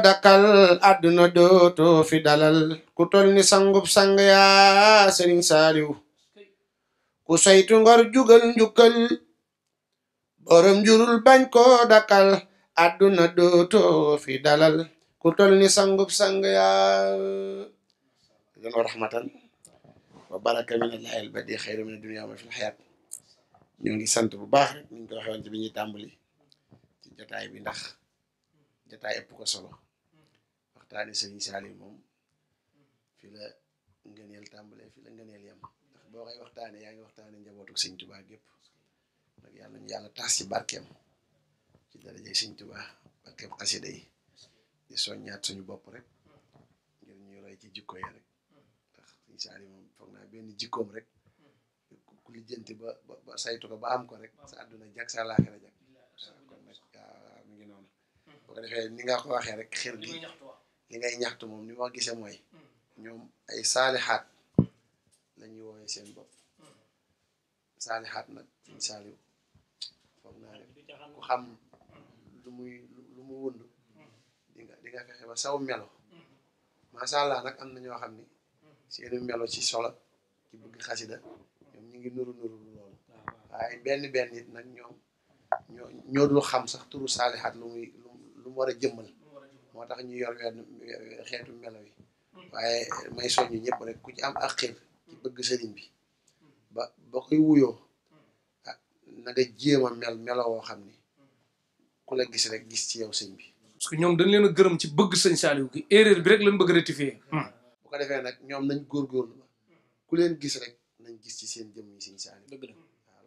dakal àdduna dooto fi dalal ku tol ni sangub sang yaa sëriñ saaliw ku saytu ngor jugal njukkal borom jurul bañ ko dakal àdduna dooto fi dalal ku tol ni sangub sang yaa lon rahmatan wa baraka min allahil badi xayru min dunya ma fi xayaat ñu ngi sant bu baax rek ñu ko waxee woon ci bi ñuy tàmbali jataay bi ndax jataay ëpp ko solo waxtaani sëriñ Saliou moom fi la ngëneel tàmbalee fi la ngëneel yem ndax boo koy waxtaane yaa ngi waxtaane njabootu sëñ Tubaa gépp nag yàlla ñu yàlla taas ci barkeem ci darajey sëñ Tubaa barkeem xasida yi soññaat suñu bopp rek ngir ñuy roy ci jikko yi rek ndax sëñ Saliou moom foog naa benn jikkoom rek ku lijjanti ba ba saytu ko ba am ko rek sa àdduna jag sa laaxira jag ko ni nga ko waxee rek xir gi li ngay ñaxtu moom ni ma gisee mooy hmm. ñoom ay saalixaat la ñuy woowee seen bopp hmm. saalixaat nag suñ saaliw foog naa ne hmm. ku xam lu muy lu mu wund di nga di ba saw melo macha allah nag am na ñoo xam ni seeni melo ci solo ki bëgg xasida ñoom ñu ngi nuru nuru loolu waaye benn benn nag ñoom ñoo ñoo dul xam sax turu saalixaat lu muy lu mu war a jëmmal moo tax ñu yor wenn xeetu melo yi waaye may soññ ñëpp rek ku ci am ak xir ci bëgg sëriñ bi ba ba koy wuyoo ah na nga jéem a mel melo xam ni ku la gis rek gis ci yow sëñ bi parce que ñoom dañ leen a gërëm ci bëgg sëñ Saliou gi hmm. bu ko defee nag ñoom nañ góorgóorlu ba ku leen gis rek nañ gis ci seen jëm yi sëñ Saliou dëgg la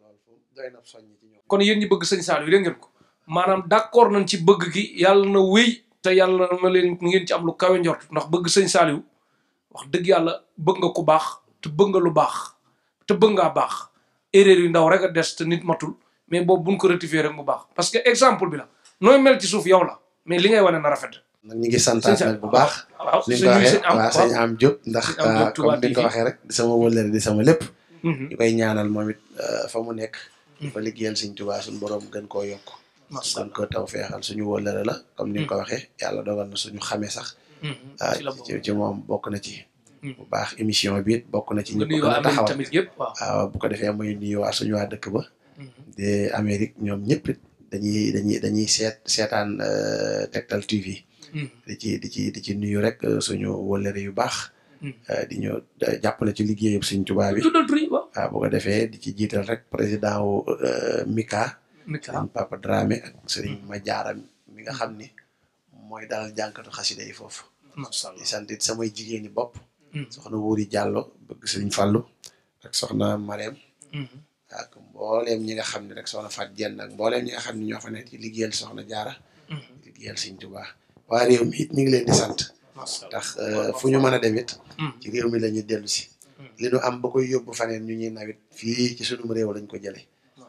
waaw loolu foofu doy na soññ ci ñoom kon yéen ñi bëgg sëñ Saliou yi ngeen ko maanaam d'accord nañ ci bëgg gi yàlla na wéy te yàlla na leen ngeen ci am lu kawe njort ndax bëgg sëñ Saliou wax dëgg yàlla bëgg nga ku baax te bëgg nga lu baax te bëgg ngaa baax erreur yu ndaw rek des te nit matul mais boobu buñ ko rectifier rek mu baax parce que exemple bi la nooy mel ci suuf yow la mais li ngay wane na rafet. nag ñu ngi santaat nag bu baax. waaw sëñ bi sëñ am waaw ndax ah, comme ni nga ko waxee rek di sama wëllëre di sama lépp. ñu mhm. koy ñaanal moom it ah, fa mu nekk. fa mhm. liggéeyal sëñ Tuubaa suñu borom gën koo yokk. gën ko taw feexal suñu wóllëre la comme ni nga ko hmm. waxee yàlla dogal na suñu xamee sax hmm, hmm. Ah, ci ci moom bokk na ci bu baax émission bi bokk na ci ñi ko taxawal ah, waaw bu ko defee muy nuyuwaat suñu waa dëkk ba de Amérique ñoom ñëpp it dañuy dañuy seet seetaan euh, Tektal TV di ci di ci di ci nuyu rek euh, suñu wóllëre yu baax ah, di ñu jàppale ci liggéeyam suñ tubaab bi waaw bu ko defee di ci jiital rek président wu euh, Mika sëriñ Papa Dramé ak sëriñ Madiara mm. mi nga xam ni mooy dalal jànkatu xasida yi foofu di sant it samay jigéeni bopp mm. soxna Wuri Jàllo bëgg sëriñ Fàllu ak soxna Mareem mm-hmm. mbooleem ñi nga xam ne rek soxna Fat Jenn ak mbooleem ñi xam ne ñoo fa nekk ci liggéeyal soxna Jaara mm-hmm. liggéeyal sëriñ Tuubaa waa réew mi it ñu ngi leen di sant euh, a mm. ci réew mi la ñuy dellu si li nu am ba koy yóbbu faneen ñu nawit fii ci sunum réew lañ ko jële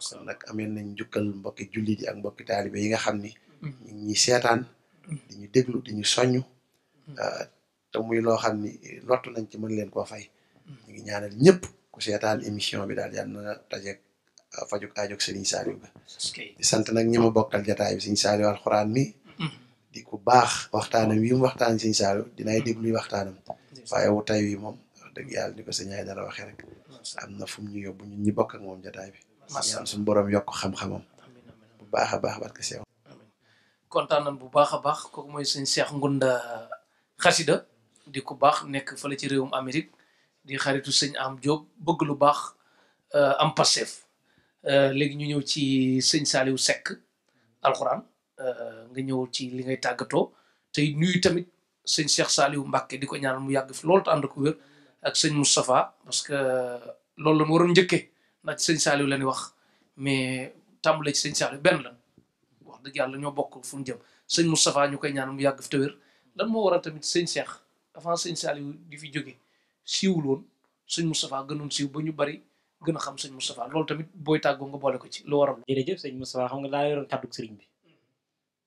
kon nag amee nañ njukkal mbokki jullit yi ak mbokki taalibe yi nga xam ni mm-hmm. ñu seetan seetaan mm-hmm. di ñu déglu di ñu soññu mm-hmm. ah, te muy loo xam ni lot nañ ci mën leen koo fay ñaanal ñëpp ku seetaan émission bi daal yàlla na tajeeg ah, fajuk ajoog sëriñ Saaliw ba di sant nag ñi ma bokkal jataay bi sëñ Saaliw alxuraan mi di ku baax waxtaanam yi mu waxtaan sëñ Saaliw dinaay dégluy waxtaanam waaye wu wi moom wax dëgg yàlla ni ko sëñ dara waxe rek am na fu mu ñu yóbbu ñun ñi bokk ak moom jataay bi ñaan suñu borom yokk xam-xamam bu baax a baax barke seew kontaan nañ bu baax a baax kooku mooy sëñ Cheikh Ngunda xasida di ku baax nekk fële ci réewum Amérique di xaritu sëñ am jóg bëgg lu baax euh, am Pastef euh, léegi ñu ñëw ci sëñ Saliou Seck alxuraan euh, nga ñëw ci li ngay tàggatoo tey nuyu tamit sëñ Cheikh Saliou Mbacke di ko ñaanal mu yàgg fi loolu te ànd ko wér ak sëñ Moustapha parce loolu la ñu waroon njëkkee ndax sëñ Saliou la ñuy wax mais tàmbale ci sëñ Saliou benn la wax dëgg yàlla ñoo bokk fu mu jëm sëñ Moustapha ñu koy ñaan mu yàgg fi te wér lan moo waral tamit sëñ Cheikh avant sëñ Saliou di fi jóge siiwul woon sëñ Moustapha gënoon siiw ba ñu bari gën a xam sëñ Moustapha loolu tamit booy tàggoo nga boole ko ci lu waral. jërëjëf sëñ Moustapha xam nga daa yoroon kàddu bi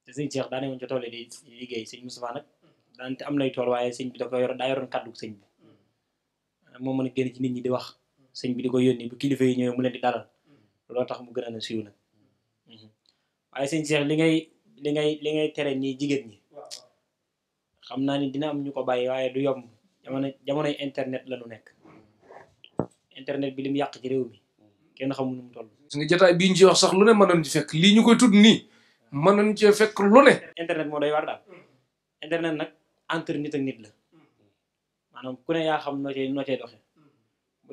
te sëñ Cheikh daa ne woon ci tool yi di liggéey tool waaye sëñ bi da ko yoroon daa yoroon kàddu sëñ bi mm. moo mën a génn ci nit ñi di wax sañ bi di ko yónni bu kilifa yi ñëwee mu leen di dalal loolu tax mu gën a na siiw nag hmm. waaye sëñ Cheikh li ngay li ngay li ngay tere nii jigéen ñi xam naa ni dina am ñu ko bàyyi waaye du yomb jamono jamonoy internet la ñu nekk internet bi li yàq ci réew mi kenn xamul nu mu toll. gis nga jotaay bii ñu ci sax lu ne lii ñu koy tudd nii a nañu cee fekk lu ne. internet moo doy war daal internet nag entre nit ak nit la hmm. maanaam ku ne yaa xam noo doxe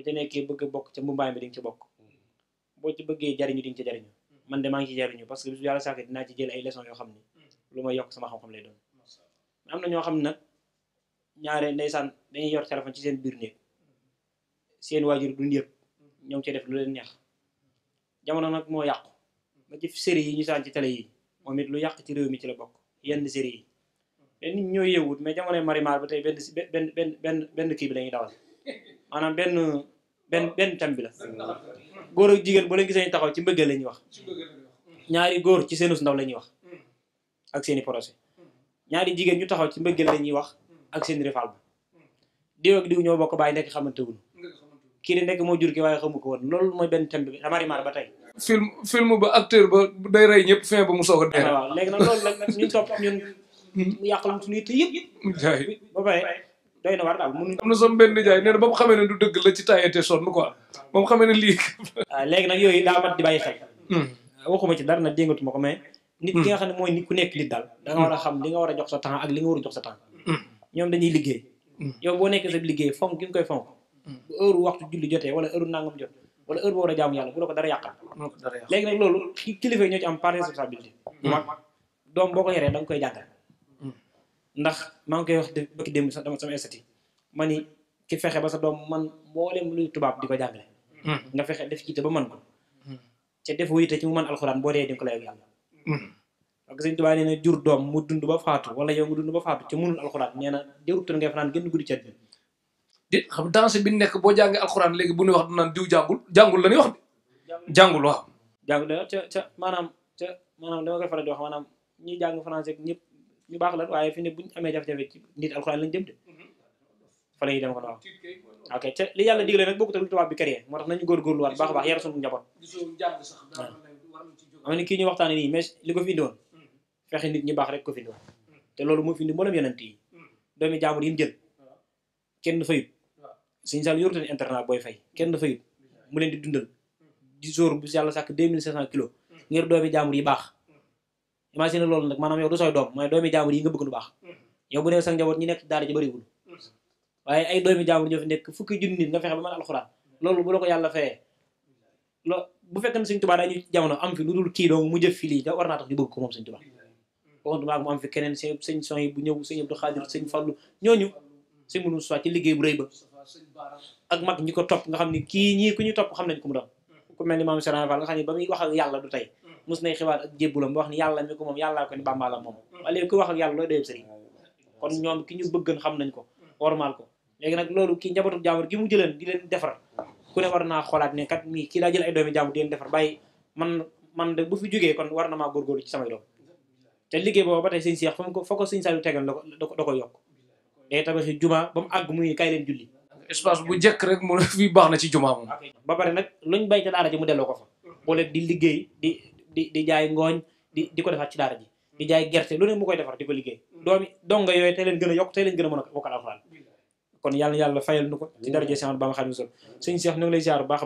bu ci bokk ca mbuumbaay bi di nga ci mm-hmm. boo ci bëggee jariñu di mm-hmm. de maa ngi ci jariñu parce que bisu yàlla sàkk dinaa ci jël ay mm-hmm. na ñoo xam ne nag ñaare ndeysaan dañuy yor téléphone ci seen biir néeg seen waajur duñ yëpp ñoo ci def lu leen neex jamono nag moo yàqu ma ci série yi ñu saan ci télé yi moom it lu yàq ci réew mi ci la bokk yenn série yi benn nit ñoo yeewut mais jamonoy marimar ba tey benn benn benn benn benn kii bi la ñuy dawal (laughs) maanaam benn benn benn tam bi la góor ak jigéen boo leen gisee taxaw ci mbëggeel la ñuy wax ñaari góor ci seenus ndaw la ñuy wax ak seeni projet ñaari jigéen ñu taxaw ci mbëggeel la ñuy wax ak seen rifaal ba diw ak diw ñoo bokk bàyyi nekk xamante wuñu kii di nekk moo jur ki waaye xamu ko woon loolu mooy benn thème bi ramarimaar ba tey film film ba acteur ba day rey ñëpp fin ba mu soog a dee waaw léegi nag loolu ñu ñun topp ñun mu yàqalam suñu yitte yëpp ba pare doy na war daal mënuñ. am na sama benn jaay nee na ba mu xamee ne du dëgg la ci taayete sonn quoi ba mu xamee ne lii. (laughs) Ah, léegi nag yooyu daa mat di bàyyi xel. Hmm. waxuma ci dara nag déngatuma ko mais. nit ki hmm. nga xam ne mooy nit ku nekk nit daal. da war a xam li nga war sa temps ak li war a jox sa temps. Hmm. ñoom dañuy liggéey. yow boo nekkee sa liggéey fonk gi nga koy fonk. bu heure waxtu julli jotee wala heure nangam jot wala heure boo war a jaamu yàlla bu la ko dara yàqal. léegi nag loolu kilifa yi ñoo ci am part responsabilité. doom boo ko yoree da koy jàngal ndax maa koy wax de bëkki démb sa sama estati ma ni ki fexe ba sa doom man mboolem luy tubaab di ko jàngale hmm. nga fexe def ci te ba man ko te hmm. def wuyite ci mu man alxuraan boo dee di nga ko lay hmm. doom mu dund ba faatu wala yow mu dund ba faatu te mënul alxuraan nee na jërutoon ngay fanaan bi di boo jàngee alxuraan léegi bu ñu wax naan diw jàngul jàngul la ñuy wax de jàngul waaw jàngul da ca ca maanaam ca maanaam dama koy faral di wax maanaam ñi jàng français ñëpp ñu baax lan waaye fi ne buñ amee jafe-jafe ci nit lañ jëm de fa la ñuy dem kon waaw ok te li yàlla digle nag bokku tamit tubaab bi créé moo tax nañu góorgóorluwaat baax a baax yar suñu njaboot am ne kii ñu waxtaane nii mais li ko fi indiwoon mm-hmm. fexe nit ñu baax rek ko fi mm-hmm. te loolu moo fi indi mboolem yonent yi mm-hmm. doomi jaamur yi mu jël kenn fayut suñu sal yorutan internet booy fay kenn fayut mu leen di dundal di jour bu yàlla sàkk deux mi cinq cent kilos ngir doomi yi baax imagine loolu nag maanaam yow du sooy doom mooy doomi jaamur yi nga bëgg lu baax mm-hmm. yow bu dee sax njaboot ñi nekk daara ji bëriwul mm-hmm. waaye ay doomi jaamur ñoo fi nekk fukki junni nit nga fexe ba mën alxuraan mm-hmm. loolu bu la ko yàlla fayee lo bu fekkee ne sëñ Tuubaa dañu jamono am fi lu dul kii dong mu jëf fi lii da war naa tax ñu bëgg ko moom sëñ Tuubaa waxantumaag mu am fi keneen sëñ sëñ son yi bu ñëw sëñ Abdu Xaadir sëñ Fallu ñooñu sëñ mënu soit ci liggéey bu rëy ba ak mag ñi ko topp nga xam ne kii ñii ku ñu topp xam nañ ko mu doon ku mel ni maam Serigne Fall nga xam ne ba muy wax ak yàlla du tey mus nay xibaar ak jébbulam wax ni yàlla mi ko moom yàllaa ko ni bàmbaa la moom mm. waaye ku wax ak yàlla looy doyeb sëriñ mm. kon mm. ñoom ki ñu bëggan xam nañ ko wormaal ko loolu ki njabootu jàmbur gi mu jëleen di leen defar ku ne war naa xoolaat ne kat mii kii daa jël man man de bu fi jógee kon war na maa góorgóorlu ci samay doom te liggéey boobu ba tey sëñ Seex fa mu ko fa ko sëñ Saliou tegal da ko ko yokk day tabaxi juma ba mu àgg muy kay leen julli espace bu njëkk rek mu (laughs) fi baax na ci juma moom ba pare nag luñ bay ca daara ji delloo ko fa boole di liggéey di di jaay ngooñ di di ko defaat ci daara ji di jaay gerte lu ne mu koy defar di ko liggéey doomi donga yooyu tey leen gën a yokk tey leen gën a mën a wokkal alxuraan kon nu ko ci a baax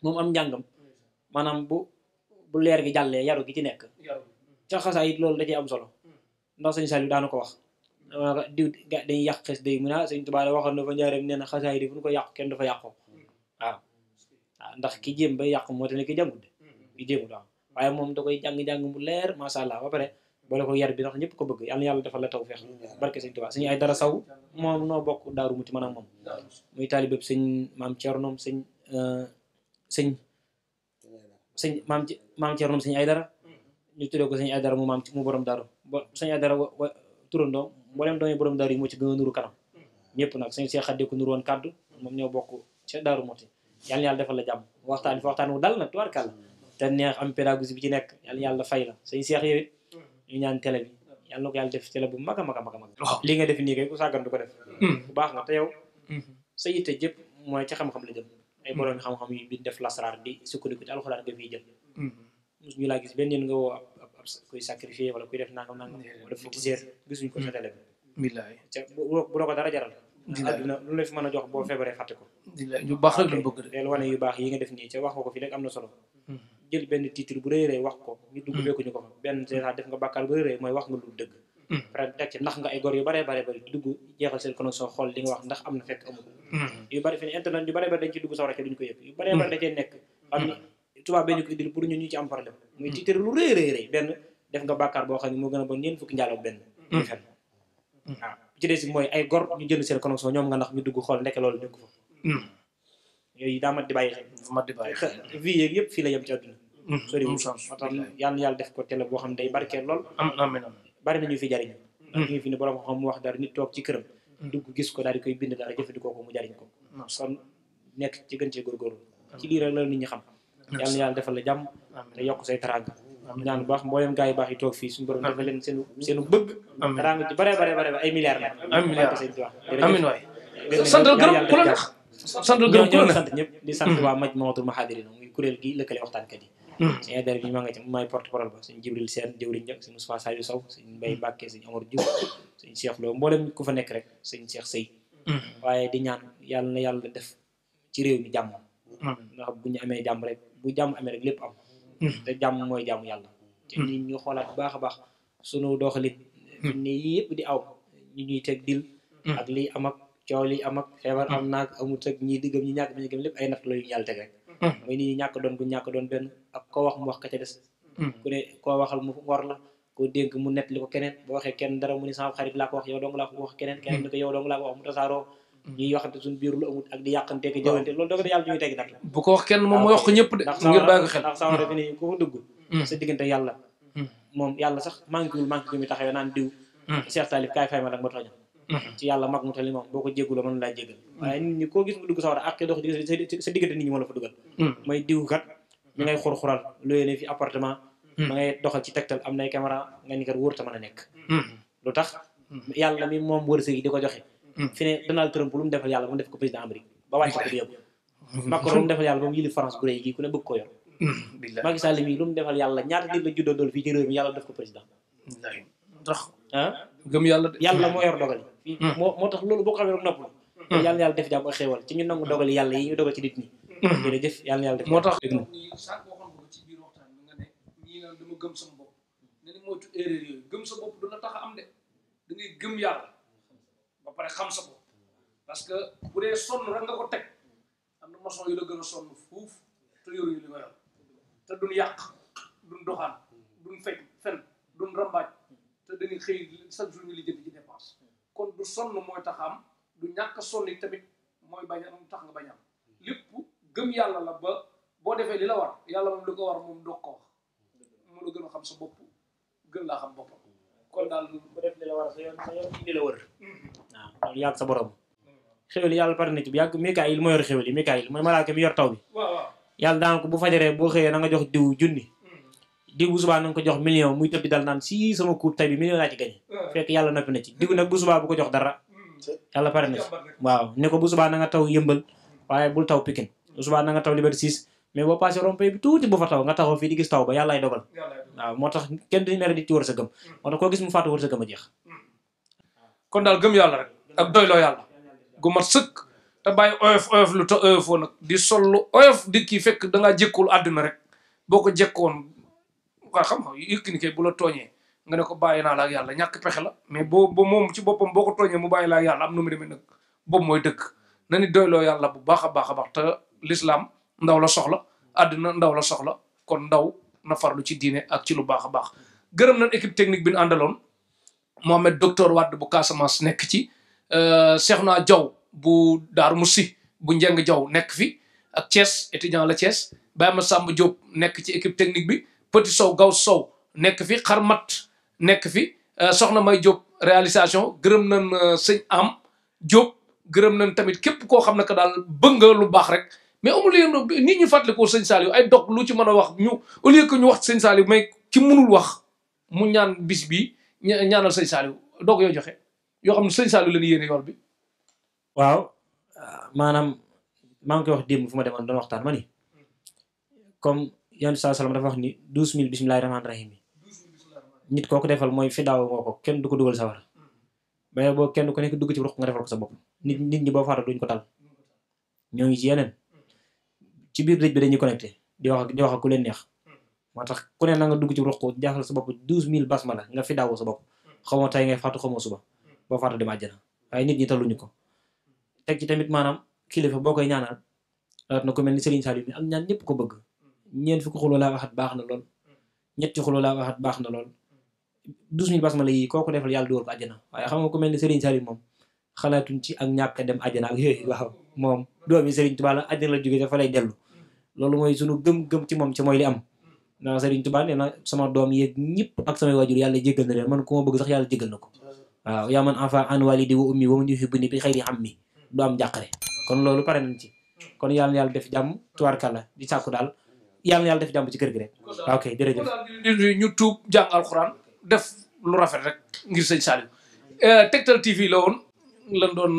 moom am njàngam maanaam bu bu leer gi jàllee yaru gi ci nekk ca xasaa it loolu da cee am solo ndax sëñ Saliou daana ko wax daanaka diw dañuy yàq xes day mu naa ah, sëñ Tuubaa la waxoon dafa na xasaa yi di fu ñu ko yàq kenn dafa yàqoo waaw waaw ndax ki jéem ba yàq moo te ne ki jàngul de ki jéemul waaw waaye moom da koy jàng-jàng mu leer macha allah ba pare boole ko yar bi ndax ñëpp ko bëgg yàlla yàlla defal la taw feex barke sëñ Tuubaa sëñ ay dara saw moom noo bokk daaru muti maanaam moom muy taalibe bi sëñ maam Cernoom sëñ euh, sëñ sëñ maam maam ay dara ñu tuddee ko sëñ ay dara mu maam mu borom daaru ba sëñ ay dara wa turandoo mbooleem doomi borom daaru yi moo ci gën a nuru kanam ñëpp nag sëñ see xadde ko bokk ca daaru muti yàlla yàlla defal la jàmm waxtaan fi waxtaan wu dal nag tubaarkàlla te neex am pédagogie bi ci nekk yàlla yàlla fay la sëñ Seex yow it ñu ñaan télé bi yàlla na ko yàlla def télé bu mag a mag a mag a mag li nga def nii kay ku sàggan du ko def sacrifier wala kuy def nangam nangam mm-hmm. wala féticheur gisuñ ko sa télé bi bilaay bu doo fi mën a jox boo feebaree fàtte ko ñu baax rek lañ bëgg baax yi nga def nii ca wax nga ko fi rek am na solo jël benn titre bu rëy rëy wax ko ñu dugg beeku ñu ko fa benn dèjà def nga bàkkaar bu rëy rëy mooy wax nga lu dëgg hmm. pare yu bare bare bari dugg jeexal seen connexion xool li nga wax ndax am na fekk amul hmm. yu bari fi ne internet yu bare bari dañ ci dugg sawara ci duñ hmm. da cee nekk xam mooy a bon ñeent ay gor ñu jënd seen connexion ñoom nga ndax ñu dugg xool nekk loolu nekk fa yooyu daa mat di vie yëpp fii la yem ci àdduna Mmh, soriwul sens yal na yàlla def ko télé boo xam ne day barkeel lool amiin bari nañu fi jariñu mmh. ndax ñu fi ne borom xam mu wax dara nit toog ci këram mmh. dugg gis ko daal di koy bind dara jëfandikoo ko mu jariñ ko son nekk ci gën cee góorgóorlu ci lii rek la nit ñi xam la jàmm te yokk say fii suñu borom dafa leen seen ay milliards la amiin waay santal gërëm ku la neex santal gërëm ku la neex sant ñëpp di sant waa maj mawatul mahadiri muy kuréel gi lëkkale waxtaankat yi sëñ hmm. daara bi maa nga ci maay parole ba sëñ Jibril Sène jëwriñ ja sëñ Moussa Sadio Sow sëñ Mbaye Mbacke sëñ Amar Diouf sëñ Cheikh Lo mboolem ku fa nekk rek sëñ Cheikh Sey hmm. waaye di ñaan yàlla na yàlla def ci réew mi jàmm hmm. ndax bu ñu amee jàmm rek bu jàmm amee rek lépp am te jàmm mooy jàmm yàlla te nit ñu xoolaat bu baax a baax sunu doxalin ni yëpp di aw ñu ñuy teg dil ak liy am ak coow liy am ak feebar am naag amut ak ñi diggam ñi ñàkk bi ñu lépp ay natt la yu teg rek mooy nit ñàkk doon bu ñàkk doon benn ak koo wax mu wax ka ca des hmm. ku ne koo waxal mu war la koo dégg mu nett li ko keneen boo waxee kenn dara mu ne sama xarit laa ko wax yow dong laa ko wax keneen keneen ni ko yow dong laa hmm. dugg hmm. sa diggante yàlla moom yàlla sax manquéwul manqué bi mu taxawee naan diw Cheikh Talib kaay fay ma nag ma tooñal ci yàlla mag mu tali moom boo ko jégguloo mën laa jéggal waaye nit ñi gis mu dugg sawara ak dox sa diggante nit ñi moo la fa dugal mooy diw kat ñu ngay xurxural looyee ne fi appartement hmm. ma ngay doxal ci tegtal am nay caméra nga ni kat wóor ta mën a nekk hmm. lu tax hmm. yàlla mi moom wërsëg yi di ko joxe fi ne Donald Trump lu mu defal yàlla mu def ko président Amérique ba wàcc ko yëpp Macron lu mu defal yàlla moom yili France bu rëy gi ku ne bëgg ko yor Macky Sall mi lu mu defal yàlla ñaata nit la juddoo dool fii ci mi yàlla def ko président ah? yàlla moo yor dogal moo tax loolu boo ko xamee rek nopp yàlla yàlla def jàmm ak xéewal ci ñu nangu dogal yàlla yi Mm-hmm. jërëjëf yàlla na yàlla def moo tax dëgg na sànq waxoon ko ci biir nga ne ñii naan dama gëm sama bopp ne ni moytu gëm sa bopp du tax a am de da ngay gëm yàlla pare xam sa que bu dee sonn rek nga ko teg am na maçon yu la gën a sonn fuuf te yoruñu yàq duñ doxaan duñ fecc fen duñ rambaaj te dañuy xëy chaque jour ñu kon du sonn mooy tax am du ñàkk a sonn tamit mooy bañ a tax nga bañ lépp gëm yàlla la ba boo defee la war yàlla moom li ko war la gën a xam sa bopp gën mhm. yàlla pare na ci bu yàgg Mikaayil moo yor xéwal mooy malaaka mi yor taw bi yàlla daan bu fajaree boo xëyee na nga jox diw junni mhm. diw bu subaa na ko jox million muy tëb di dal naan si sama coupe tay bi million laa ci gañe na ci diw nag bu subaa bu ko jox dara mhm. yàlla pare na ci waaw ne ko bu subaa na nga taw yëmbal waaye bul taw pikin subaa na nga taw Liberté 6 mais boo passé rond-point bi tuuti bu fa taw nga taxaw fii di gis taw ba yàllaay dogal waaw moo tax kenn duñu mere di ci wërsëgam hmm. moo tax koo gis mu faatu wërsëgam a jeex hmm. kon daal gëm yàlla rek ak doyloo yàlla gu mat di sol lu oyof di kii fekk dangaa jékkul àdduna rek boo ko jekkoon waa xam nga Yékini kay bu la tooñee nga ne ko bàyyi naa la ak yàlla ñàkk pexe la mais boo ba moom ci boppam boo ko tooñee mu bàyyi la ak yàlla am nu mu demee nag boobu a a baax l'islam ndaw la soxla àddina ndaw la soxla kon ndaw na farlu ci diine ak ci lu baax a baax gërëm nañ équipe technique bi ñu àndaloon Mohamed docteur Wade bu Casamance nekk ci euh, Cheikhna Diaw bu Daaru Moussi bu Njeng Diaw nekk fi ak Thiès étudiant la Thiès Baye Massamba Diop nekk ci équipe technique bi Petit Sow Gaw Sow nekk fi mat nekk fi euh, Soxna May Diop réalisation gërëm nañ euh, sëñ Am Diop gërëm nañ tamit képp koo xam ne que daal bëgg nga lu baax rek mais amul leen nit ñi fàttalikoo sëñ Saliou ay lu ci mën a wax ñu au lieu ñu wax sëñ Saliou mais ki mënul wax mu ñaan bis bi ñaanal sëñ Saliou dog yoo joxe yoo xam ne sëñ Saliou la ñu bi. waaw maanaam maa ngi koy wax démb fu ma demoon doon waxtaan ma ni comme yan saa salaam wax ni douze mille bismillahi rahmaani rahim nit koo ko defal mooy fi daaw ngoo kenn du ko dugal sawar mais boo kenn ku nekk dugg ci ruq nga defal sa bopp nit nit ñi boo faatu duñ ko tal ñoo ngi ci yeneen. ci biir dëj bi dañuy connecté di wax di wax ak ku leen neex hmm. moo tax ku ne na nga dugg ci ruq jaaxal sa bopp douze mille basmala nga fi daawoo sa bopp hmm. xamoo tey ngay faatu xamoo suba hmm. boo faatu dem àjjana waaye nit ñi taluñu ko teg ci tamit maanaam kilifa boo koy ñaanal rat na ko mel ni Serigne Saliou mi ak ñaan ñëpp ko bëgg ñeent fi ko xuloo laa waxat baax na lool ñetti xuloo laa waxat baax na lool douze mille basmala yi kooku defal yàlla dugal ko àjjana waaye xam nga ko mel ni Serigne Saliou moom xalaatuñ ci ak ñàkk dem àjjana ak yooyu waaw moom doomi Serigne Touba la a la jóge dafa lay dellu loolu mooy sunu gëm-gëm ci moom ci mooy li am ndax Serigne Touba nee na sama doom yeeg ñëpp ak samay waajur yàlla jéggal na leen man ku ma bëgg sax yàlla jéggal na ko waaw kon loolu pare nañ ci kon yàlla na yàlla def jàmm tubaarkàlla di sàkku daal yàlla na yàlla def jàmm ci kër gi rek ok jërëjëf ñu tuub jàng alxuraan def lu rafet rek ngir sëñ Saliou eh, Tektal TV la woon lan